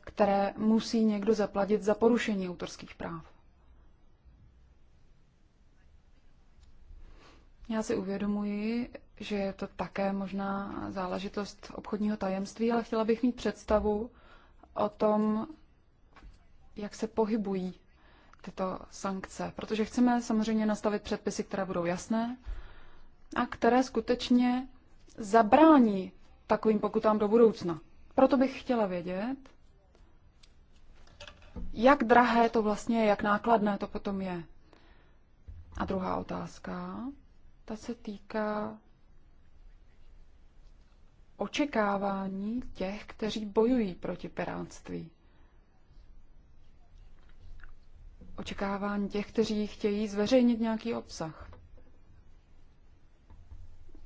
které musí někdo zaplatit za porušení autorských práv? Já si uvědomuji, že je to také možná záležitost obchodního tajemství, ale chtěla bych mít představu o tom, jak se pohybují tyto sankce, protože chceme samozřejmě nastavit předpisy, které budou jasné a které skutečně zabrání takovým pokutám do budoucna. Proto bych chtěla vědět, jak drahé to vlastně je, jak nákladné to potom je. A druhá otázka, ta se týká očekávání těch, kteří bojují proti pirátství. Očekávání těch, kteří chtějí zveřejnit nějaký obsah.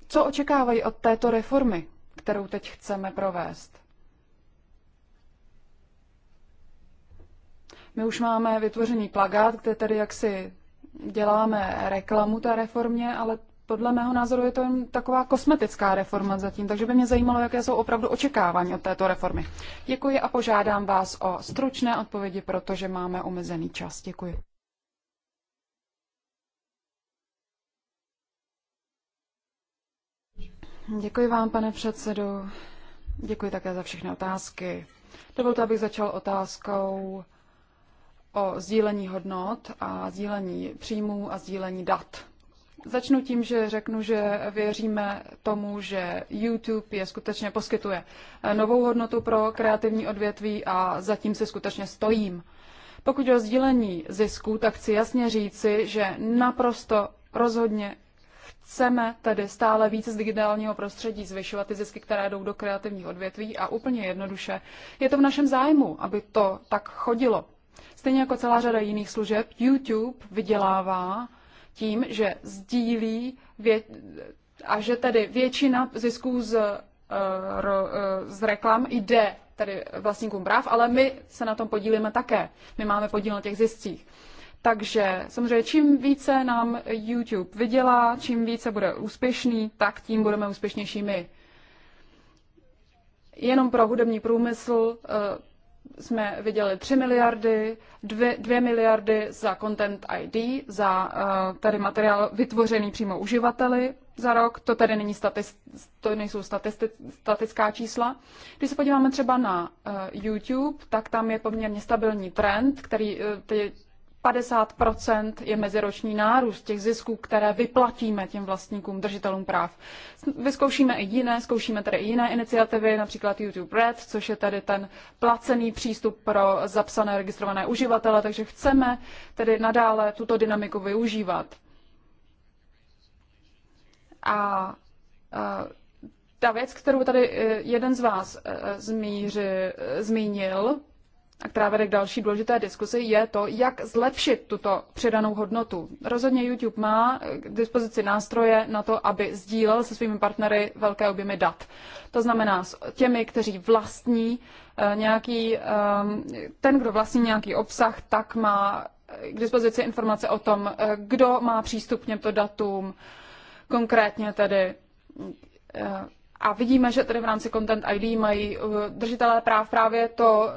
Co očekávají od této reformy, kterou teď chceme provést? My už máme vytvořený plagát, kde tedy jaksi děláme reklamu té reformě, ale podle mého názoru je to jen taková kosmetická reforma zatím, takže by mě zajímalo, jaké jsou opravdu očekávání od této reformy. Děkuji a požádám vás o stručné odpovědi, protože máme omezený čas. Děkuji. Děkuji vám, pane předsedo. Děkuji také za všechny otázky. Dovolte, abych začal otázkou o sdílení hodnot a sdílení příjmů a sdílení dat. Začnu tím, že řeknu, že věříme tomu, že YouTube je skutečně poskytuje novou hodnotu pro kreativní odvětví a zatím si skutečně stojím. Pokud o sdílení zisku, tak chci jasně říci, že naprosto rozhodně chceme tedy stále více z digitálního prostředí zvyšovat ty zisky, které jdou do kreativních odvětví a úplně jednoduše. Je to v našem zájmu, aby to tak chodilo. Stejně jako celá řada jiných služeb, YouTube vydělává tím, že sdílí vě- a že tedy většina zisků z, eh, eh, z reklam jde tedy vlastníkům práv, ale my se na tom podílíme také. My máme podíl na těch ziscích. Takže samozřejmě čím více nám YouTube vydělá, čím více bude úspěšný, tak tím budeme úspěšnější my. Jenom pro hudební průmysl eh, jsme viděli 3 miliardy, 2, 2 miliardy za Content ID, za uh, tady materiál vytvořený přímo uživateli za rok, to tedy není statist, to nejsou statisti, statická čísla. Když se podíváme třeba na uh, YouTube, tak tam je poměrně stabilní trend, který uh, ty, 50 je meziroční nárůst těch zisků, které vyplatíme těm vlastníkům, držitelům práv. Vyzkoušíme i jiné, zkoušíme tady i jiné iniciativy, například YouTube Red, což je tady ten placený přístup pro zapsané registrované uživatele, takže chceme tedy nadále tuto dynamiku využívat. A, a ta věc, kterou tady eh, jeden z vás eh, zmíři, eh, zmínil, a která vede k další důležité diskusi, je to, jak zlepšit tuto přidanou hodnotu. Rozhodně YouTube má k dispozici nástroje na to, aby sdílel se svými partnery velké objemy dat. To znamená s těmi, kteří vlastní eh, nějaký, ehm, ten, kdo vlastní nějaký obsah, tak má k dispozici informace o tom, eh, kdo má přístup k těmto datům, konkrétně tedy eh, a vidíme, že tedy v rámci Content ID mají eh, držitelé práv právě to,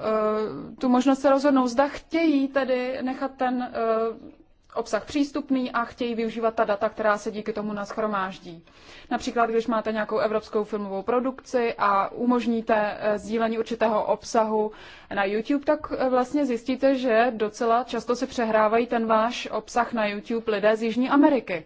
eh, tu možnost se rozhodnout, zda chtějí tedy nechat ten eh, obsah přístupný a chtějí využívat ta data, která se díky tomu naschromáždí. Například, když máte nějakou evropskou filmovou produkci a umožníte sdílení určitého obsahu na YouTube, tak vlastně zjistíte, že docela často si přehrávají ten váš obsah na YouTube lidé z Jižní Ameriky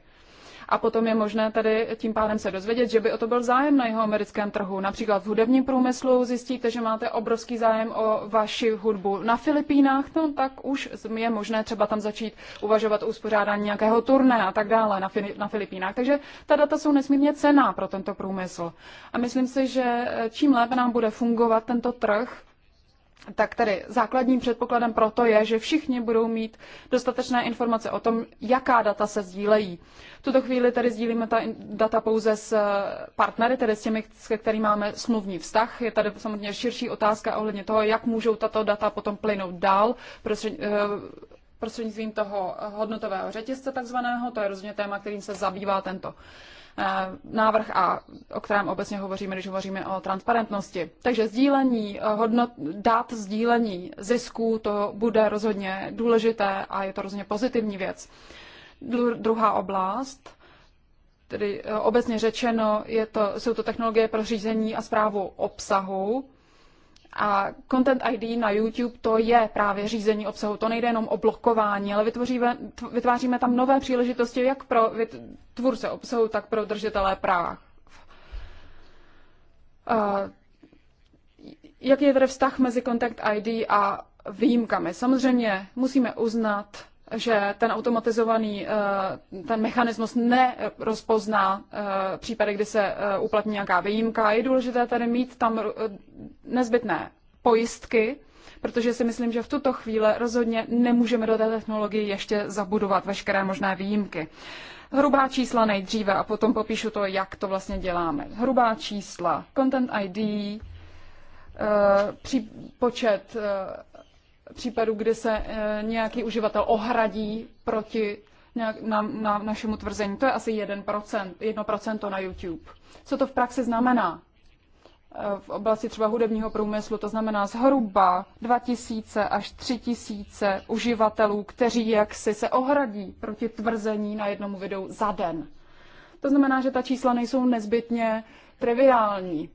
a potom je možné tady tím pádem se dozvědět, že by o to byl zájem na jeho americkém trhu. Například v hudebním průmyslu zjistíte, že máte obrovský zájem o vaši hudbu na Filipínách, no tak už je možné třeba tam začít uvažovat o uspořádání nějakého turné a tak dále na, Fili- na Filipínách. Takže ta data jsou nesmírně cená pro tento průmysl. A myslím si, že čím lépe nám bude fungovat tento trh, tak tedy základním předpokladem pro to je, že všichni budou mít dostatečné informace o tom, jaká data se sdílejí. V tuto chvíli tedy sdílíme ta data pouze s eh, partnery, tedy s těmi, s kterými máme smluvní vztah. Je tady samozřejmě širší otázka ohledně toho, jak můžou tato data potom plynout dál eh, prostřednictvím toho hodnotového řetězce takzvaného. To je rozhodně téma, kterým se zabývá tento Eh, návrh a o kterém obecně hovoříme, když hovoříme o transparentnosti. Takže sdílení, eh, hodnot, dát sdílení zisku to bude rozhodně důležité a je to rozhodně pozitivní věc. Druhá oblast, tedy eh, obecně řečeno, je to, jsou to technologie pro řízení a zprávu obsahu, a Content ID na YouTube to je právě řízení obsahu. To nejde jenom o blokování, ale vytvoříme, vytváříme tam nové příležitosti jak pro tvůrce obsahu, tak pro držitelé práv. Uh, jaký je tedy vztah mezi Content ID a výjimkami? Samozřejmě musíme uznat, že ten automatizovaný eh, ten mechanismus nerozpozná eh, případy, kdy se eh, uplatní nějaká výjimka. Je důležité tady mít tam nezbytné pojistky, protože si myslím, že v tuto chvíli rozhodně nemůžeme do té technologie ještě zabudovat veškeré možné výjimky. Hrubá čísla nejdříve a potom popíšu to, jak to vlastně děláme. Hrubá čísla, Content ID, počet Případu, kdy se eh, nějaký uživatel ohradí proti nějak na, na našemu tvrzení. To je asi 1%, 1% na YouTube. Co to v praxi znamená? Eh, v oblasti třeba hudebního průmyslu to znamená zhruba 2000 až 3000 uživatelů, kteří jaksi se ohradí proti tvrzení na jednomu videu za den. To znamená, že ta čísla nejsou nezbytně triviální.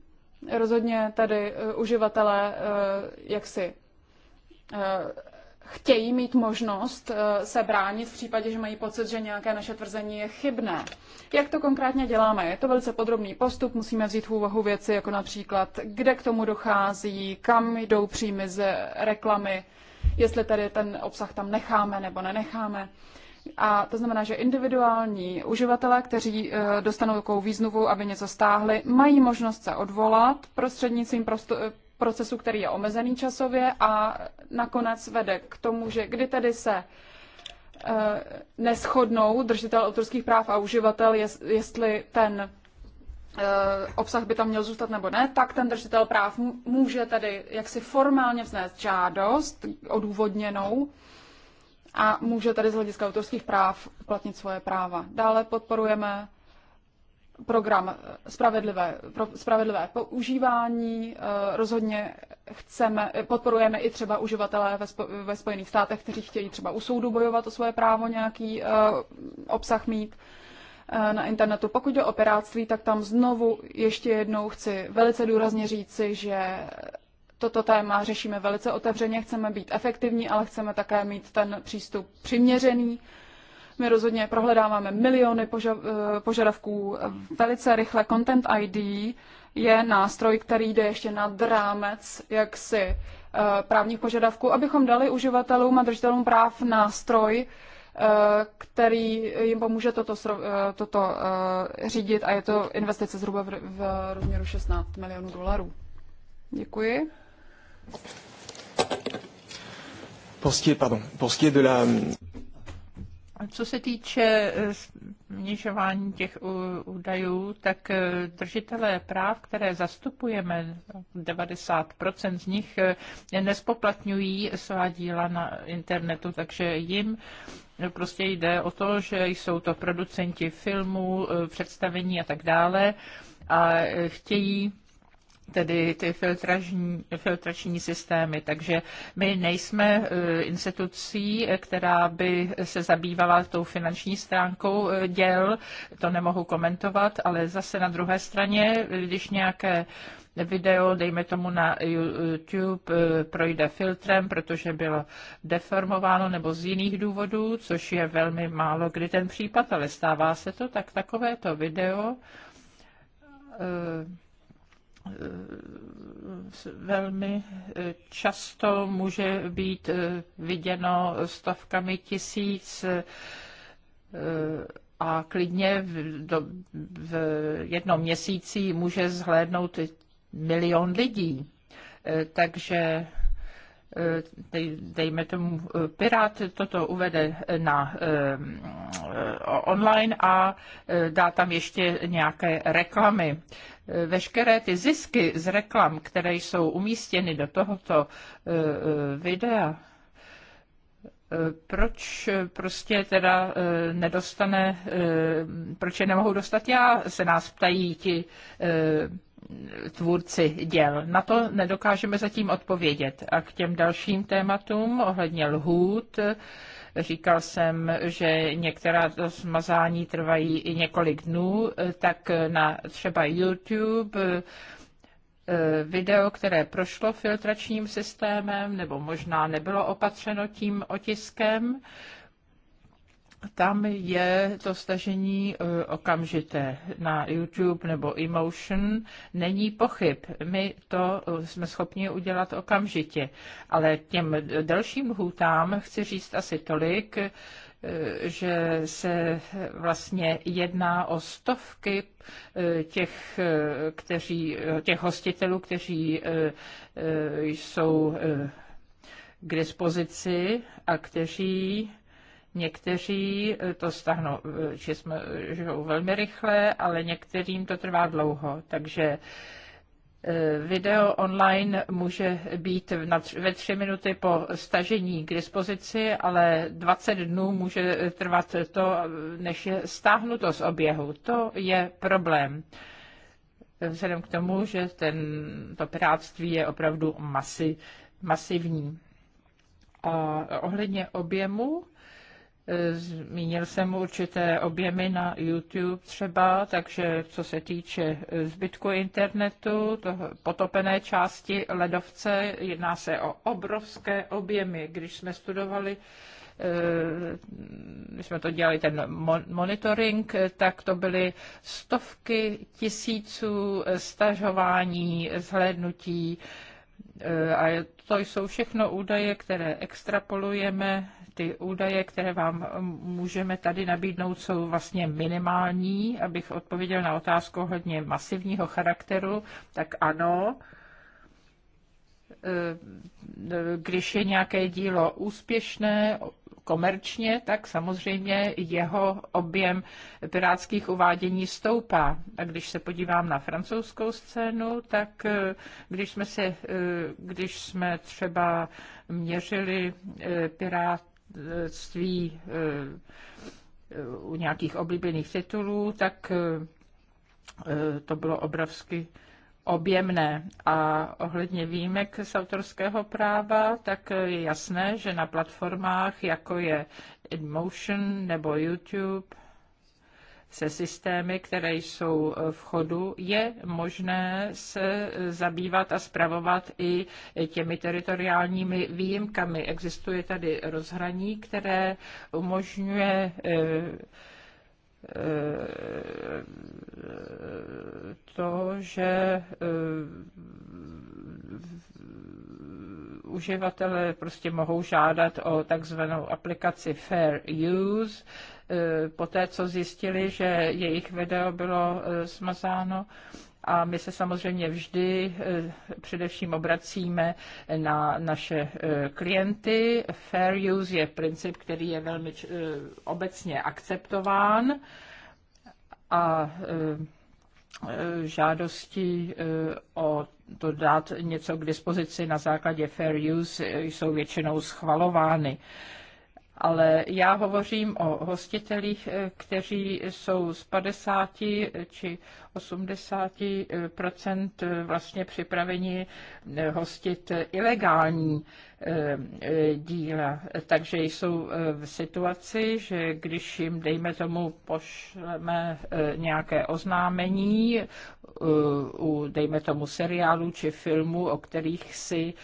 Rozhodně tady eh, uživatelé jaksi Eh, chtějí mít možnost eh, se bránit v případě, že mají pocit, že nějaké naše tvrzení je chybné. Jak to konkrétně děláme? Je to velice podrobný postup, musíme vzít v úvahu věci jako například, kde k tomu dochází, kam jdou příjmy z reklamy, jestli tady ten obsah tam necháme nebo nenecháme. A to znamená, že individuální uživatelé, kteří eh, dostanou takovou význovu, aby něco stáhli, mají možnost se odvolat prostřednictvím procesu, který je omezený časově a nakonec vede k tomu, že kdy tedy se eh, neschodnou držitel autorských práv a uživatel, jestli ten eh, obsah by tam měl zůstat nebo ne, tak ten držitel práv může tedy jaksi formálně vznést žádost odůvodněnou a může tedy z hlediska autorských práv uplatnit svoje práva. Dále podporujeme program eh, spravedlivé, pro, spravedlivé používání. Eh, rozhodně chceme, eh, podporujeme i třeba uživatele ve, spo, ve Spojených státech, kteří chtějí třeba u soudu bojovat o svoje právo nějaký uh, obsah mít na internetu. Pokud jde o piráctví, tak tam znovu ještě jednou chci velice důrazně říci, že toto téma řešíme velice otevřeně, chceme být efektivní, ale chceme také mít ten přístup přiměřený my rozhodně prohledáváme miliony eh, požadavků, velice rychle Content ID je nástroj, který jde ještě nad rámec jaksi eh, právních požadavků, abychom dali uživatelům a držitelům práv nástroj, eh, který jim pomůže toto, toto řídit a je to investice zhruba v, v rozměru 16 milionů dolarů. Děkuji. Pour ce qui est, pardon, pour ce qui est de la... Co se týče eh, snižování těch údajů, tak eh, držitelé práv, které zastupujeme, 90% z nich eh, nespoplatňují svá díla na internetu, takže jim prostě jde o to, že jsou to producenti filmů, představení a tak dále a chtějí tedy ty filtrační, filtrační systémy. Takže my nejsme eh, institucí, která by se zabývala tou finanční stránkou eh, děl, to nemohu komentovat, ale zase na druhé straně, když nějaké video, dejme tomu na YouTube, eh, projde filtrem, protože bylo deformováno nebo z jiných důvodů, což je velmi málo kdy ten případ, ale stává se to, tak takovéto video velmi eh, často může být eh, viděno stovkami tisíc eh, a klidně v, do, v jednom měsíci může zhlédnout milion lidí. Takže Eh, dejme tomu eh, Pirát, toto uvede na eh, online a dá tam ještě nějaké reklamy. Veškeré ty zisky z reklam, které jsou umístěny do tohoto videa, proč prostě teda nedostane, proč je nemohou dostat já, se nás ptají ti tvůrci děl. Na to nedokážeme zatím odpovědět. A k těm dalším tématům ohledně lhůt, říkal jsem, že některá to smazání trvají i několik dnů, tak na třeba YouTube eh, video, které prošlo filtračním systémem nebo možná nebylo opatřeno tím otiskem, tam je to stažení e, okamžité na YouTube nebo Emotion. Není pochyb. My to e, jsme schopni udělat okamžitě. Ale těm delším hůtám chci říct asi tolik, e, že se vlastně jedná o stovky těch, kteří, těch hostitelů, kteří jsou k dispozici a kteří Někteří eh, to stáhnou, eh, že jsme eh, žijou velmi rychle, ale některým to trvá dlouho. Takže Video online může být ve tři minuty po stažení k dispozici, ale 20 dnů může trvat to, než je stáhnuto z oběhu. To je problém. Vzhledem k tomu, že ten, to pirátství je opravdu masi, masivní. A ohledně objemu, Zmínil jsem určité objemy na YouTube třeba, takže co se týče zbytku internetu, to potopené části ledovce, jedná se o obrovské objemy. Když jsme studovali my eh, jsme to dělali ten monitoring, tak to byly stovky tisíců stažování, zhlédnutí eh, a to jsou všechno údaje, které extrapolujeme ty údaje, které vám um, můžeme tady nabídnout, jsou vlastně minimální, abych odpověděl na otázku hodně masivního charakteru, tak ano, eh, když je nějaké dílo úspěšné, komerčně, tak samozřejmě jeho objem pirátských uvádění stoupá. A když se podívám na francouzskou scénu, tak eh, když jsme, se, eh, když jsme třeba měřili pirát manželství eh, u nějakých oblíbených titulů, tak eh, to bylo obrovsky objemné. A ohledně výjimek z autorského práva, tak je jasné, že na platformách, jako je InMotion nebo YouTube, se systémy, které jsou v chodu, je možné se zabývat a zpravovat i těmi teritoriálními výjimkami. Existuje tady rozhraní, které umožňuje eh, eh, to, že eh, uživatelé prostě mohou žádat o takzvanou aplikaci Fair Use, Eh, poté co zjistili, že jejich video bylo eh, smazáno. A my se samozřejmě vždy eh, především obracíme na naše klienty. Fair use je princip, který je velmi obecně akceptován a žádosti o to dát něco k dispozici na základě fair use jsou většinou schvalovány ale já hovořím o hostitelích, eh, kteří jsou z 50 eh, či 80 eh, vlastně připraveni hostit ilegální díla. Takže jsou v situaci, že když jim, dejme tomu, pošleme nějaké oznámení u, dejme tomu, seriálu či filmu, o kterých si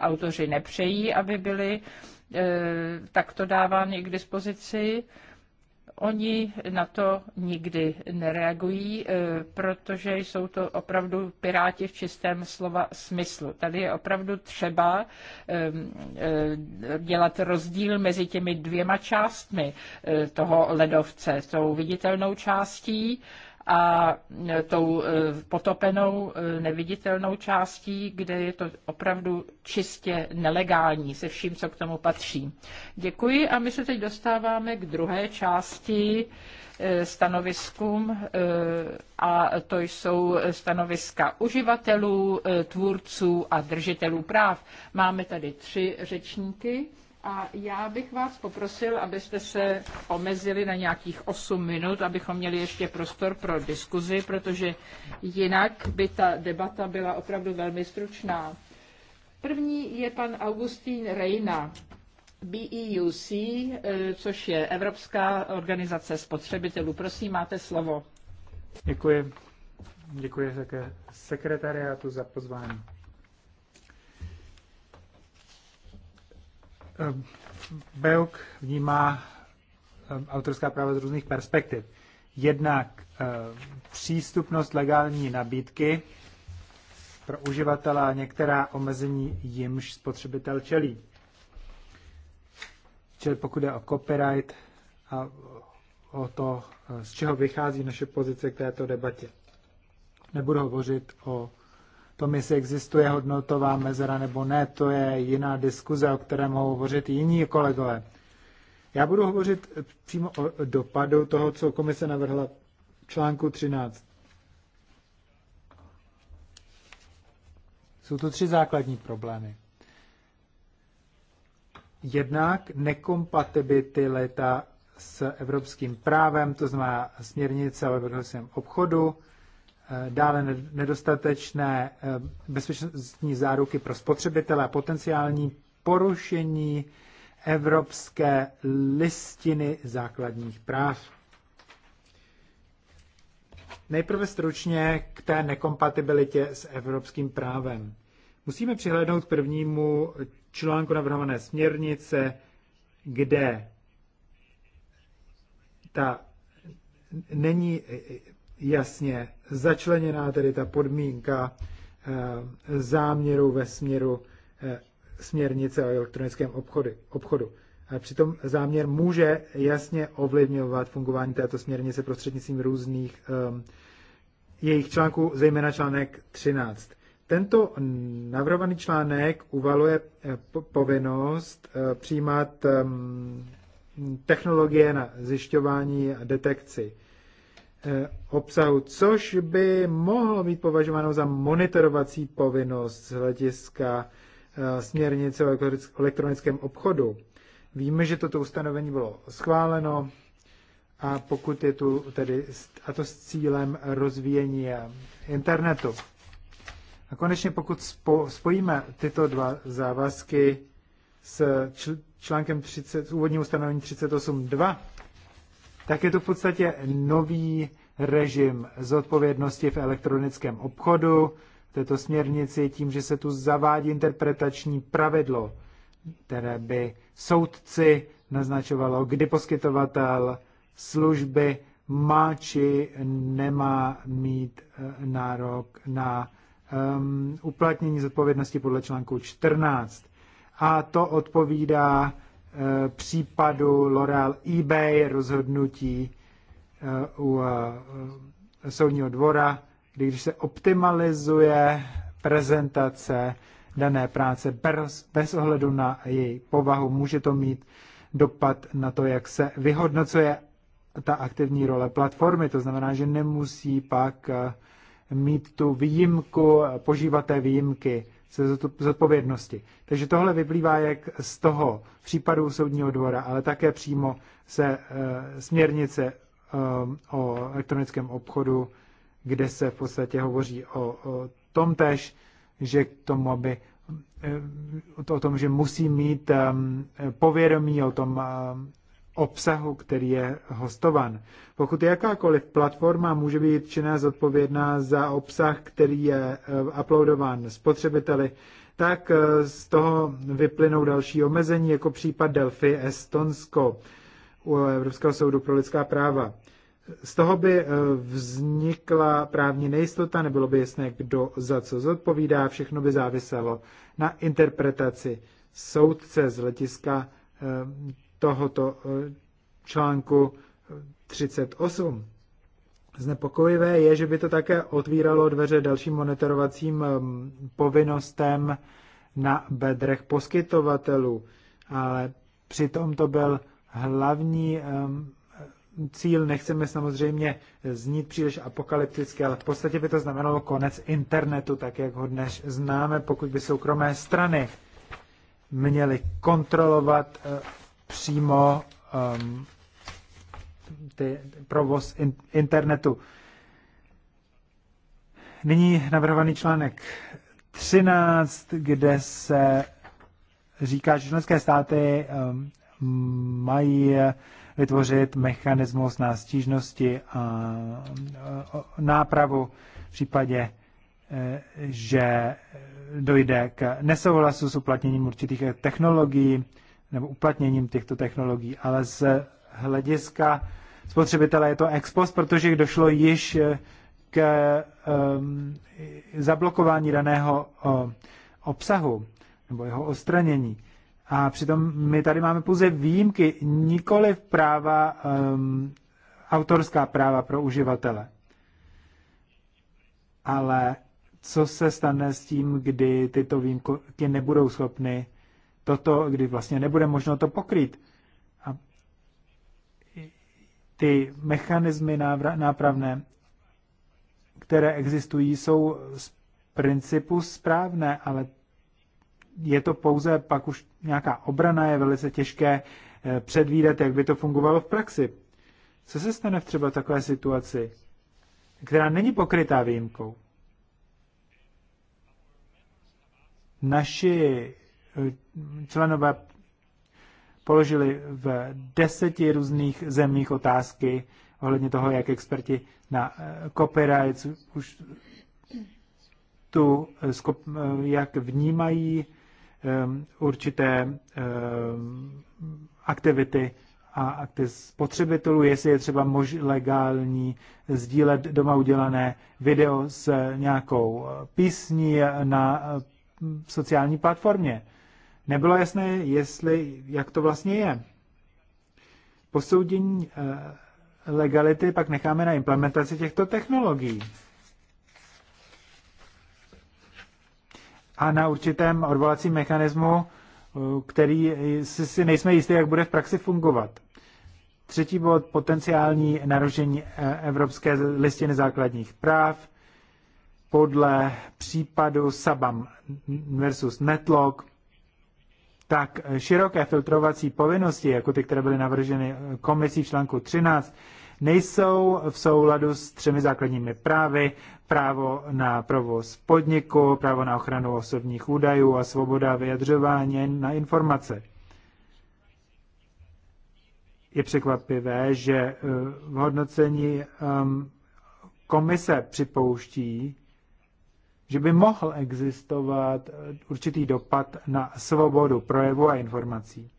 autoři nepřejí, aby byly Eh, takto dávány k dispozici. Oni na to nikdy nereagují, eh, protože jsou to opravdu piráti v čistém slova smyslu. Tady je opravdu třeba ehm, eh, dělat rozdíl mezi těmi dvěma částmi toho ledovce, tou viditelnou částí, a tou e, potopenou e, neviditelnou částí, kde je to opravdu čistě nelegální se vším, co k tomu patří. Děkuji a my se teď dostáváme k druhé části e, stanoviskům a to jsou stanoviska uživatelů, tvůrců a držitelů práv. Máme tady tři řečníky. A já bych vás poprosil, abyste se omezili na nějakých 8 minut, abychom měli ještě prostor pro diskuzi, protože jinak by ta debata byla opravdu velmi stručná. První je pan Augustín Reina, BEUC, eh, což je Evropská organizace spotřebitelů. Prosím, máte slovo. Děkuji. Děkuji také sekretariátu za pozvání. Eh, Belk vnímá eh, autorská práva z různých perspektiv. Jednak eh, přístupnost legální nabídky pro uživatele a některá omezení jimž spotřebitel čelí. Čili pokud je o copyright a o to, z čeho vychází naše pozice k této debatě. Nebudu hovořit o tom, jestli existuje hodnotová mezera nebo ne, to je jiná diskuze, o které mohou hovořit jiní kolegové. Já budu hovořit přímo o dopadu toho, co komise navrhla v článku 13. Jsou to tři základní problémy. Jednak nekompatibilita s evropským právem, to znamená směrnice o evropském obchodu, Eh, dále nedostatečné eh, bezpečnostní záruky pro spotřebitele a potenciální porušení Evropské listiny základních práv. Nejprve stručně k té nekompatibilitě s evropským právem. Musíme přihlédnout k prvnímu článku navrhované směrnice, kde ta není jasně začleněná tedy ta podmínka eh, záměru ve směru eh, směrnice o elektronickém obchody, obchodu. přitom záměr může jasně ovlivňovat fungování této směrnice prostřednictvím různých um, jejich článků, zejména článek 13. Tento navrhovaný článek uvaluje povinnost přijímat ehm, technologie na zjišťování a detekci Eh, obsahu, což by mohlo být považováno za monitorovací povinnost z hlediska eh, směrnice o elektronickém obchodu. Víme, že toto ustanovení bylo schváleno a pokud je tu tedy, a to s cílem rozvíjení eh, internetu. A konečně pokud spo, spojíme tyto dva závazky s článkem 30, s úvodním ustanovením 38.2, tak je to v podstatě nový režim zodpovědnosti v elektronickém obchodu v této směrnici tím, že se tu zavádí interpretační pravidlo, které by soudci naznačovalo, kdy poskytovatel služby má či nemá mít eh, nárok na um, uplatnění zodpovědnosti podle článku 14. A to odpovídá Eh, případu L'Oreal eBay rozhodnutí eh, u eh, soudního dvora, kdy když se optimalizuje prezentace dané práce bez ohledu na její povahu, může to mít dopad na to, jak se vyhodnocuje ta aktivní role platformy. To znamená, že nemusí pak mít tu výjimku, požívaté výjimky se zodpovědnosti. Takže tohle vyplývá jak z toho případu soudního dvora, ale také přímo se e, eh, směrnice e, o elektronickém obchodu, kde se v podstatě hovoří o, o tom tež, že k tomu, aby e, o tom, že musí mít e, povědomí o tom, obsahu, který je hostovan. Pokud jakákoliv platforma může být činná zodpovědná za obsah, který je eh, uploadován spotřebiteli, tak eh, z toho vyplynou další omezení, jako případ Delphi Estonsko u Evropského soudu pro lidská práva. Z toho by eh, vznikla právní nejistota, nebylo by jasné, kdo za co zodpovídá, všechno by záviselo na interpretaci soudce z letiska tohoto eh, článku 38. Znepokojivé je, že by to také otvíralo dveře dalším monitorovacím ehm, povinnostem na bedrech poskytovatelů, ale přitom to byl hlavní ehm, cíl. Nechceme samozřejmě znít příliš apokalypticky, ale v podstatě by to znamenalo konec internetu, tak jak ho dnes známe, pokud by soukromé strany měly kontrolovat eh, přímo um, ty, provoz in, internetu. Nyní navrhovaný článek 13, kde se říká, že členské státy um, mají vytvořit mechanismus na stížnosti a nápravu v případě, eh, že dojde k nesouhlasu s uplatněním určitých technologií, nebo uplatněním těchto technologií, ale z hlediska spotřebitele je to ex post, protože došlo již eh, k um, zablokování daného um, obsahu nebo jeho odstranění. A přitom my tady máme pouze výjimky, nikoli práva, um, autorská práva pro uživatele. Ale co se stane s tím, kdy tyto výjimky nebudou schopny toto, kdy vlastně nebude možno to pokrýt. A ty mechanismy nápravné, které existují, jsou z principu správné, ale je to pouze pak už nějaká obrana, je velice těžké eh, předvídat, jak by to fungovalo v praxi. Co se stane v třeba takové situaci, která není pokrytá výjimkou? Naši členové položili v deseti různých zemích otázky ohledně toho, jak experti na eh, copyright už tu, eh, eh, jak vnímají ehm, určité ehm, aktivity a akty spotřebitelů, jestli je třeba mož legální sdílet doma udělané video s nějakou písní na sociální platformě nebylo jasné, jestli, jak to vlastně je. Posoudění eh, legality pak necháme na implementaci těchto technologií. A na určitém odvolacím mechanismu, eh, který si nejsme jistí, jak bude v praxi fungovat. Třetí bod, potenciální narušení eh, Evropské listiny základních práv podle případu Sabam versus Netlock tak široké filtrovací povinnosti, jako ty, které byly navrženy komisí v článku 13, nejsou v souladu s třemi základními právy, právo na provoz podniku, právo na ochranu osobních údajů a svoboda vyjadřování na informace. Je překvapivé, že eh, v hodnocení ehm, komise připouští, že by mohl existovat eh, určitý dopad na svobodu projevu a informací.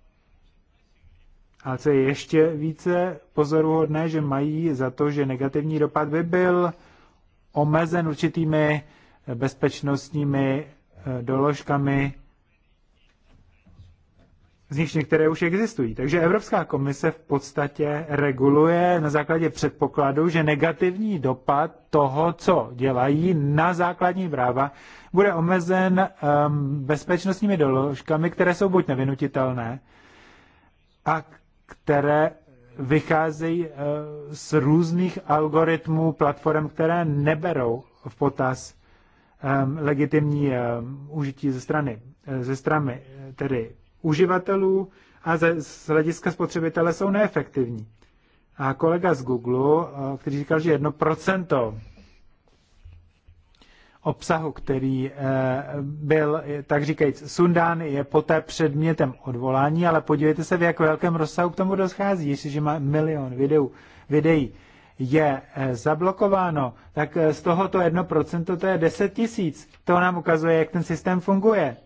Ale co je ještě více pozoruhodné, že mají za to, že negativní dopad by byl omezen určitými bezpečnostními eh, doložkami z nich některé už existují. Takže Evropská komise v podstatě reguluje na základě předpokladu, že negativní dopad toho, co dělají na základní práva, bude omezen um, bezpečnostními doložkami, které jsou buď nevinutitelné a které vycházejí uh, z různých algoritmů platform, které neberou v potaz um, legitimní um, užití ze strany, ze strany tedy uživatelů a ze, z hlediska spotřebitele jsou neefektivní. A kolega z Google, eh, který říkal, že jedno procento obsahu, který eh, byl, tak říkajíc, sundán, je poté předmětem odvolání, ale podívejte se, v jak velkém rozsahu k tomu dochází. Jestliže má milion videů, videí je eh, zablokováno, tak z tohoto 1% to je 10 tisíc. To nám ukazuje, jak ten systém funguje.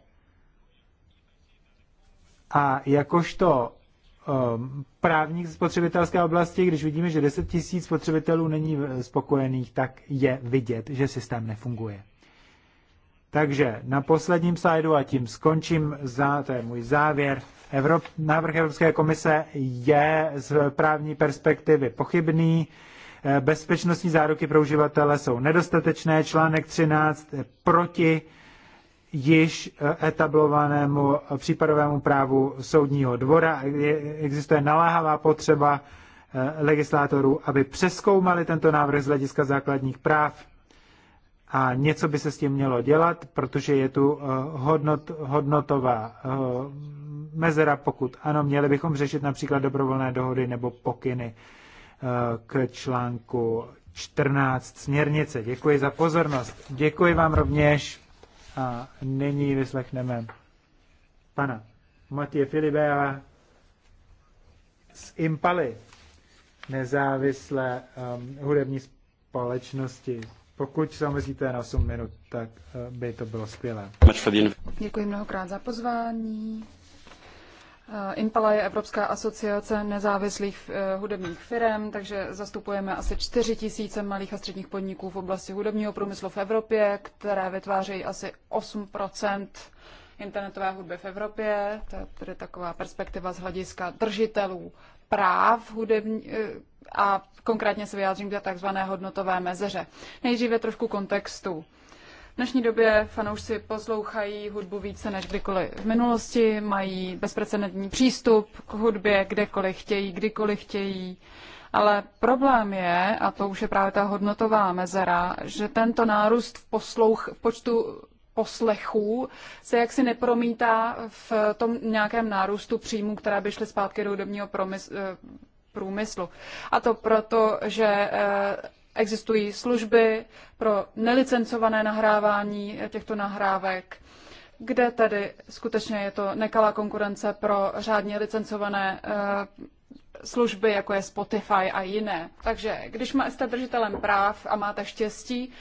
A jakožto um, právník z spotřebitelské oblasti, když vidíme, že 10 tisíc spotřebitelů není spokojených, tak je vidět, že systém nefunguje. Takže na posledním slajdu a tím skončím, za, to je můj závěr. Evrop, návrh Evropské komise je z právní perspektivy pochybný. Eh, bezpečnostní záruky pro uživatele jsou nedostatečné. Článek 13 eh, proti již eh, etablovanému eh, případovému právu soudního dvora. Existuje naláhavá potřeba eh, legislátorů, aby přeskoumali tento návrh z hlediska základních práv a něco by se s tím mělo dělat, protože je tu hodnot, hodnotová mezera, pokud ano, měli bychom řešit například dobrovolné dohody nebo pokyny k článku 14 směrnice. Děkuji za pozornost. Děkuji vám rovněž. A nyní vyslechneme pana Matěje Filibea z Impaly, nezávislé um, hudební společnosti. Pokud se omezíte na 8 minut, tak uh, by to bylo skvělé. Děkuji mnohokrát za pozvání. Impala je Evropská asociace nezávislých eh, hudebních firm, takže zastupujeme asi 4 tisíce malých a středních podniků v oblasti hudebního průmyslu v Evropě, které vytvářejí asi 8 internetové hudby v Evropě. To je tedy taková perspektiva z hlediska držitelů práv hudební, eh, a konkrétně se vyjádřím k takzvané hodnotové mezeře. Nejdříve trošku kontextu. V dnešní době fanoušci poslouchají hudbu více než kdykoliv v minulosti, mají bezprecedentní přístup k hudbě kdekoliv chtějí, kdykoliv chtějí. Ale problém je, a to už je právě ta hodnotová mezera, že tento nárůst v, poslouch, v počtu poslechů se jaksi nepromítá v tom nějakém nárůstu příjmů, které by šly zpátky do hudebního eh, průmyslu. A to proto, že eh, Existují služby pro nelicencované nahrávání těchto nahrávek, kde tedy skutečně je to nekalá konkurence pro řádně licencované eh, služby, jako je Spotify a jiné. Takže když jste držitelem práv a máte štěstí,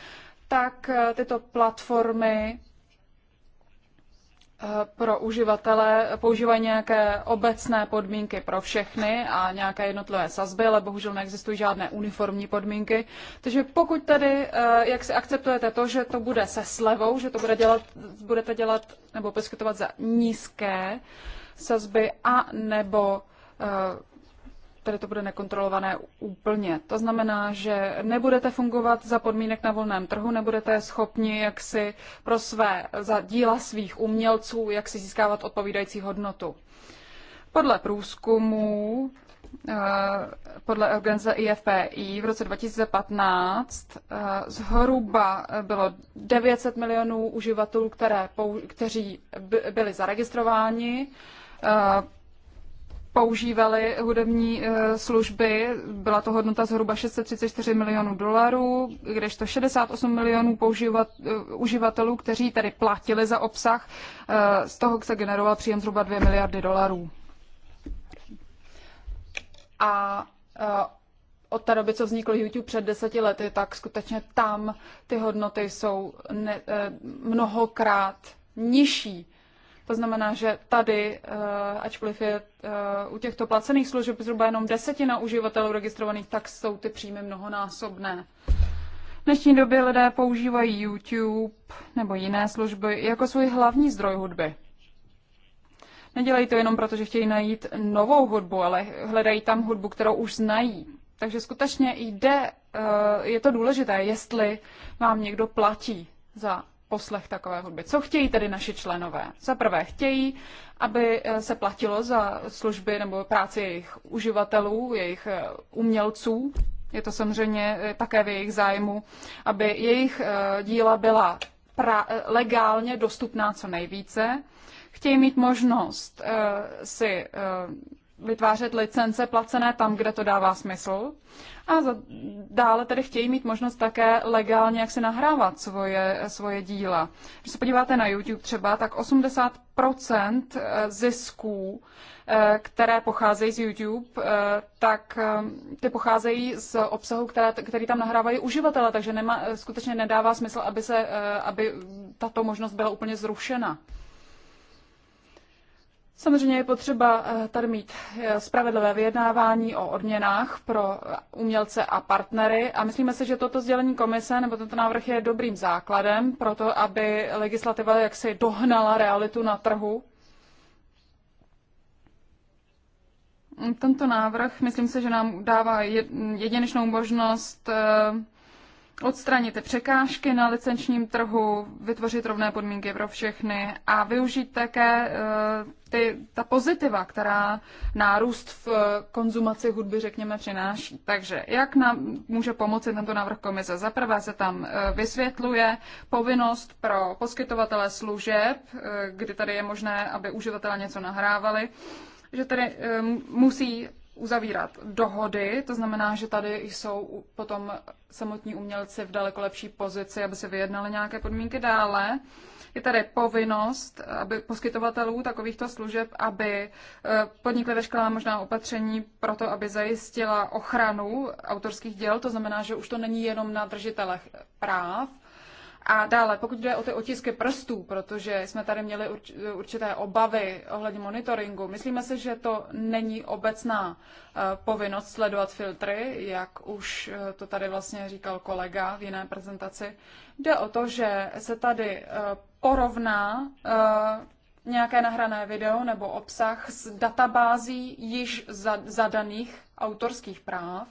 tak eh, tyto platformy Eh, pro uživatele používají nějaké obecné podmínky pro všechny a nějaké jednotlivé sazby, ale bohužel neexistují žádné uniformní podmínky. Takže pokud tedy, eh, jak si akceptujete to, že to bude se slevou, že to bude dělat, budete dělat nebo poskytovat za nízké sazby a nebo eh, tady to bude nekontrolované úplně. To znamená, že nebudete fungovat za podmínek na volném trhu, nebudete schopni jak si pro své, za díla svých umělců, jak si získávat odpovídající hodnotu. Podle průzkumu, eh, podle organizace IFPI v roce 2015 eh, zhruba bylo 900 milionů uživatelů, které, kteří byli zaregistrováni eh, používali hudební eh, služby, byla to hodnota zhruba 634 milionů dolarů, kdežto 68 milionů používat, eh, uživatelů, kteří tedy platili za obsah, eh, z toho se generoval příjem zhruba 2 miliardy dolarů. A od té doby, co vznikl YouTube před deseti lety, tak skutečně tam ty hodnoty jsou ne, mnohokrát nižší to znamená, že tady, eh, ačkoliv je eh, u těchto placených služeb zhruba jenom desetina uživatelů registrovaných, tak jsou ty příjmy mnohonásobné. V dnešní době lidé používají YouTube nebo jiné služby jako svůj hlavní zdroj hudby. Nedělají to jenom proto, že chtějí najít novou hudbu, ale hledají tam hudbu, kterou už znají. Takže skutečně jde, eh, je to důležité, jestli vám někdo platí za poslech takové hudby. Co chtějí tedy naši členové? Za prvé chtějí, aby eh, se platilo za služby nebo práci jejich uživatelů, jejich eh, umělců. Je to samozřejmě eh, také v jejich zájmu, aby jejich díla byla legálně dostupná co nejvíce. Chtějí mít možnost si vytvářet licence placené tam, kde to dává smysl. A za, dále tedy chtějí mít možnost také legálně jak si nahrávat svoje, svoje díla. Když se podíváte na YouTube třeba, tak 80% eh, zisků, eh, které pocházejí z YouTube, eh, tak ty pocházejí z obsahu, které, který tam nahrávají uživatele, takže nema, skutečně nedává smysl, aby, se, aby tato možnost byla úplně zrušena. Samozřejmě je potřeba eh, tady mít eh, spravedlivé vyjednávání o odměnách pro eh, umělce a partnery a myslíme si, že toto sdělení komise nebo tento návrh je dobrým základem pro to, aby legislativa jaksi dohnala realitu na trhu. Tento návrh, myslím si, že nám dává jedinečnou možnost odstranit ty překážky na licenčním trhu, vytvořit rovné podmínky pro všechny a využít také eh, ty, ta pozitiva, která nárůst v konzumaci hudby, řekněme, přináší. Takže jak nám může pomoci tento návrh komise? Za prvé se tam eh, vysvětluje povinnost pro poskytovatele služeb, eh, kdy tady je možné, aby uživatelé něco nahrávali, že tady musí uzavírat dohody, to znamená, že tady jsou potom samotní umělci v daleko lepší pozici, aby se vyjednali nějaké podmínky dále. Je tady povinnost aby poskytovatelů takovýchto služeb, aby e, podnikly veškerá možná opatření pro to, aby zajistila ochranu autorských děl. To znamená, že už to není jenom na držitelech práv, a dále, pokud jde o ty otisky prstů, protože jsme tady měli určité obavy ohledně monitoringu, myslíme si, že to není obecná eh, povinnost sledovat filtry, jak už eh, to tady vlastně říkal kolega v jiné prezentaci. Jde o to, že se tady eh, porovná nějaké nahrané video nebo obsah s databází již zadaných autorských práv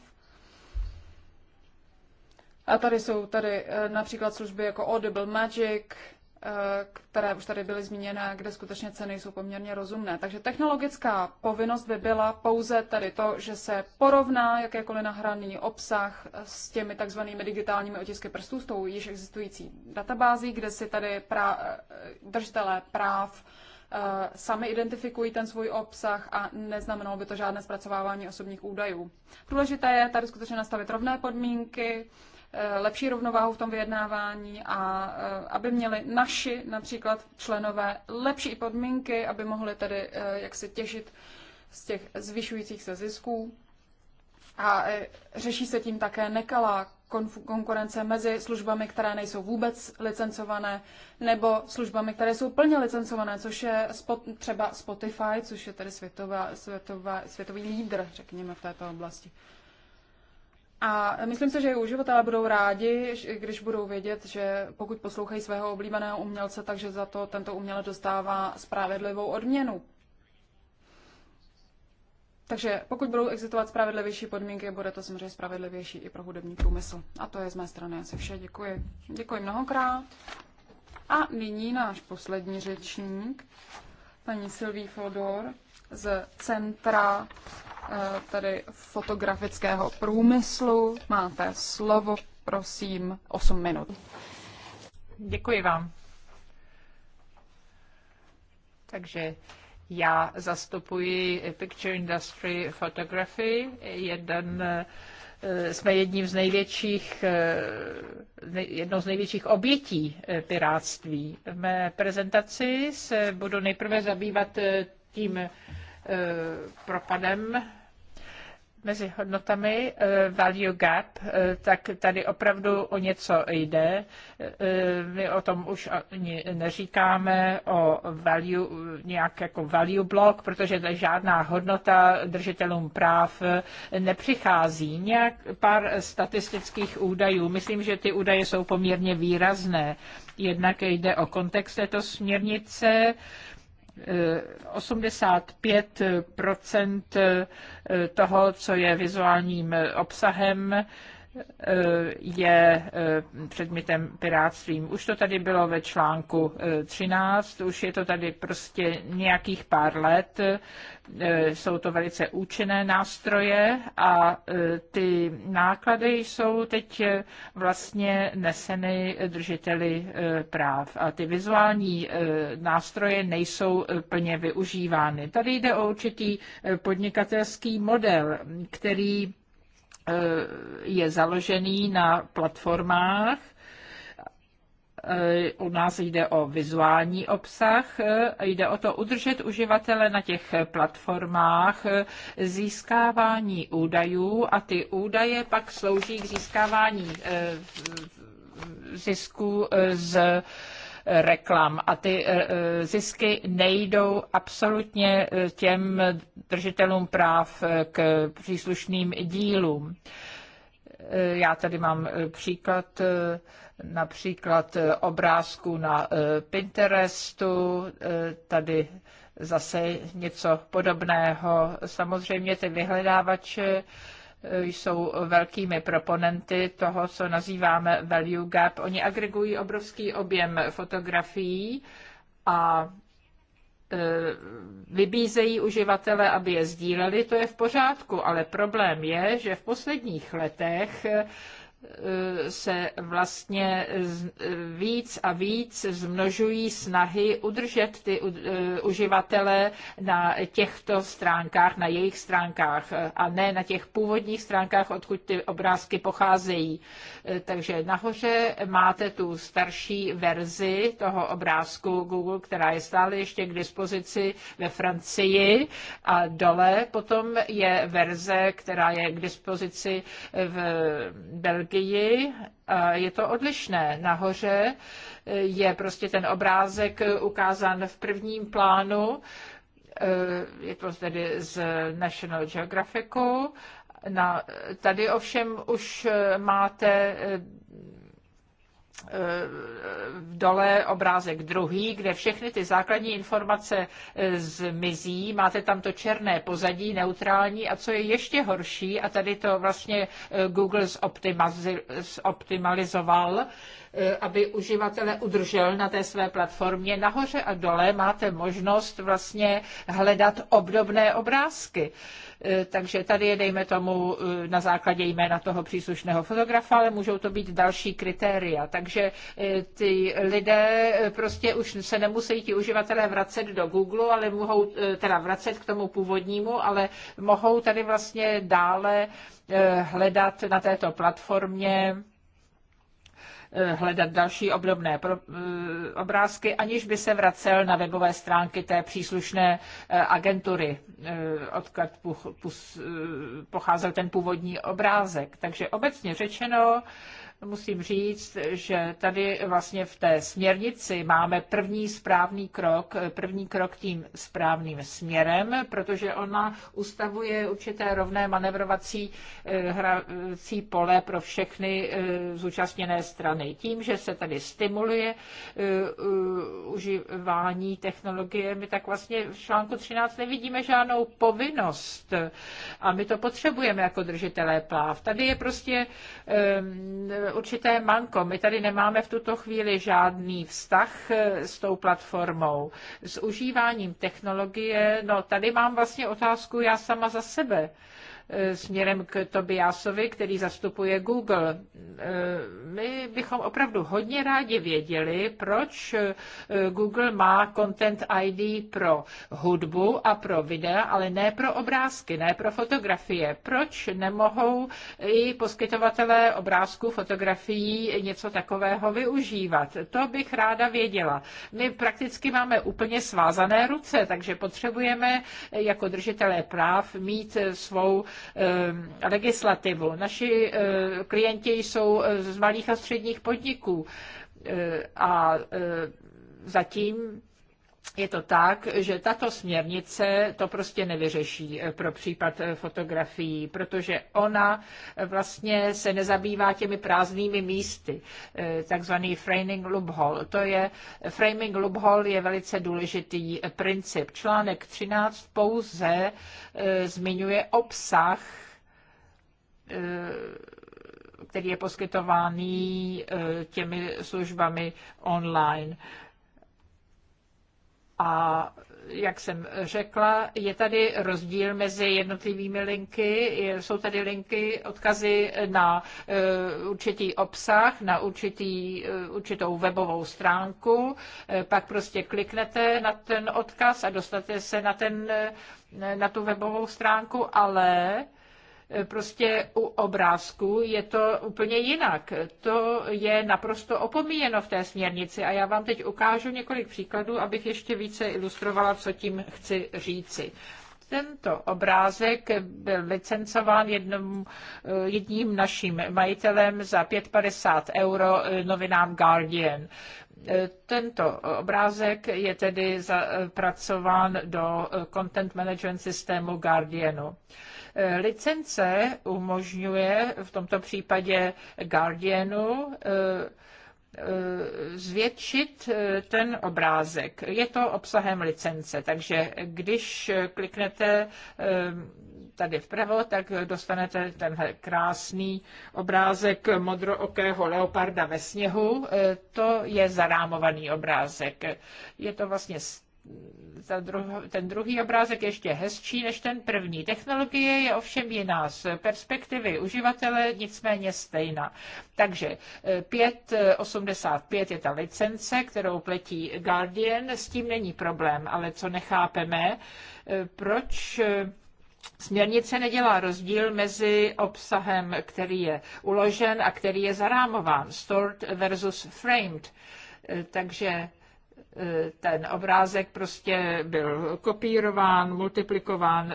a tady jsou tady eh, například služby jako Audible Magic, eh, které už tady byly zmíněné, kde skutečně ceny jsou poměrně rozumné. Takže technologická povinnost by byla pouze tady to, že se porovná jakýkoliv nahraný obsah s těmi takzvanými digitálními otisky prstů, s tou již existující databází, kde si tady prá- eh, držitelé práv sami identifikují ten svůj obsah a neznamenalo by to žádné zpracovávání osobních údajů. Důležité je tady skutečně nastavit rovné podmínky, Eh, lepší rovnováhu v tom vyjednávání a eh, aby měli naši například členové lepší podmínky, aby mohli tedy eh, jak se těžit z těch zvyšujících se zisků. A řeší se tím také nekalá konkurence mezi službami, které nejsou vůbec licencované, nebo službami, které jsou plně licencované, což je spot, třeba Spotify, což je tedy světová, světová, světový lídr, řekněme, v této oblasti. A myslím si, že i uživatelé budou rádi, když budou vědět, že pokud poslouchají svého oblíbeného umělce, takže za to tento umělec dostává spravedlivou odměnu. Takže pokud budou existovat spravedlivější podmínky, bude to samozřejmě spravedlivější i pro hudební průmysl. A to je z mé strany asi vše. Děkuji. Děkuji mnohokrát. A nyní náš poslední řečník, paní Sylvie Fodor z Centra Eh, tady fotografického průmyslu. Máte slovo, prosím, 8 minut. Děkuji vám. Takže já zastupuji Picture Industry Photography, jeden eh, jsme jedním z největších, eh, jednou z největších obětí piráctví. V mé prezentaci se budu nejprve zabývat tím propadem mezi hodnotami eh, value gap, eh, tak tady opravdu o něco jde. Eh, my o tom už ani neříkáme o value, nějak jako value block, protože žádná hodnota držitelům práv nepřichází. Nějak pár statistických údajů. Myslím, že ty údaje jsou poměrně výrazné. Jednak jde o kontext této směrnice, 85 eh, eh, toho, co je vizuálním obsahem, Eh, je eh, předmětem pirátstvím. Už to tady bylo ve článku 13, eh, už je to tady prostě nějakých pár let. Jsou to velice účinné nástroje a ty náklady jsou teď vlastně neseny držiteli práv. A ty vizuální nástroje nejsou plně využívány. Tady jde o určitý podnikatelský model, který Eh, je založený na platformách. Eh, u nás jde o vizuální obsah, eh, jde o to udržet uživatele na těch platformách, získávání údajů a ty údaje pak slouží k získávání zisku z reklam a ty eh, eh, zisky nejdou absolutně eh, těm držitelům práv k příslušným dílům. Já tady mám příklad například obrázku na Pinterestu, tady zase něco podobného. Samozřejmě ty vyhledávače jsou velkými proponenty toho, co nazýváme value gap. Oni agregují obrovský objem fotografií a e, vybízejí uživatele, aby je sdíleli, to je v pořádku, ale problém je, že v posledních letech se vlastně víc a víc zmnožují snahy udržet ty uh, uživatele na těchto stránkách, na jejich stránkách a ne na těch původních stránkách, odkud ty obrázky pocházejí. Eh, takže nahoře máte tu starší verzi toho obrázku Google, která je stále ještě k dispozici ve Francii a dole potom je verze, která je k dispozici v Belgii energii, je to odlišné. Nahoře eh, je prostě ten obrázek eh, ukázán v prvním plánu, eh, je to tedy z National Geographicu. Na, tady ovšem už máte dole obrázek druhý, kde všechny ty základní informace e, zmizí. Máte tam to černé pozadí, neutrální a co je ještě horší, a tady to vlastně e, Google zoptimalizoval, e, aby uživatele udržel na té své platformě. Nahoře a dole máte možnost vlastně hledat obdobné obrázky. E, takže tady je, dejme tomu, e, na základě jména toho příslušného fotografa, ale můžou to být další kritéria. Takže e, ty lidé prostě už se nemusí ti uživatelé vracet do Google, ale mohou teda vracet k tomu původnímu, ale mohou tady vlastně dále hledat na této platformě Eh, hledat další obdobné pro, eh, obrázky, aniž by se vracel na webové stránky té příslušné eh, agentury, odkud pocházel ten původní obrázek. Takže obecně řečeno, musím říct, že tady vlastně v té směrnici máme první správný krok, první krok tím správným směrem, protože ona ustavuje určité rovné manevrovací eh, hrací pole pro všechny eh, zúčastněné strany. Tím, že se tady stimuluje eh, užívání technologie, my tak vlastně v článku 13 nevidíme žádnou povinnost a my to potřebujeme jako držitelé pláv. Tady je prostě ehm, určité manko. My tady nemáme v tuto chvíli žádný vztah eh, s tou platformou, s užíváním technologie. No tady mám vlastně otázku já sama za sebe. Eh, směrem k Tobiasovi, který zastupuje Google. Eh, my bychom opravdu hodně rádi věděli, proč eh, Google má Content ID pro hudbu a pro videa, ale ne pro obrázky, ne pro fotografie. Proč nemohou i poskytovatelé obrázků, fotografií něco takového využívat? To bych ráda věděla. My prakticky máme úplně svázané ruce, takže potřebujeme jako držitelé práv mít svou Eh, legislativu. Naši eh, klienti jsou eh, z malých a středních podniků a zatím je to tak, že tato směrnice to prostě nevyřeší eh, pro případ eh, fotografií, protože ona eh, vlastně se nezabývá těmi prázdnými místy, takzvaný framing loophole. To je, framing loophole je velice důležitý princip. Článek 13 pouze zmiňuje obsah který je poskytovaný těmi službami online. A jak jsem řekla, je tady rozdíl mezi jednotlivými linky. Jsou tady linky, odkazy na e, určitý obsah, na určitý, e, určitou webovou stránku. E, pak prostě kliknete na ten odkaz a dostate se na, ten, na tu webovou stránku, ale Eh, prostě u obrázku je to úplně jinak. To je naprosto opomíjeno v té směrnici a já vám teď ukážu několik příkladů, abych ještě více ilustrovala, co tím chci říci. Tento obrázek byl licencován jednom, eh, jedním naším majitelem za 5,50 euro eh, novinám Guardian. Tento obrázek je tedy zapracován do content management systému Guardianu. Licence umožňuje v tomto případě Guardianu eh, eh, zvětšit eh, ten obrázek. Je to obsahem licence, takže když kliknete tady vpravo, tak dostanete tenhle krásný obrázek modrookého leoparda ve sněhu. To je zarámovaný obrázek. Je to vlastně ta druh- ten druhý obrázek ještě hezčí než ten první. Technologie je ovšem jiná, z perspektivy uživatele nicméně stejná. Takže 5.85 eh, je ta licence, kterou pletí Guardian, s tím není problém, ale co nechápeme, eh, proč eh, Směrnice nedělá rozdíl mezi obsahem, který je uložen a který je zarámován, stored versus framed. Takže ten obrázek prostě byl kopírován, multiplikován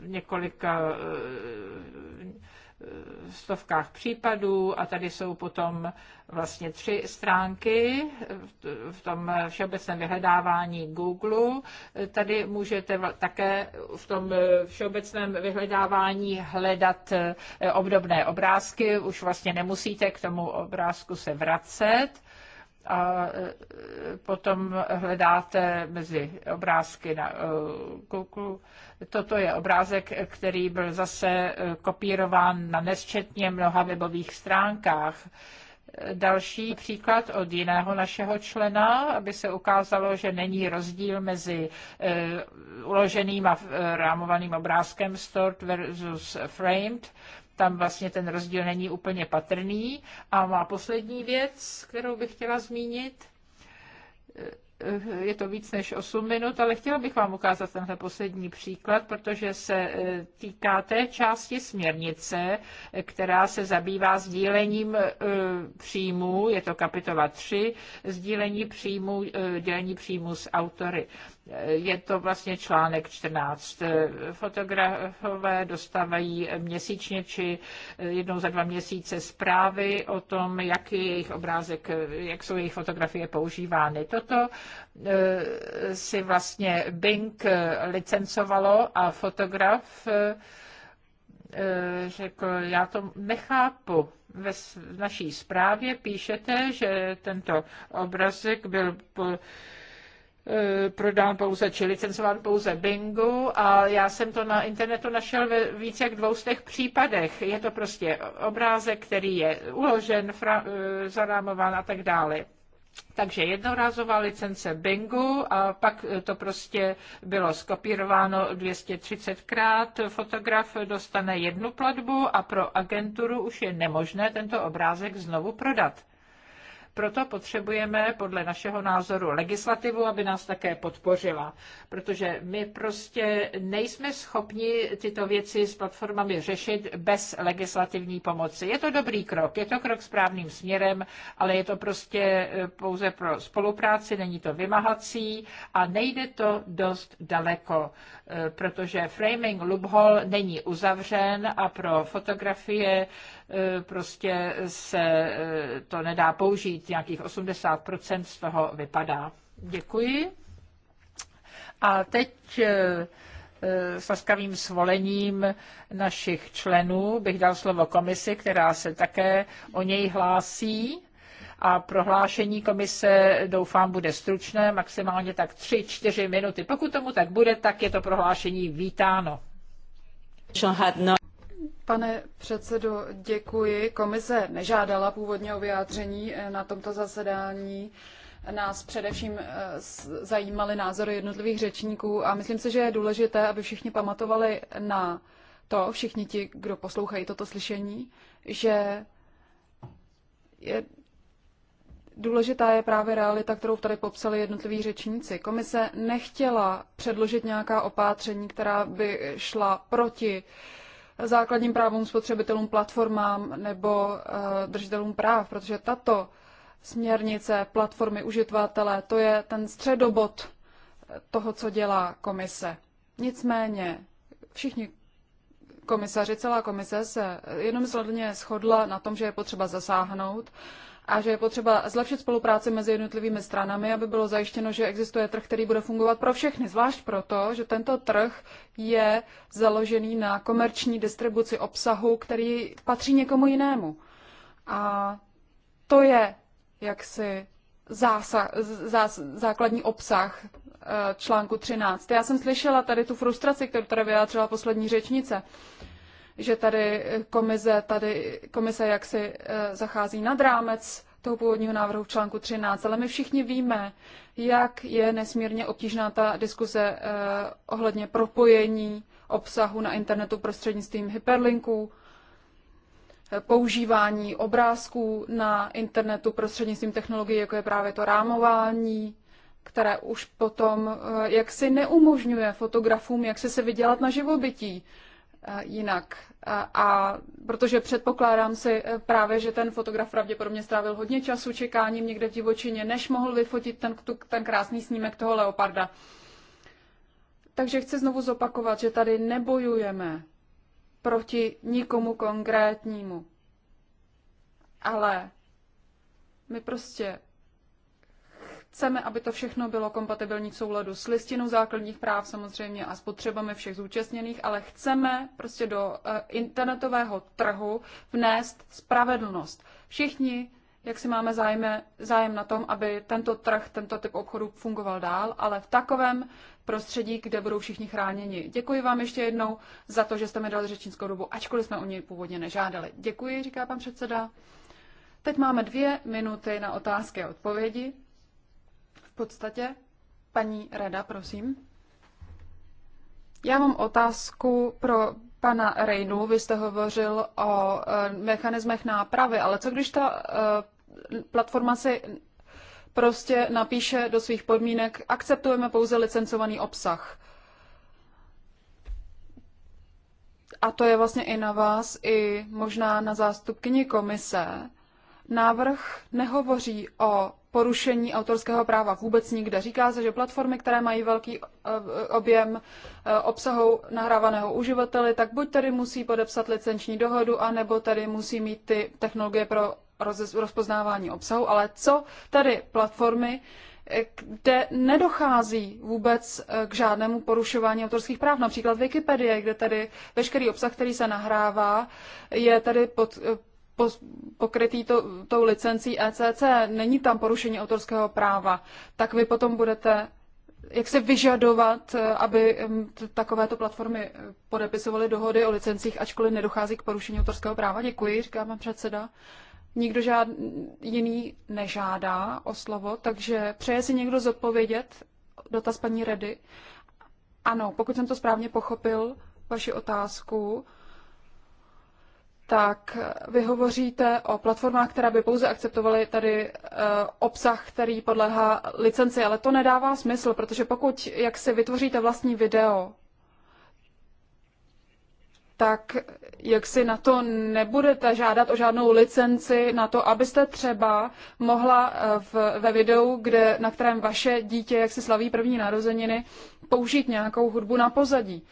v několika eh, stovkách případů a tady jsou potom vlastně tři stránky v tom všeobecném vyhledávání Google. Tady můžete také v tom všeobecném vyhledávání hledat eh, obdobné obrázky, už vlastně nemusíte k tomu obrázku se vracet a e, potom hledáte mezi obrázky na e, Google. Toto je obrázek, který byl zase e, kopírován na nesčetně mnoha webových stránkách další příklad od jiného našeho člena, aby se ukázalo, že není rozdíl mezi eh, uloženým a eh, rámovaným obrázkem stored versus framed. Tam vlastně ten rozdíl není úplně patrný. A má poslední věc, kterou bych chtěla zmínit, Eh, je to víc než 8 minut, ale chtěla bych vám ukázat tenhle poslední příklad, protože se eh, týká té části směrnice, eh, která se zabývá sdílením příjmů, je to kapitola 3, sdílení příjmů, dělení příjmů s autory. Je to vlastně článek 14. Fotografové dostávají měsíčně či jednou za dva měsíce zprávy o tom, jak je jejich obrázek, jak jsou jejich fotografie používány. Toto eh, si vlastně Bing licencovalo a fotograf eh, řekl, já to nechápu. V naší zprávě píšete, že tento obrazek byl po, Eh, prodán pouze, či licencován pouze Bingu a já jsem to na internetu našel ve více jak těch případech. Je to prostě obrázek, který je uložen, fra, eh, zarámován a tak dále. Takže jednorázová licence Bingu a pak eh, to prostě bylo skopírováno 230krát. Fotograf dostane jednu platbu a pro agenturu už je nemožné tento obrázek znovu prodat. Proto potřebujeme podle našeho názoru legislativu, aby nás také podpořila, protože my prostě nejsme schopni tyto věci s platformami řešit bez legislativní pomoci. Je to dobrý krok, je to krok správným směrem, ale je to prostě eh, pouze pro spolupráci, není to vymahací a nejde to dost daleko, eh, protože framing loophole není uzavřen a pro fotografie Eh, prostě se eh, to nedá použít, nějakých 80% z toho vypadá. Děkuji. A teď eh, s laskavým svolením našich členů bych dal slovo komisi, která se také o něj hlásí. A prohlášení komise, doufám, bude stručné, maximálně tak 3-4 minuty. Pokud tomu tak bude, tak je to prohlášení vítáno. Pane předsedo, děkuji. Komise nežádala původně o vyjádření eh, na tomto zasedání. Nás především eh, zajímaly názory jednotlivých řečníků a myslím si, že je důležité, aby všichni pamatovali na to, všichni ti, kdo poslouchají toto slyšení, že je důležitá je právě realita, kterou tady popsali jednotliví řečníci. Komise nechtěla předložit nějaká opatření, která by šla proti uh, základním právům spotřebitelům, platformám nebo eh, držitelům práv, protože tato směrnice, platformy, uživatelé, to je ten středobod toho, co dělá komise. Nicméně všichni komisaři, celá komise se jednomyslně shodla na tom, že je potřeba zasáhnout a že je potřeba zlepšit spolupráci mezi jednotlivými stranami, aby bylo zajištěno, že existuje trh, který bude fungovat pro všechny, zvlášť proto, že tento trh je založený na komerční distribuci obsahu, který patří někomu jinému. A to je jaksi zása, zás, základní obsah eh, článku 13. Já jsem slyšela tady tu frustraci, kterou tady vyjádřila poslední řečnice že tady komise, tady komise jaksi eh, zachází nad rámec toho původního návrhu v článku 13, ale my všichni víme, jak je nesmírně obtížná ta diskuze eh, ohledně propojení obsahu na internetu prostřednictvím hyperlinků, eh, používání obrázků na internetu prostřednictvím technologií, jako je právě to rámování, které už potom jak si neumožňuje fotografům, jak se vydělat na živobytí jinak. A protože předpokládám si eh, právě, že ten fotograf pravděpodobně strávil hodně času čekáním někde v divočině, než mohl vyfotit ten, ten krásný snímek toho leoparda. Takže chci znovu zopakovat, že tady nebojujeme proti nikomu konkrétnímu. Ale my prostě Chceme, aby to všechno bylo kompatibilní v souladu s listinou základních práv samozřejmě a s potřebami všech zúčastněných, ale chceme prostě do eh, internetového trhu vnést spravedlnost. Všichni jak si máme zájme, zájem na tom, aby tento trh, tento typ obchodu fungoval dál, ale v takovém prostředí, kde budou všichni chráněni. Děkuji vám ještě jednou za to, že jste mi dali řečnickou dobu, ačkoliv jsme o něj původně nežádali. Děkuji, říká pan předseda. Teď máme dvě minuty na otázky a odpovědi podstatě. Paní Rada, prosím. Já mám otázku pro pana Rejnu. Vy jste hovořil o e, mechanismech nápravy, ale co když ta e, platforma si prostě napíše do svých podmínek, akceptujeme pouze licencovaný obsah. A to je vlastně i na vás, i možná na zástupkyni komise. Návrh nehovoří o porušení autorského práva vůbec nikde. Říká se, že platformy, které mají velký eh, objem eh, obsahu nahrávaného uživateli, tak buď tedy musí podepsat licenční dohodu, anebo tedy musí mít ty technologie pro rozpoznávání obsahu. Ale co tedy platformy, eh, kde nedochází vůbec k žádnému porušování autorských práv. Například Wikipedie, kde tedy veškerý obsah, který se nahrává, je tedy pod, pokrytý to, tou licencí ECC, není tam porušení autorského práva, tak vy potom budete jak se vyžadovat, eh, aby takovéto platformy eh, podepisovaly dohody o licencích, ačkoliv nedochází k porušení autorského práva. Děkuji, říká pan předseda. Nikdo žád, jiný nežádá o slovo, takže přeje si někdo zodpovědět dotaz paní Redy. Ano, pokud jsem to správně pochopil, vaši otázku, tak vy hovoříte o platformách, které by pouze akceptovaly tady eh, obsah, který podléhá licenci, ale to nedává smysl, protože pokud jak si vytvoříte vlastní video, tak jak si na to nebudete žádat o žádnou licenci na to, abyste třeba mohla eh, v, ve videu, kde, na kterém vaše dítě jak si slaví první narozeniny, použít nějakou hudbu na pozadí.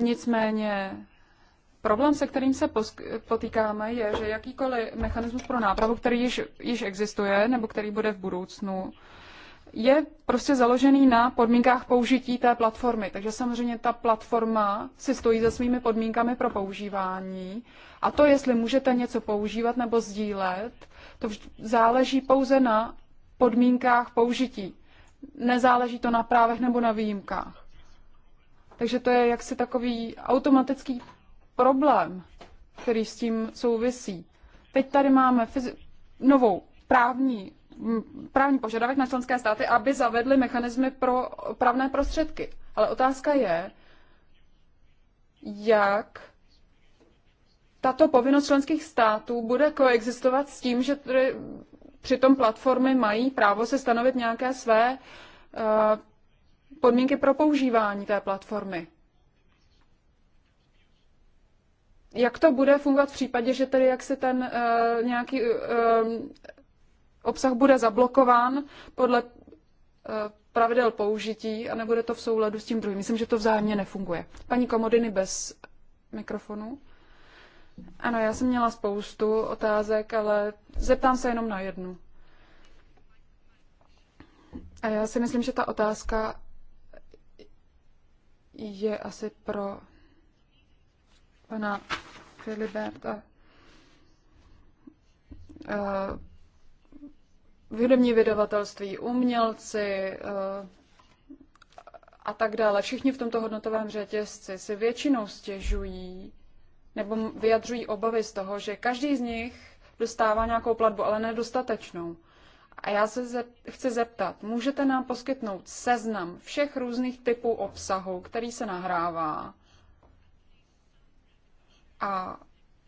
Nicméně problém, se kterým se potýkáme, je, že jakýkoliv mechanismus pro nápravu, který již, již existuje nebo který bude v budoucnu, je prostě založený na podmínkách použití té platformy. Takže samozřejmě ta platforma si stojí za svými podmínkami pro používání a to, jestli můžete něco používat nebo sdílet, to záleží pouze na podmínkách použití. Nezáleží to na právech nebo na výjimkách. Takže to je jaksi takový automatický problém, který s tím souvisí. Teď tady máme novou právní, právní požadavek na členské státy, aby zavedly mechanismy pro právné prostředky. Ale otázka je, jak tato povinnost členských států bude koexistovat s tím, že přitom platformy mají právo se stanovit nějaké své eh, podmínky pro používání té platformy. Jak to bude fungovat v případě, že tedy jak se ten uh, nějaký uh, obsah bude zablokován podle uh, pravidel použití a nebude to v souladu s tím druhým. Myslím, že to vzájemně nefunguje. Paní Komodiny bez mikrofonu. Ano, já jsem měla spoustu otázek, ale zeptám se jenom na jednu. A já si myslím, že ta otázka je asi pro pana Filiberta eh, hudební vydavatelství, umělci eh, a tak dále. Všichni v tomto hodnotovém řetězci si většinou stěžují nebo vyjadřují obavy z toho, že každý z nich dostává nějakou platbu, ale nedostatečnou. A já se chci zeptat, můžete nám poskytnout seznam všech různých typů obsahu, který se nahrává a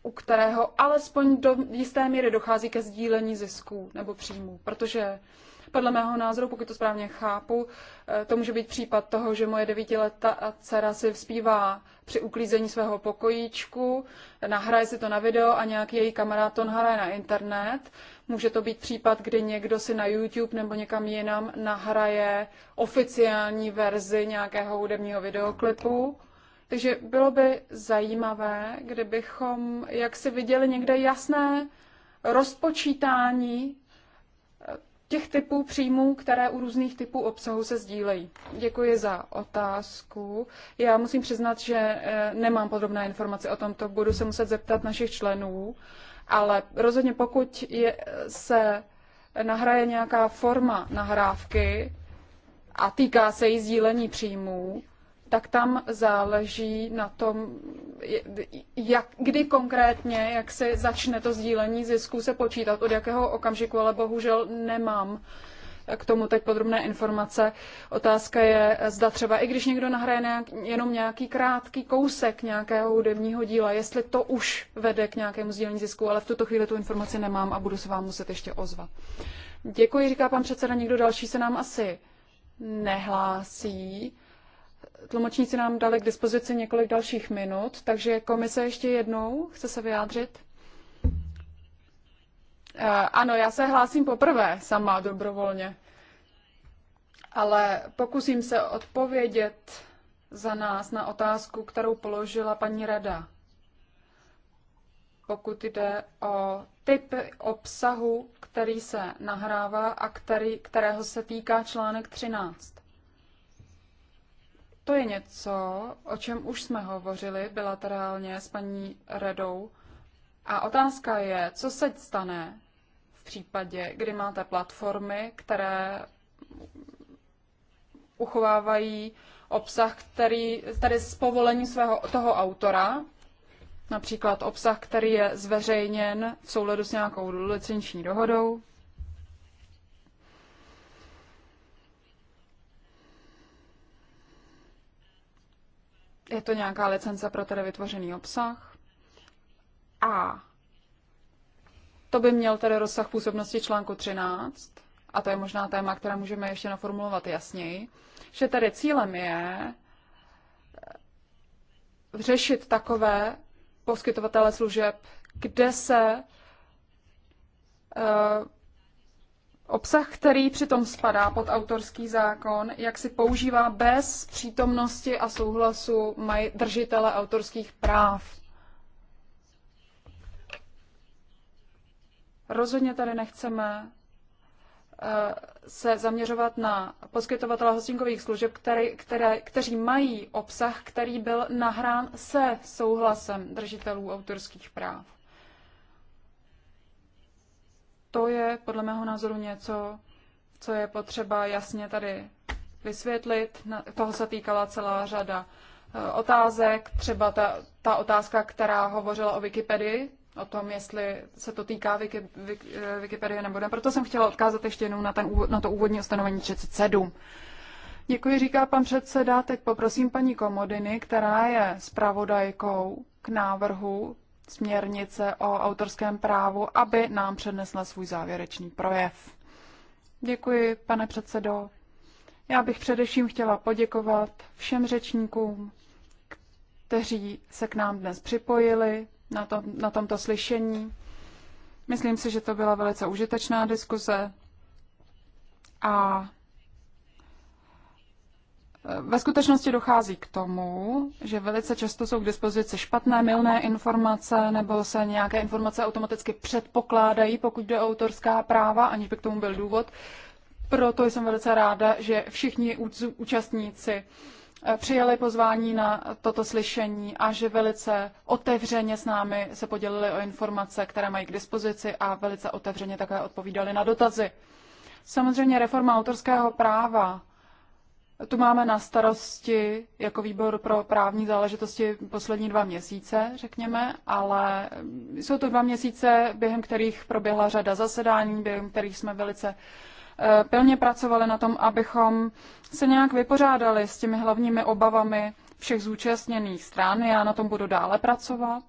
u kterého alespoň do jisté míry dochází ke sdílení zisků nebo příjmů, protože podle mého názoru, pokud to správně chápu, eh, to může být případ toho, že moje devítiletá dcera si vzpívá při uklízení svého pokojíčku, nahraje si to na video a nějaký její kamarád to nahraje na internet Může to být případ, kdy někdo si na YouTube nebo někam jinam nahraje oficiální verzi nějakého hudebního videoklipu. Takže bylo by zajímavé, kdybychom jak si viděli někde jasné rozpočítání eh, těch typů příjmů, které u různých typů obsahu se sdílejí. Děkuji za otázku. Já musím přiznat, že eh, nemám podrobné informace o tomto, budu se muset zeptat našich členů ale rozhodně pokud je, se nahraje nějaká forma nahrávky a týká se jí sdílení příjmů, tak tam záleží na tom, jak, kdy konkrétně, jak se začne to sdílení zisku se počítat, od jakého okamžiku, ale bohužel nemám k tomu teď podrobné informace. Otázka je, zda třeba i když někdo nahraje nějak, jenom nějaký krátký kousek nějakého hudebního díla, jestli to už vede k nějakému sdílení zisku, ale v tuto chvíli tu informaci nemám a budu se vám muset ještě ozvat. Děkuji, říká pan předseda, někdo další se nám asi nehlásí. Tlumočníci nám dali k dispozici několik dalších minut, takže komise ještě jednou chce se vyjádřit. Eh, ano, já se hlásím poprvé sama dobrovolně, ale pokusím se odpovědět za nás na otázku, kterou položila paní Rada. Pokud jde o typ obsahu, který se nahrává a který, kterého se týká článek 13. To je něco, o čem už jsme hovořili bilaterálně s paní Redou. A otázka je, co se stane, v případě, kdy máte platformy, které uchovávají obsah, který tady z povolení svého toho autora, například obsah, který je zveřejněn v souladu s nějakou licenční dohodou. Je to nějaká licence pro tedy vytvořený obsah. A to by měl tedy rozsah působnosti článku 13, a to je možná téma, které můžeme ještě naformulovat jasněji, že tedy cílem je eh, řešit takové poskytovatele služeb, kde se eh, obsah, který přitom spadá pod autorský zákon, jak si používá bez přítomnosti a souhlasu mají držitele autorských práv. Rozhodně tady nechceme eh, se zaměřovat na poskytovatele hostingových služeb, který které, kteří mají obsah, který byl nahrán se souhlasem držitelů autorských práv. To je podle mého názoru něco, co je potřeba jasně tady vysvětlit. Toho se týkala celá řada eh, otázek, třeba ta, ta otázka, která hovořila o Wikipedii, o tom, jestli se to týká Wiki, Wiki, eh, Wikipedie nebo ne. Proto jsem chtěla odkázat ještě jenom na, ten, na to úvodní ustanovení 37. Děkuji, říká pan předseda. Teď poprosím paní Komodiny, která je zpravodajkou k návrhu směrnice o autorském právu, aby nám přednesla svůj závěrečný projev. Děkuji, pane předsedo. Já bych především chtěla poděkovat všem řečníkům, kteří se k nám dnes připojili, na, to, na tomto slyšení. Myslím si, že to byla velice užitečná diskuze a ve skutečnosti dochází k tomu, že velice často jsou k dispozici špatné milné informace nebo se nějaké informace automaticky předpokládají, pokud jde o autorská práva, aniž by k tomu byl důvod. Proto jsem velice ráda, že všichni účastníci uh, Eh, přijali pozvání na toto slyšení a že velice otevřeně s námi se podělili o informace, které mají k dispozici a velice otevřeně také odpovídali na dotazy. Samozřejmě reforma autorského práva. Tu máme na starosti jako výbor pro právní záležitosti poslední dva měsíce, řekněme, ale jsou to dva měsíce, během kterých proběhla řada zasedání, během kterých jsme velice uh, Eh, pilně pracovali na tom, abychom se nějak vypořádali s těmi hlavními obavami všech zúčastněných stran. Já na tom budu dále pracovat.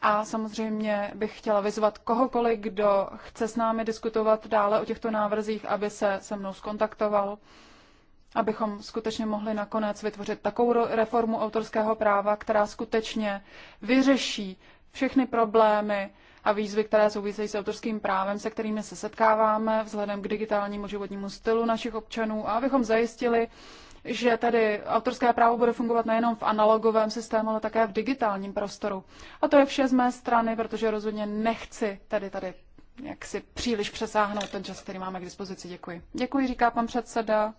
A samozřejmě bych chtěla vyzvat kohokoliv, kdo chce s námi diskutovat dále o těchto návrzích, aby se se mnou skontaktoval, abychom skutečně mohli nakonec vytvořit takovou reformu autorského práva, která skutečně vyřeší všechny problémy, a výzvy, které souvisejí s autorským právem, se kterými se setkáváme vzhledem k digitálnímu životnímu stylu našich občanů a abychom zajistili, že tady autorské právo bude fungovat nejenom v analogovém systému, ale také v digitálním prostoru. A to je vše z mé strany, protože rozhodně nechci tady tady jak si příliš přesáhnout ten čas, který máme k dispozici. Děkuji. Děkuji, říká pan předseda.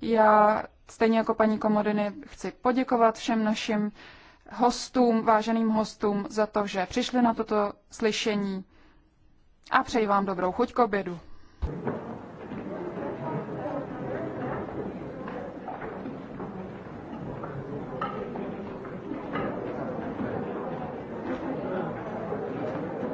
Já stejně jako paní Komodiny chci poděkovat všem našim hostům, váženým hostům za to, že přišli na toto slyšení a přeji vám dobrou chuť k obědu.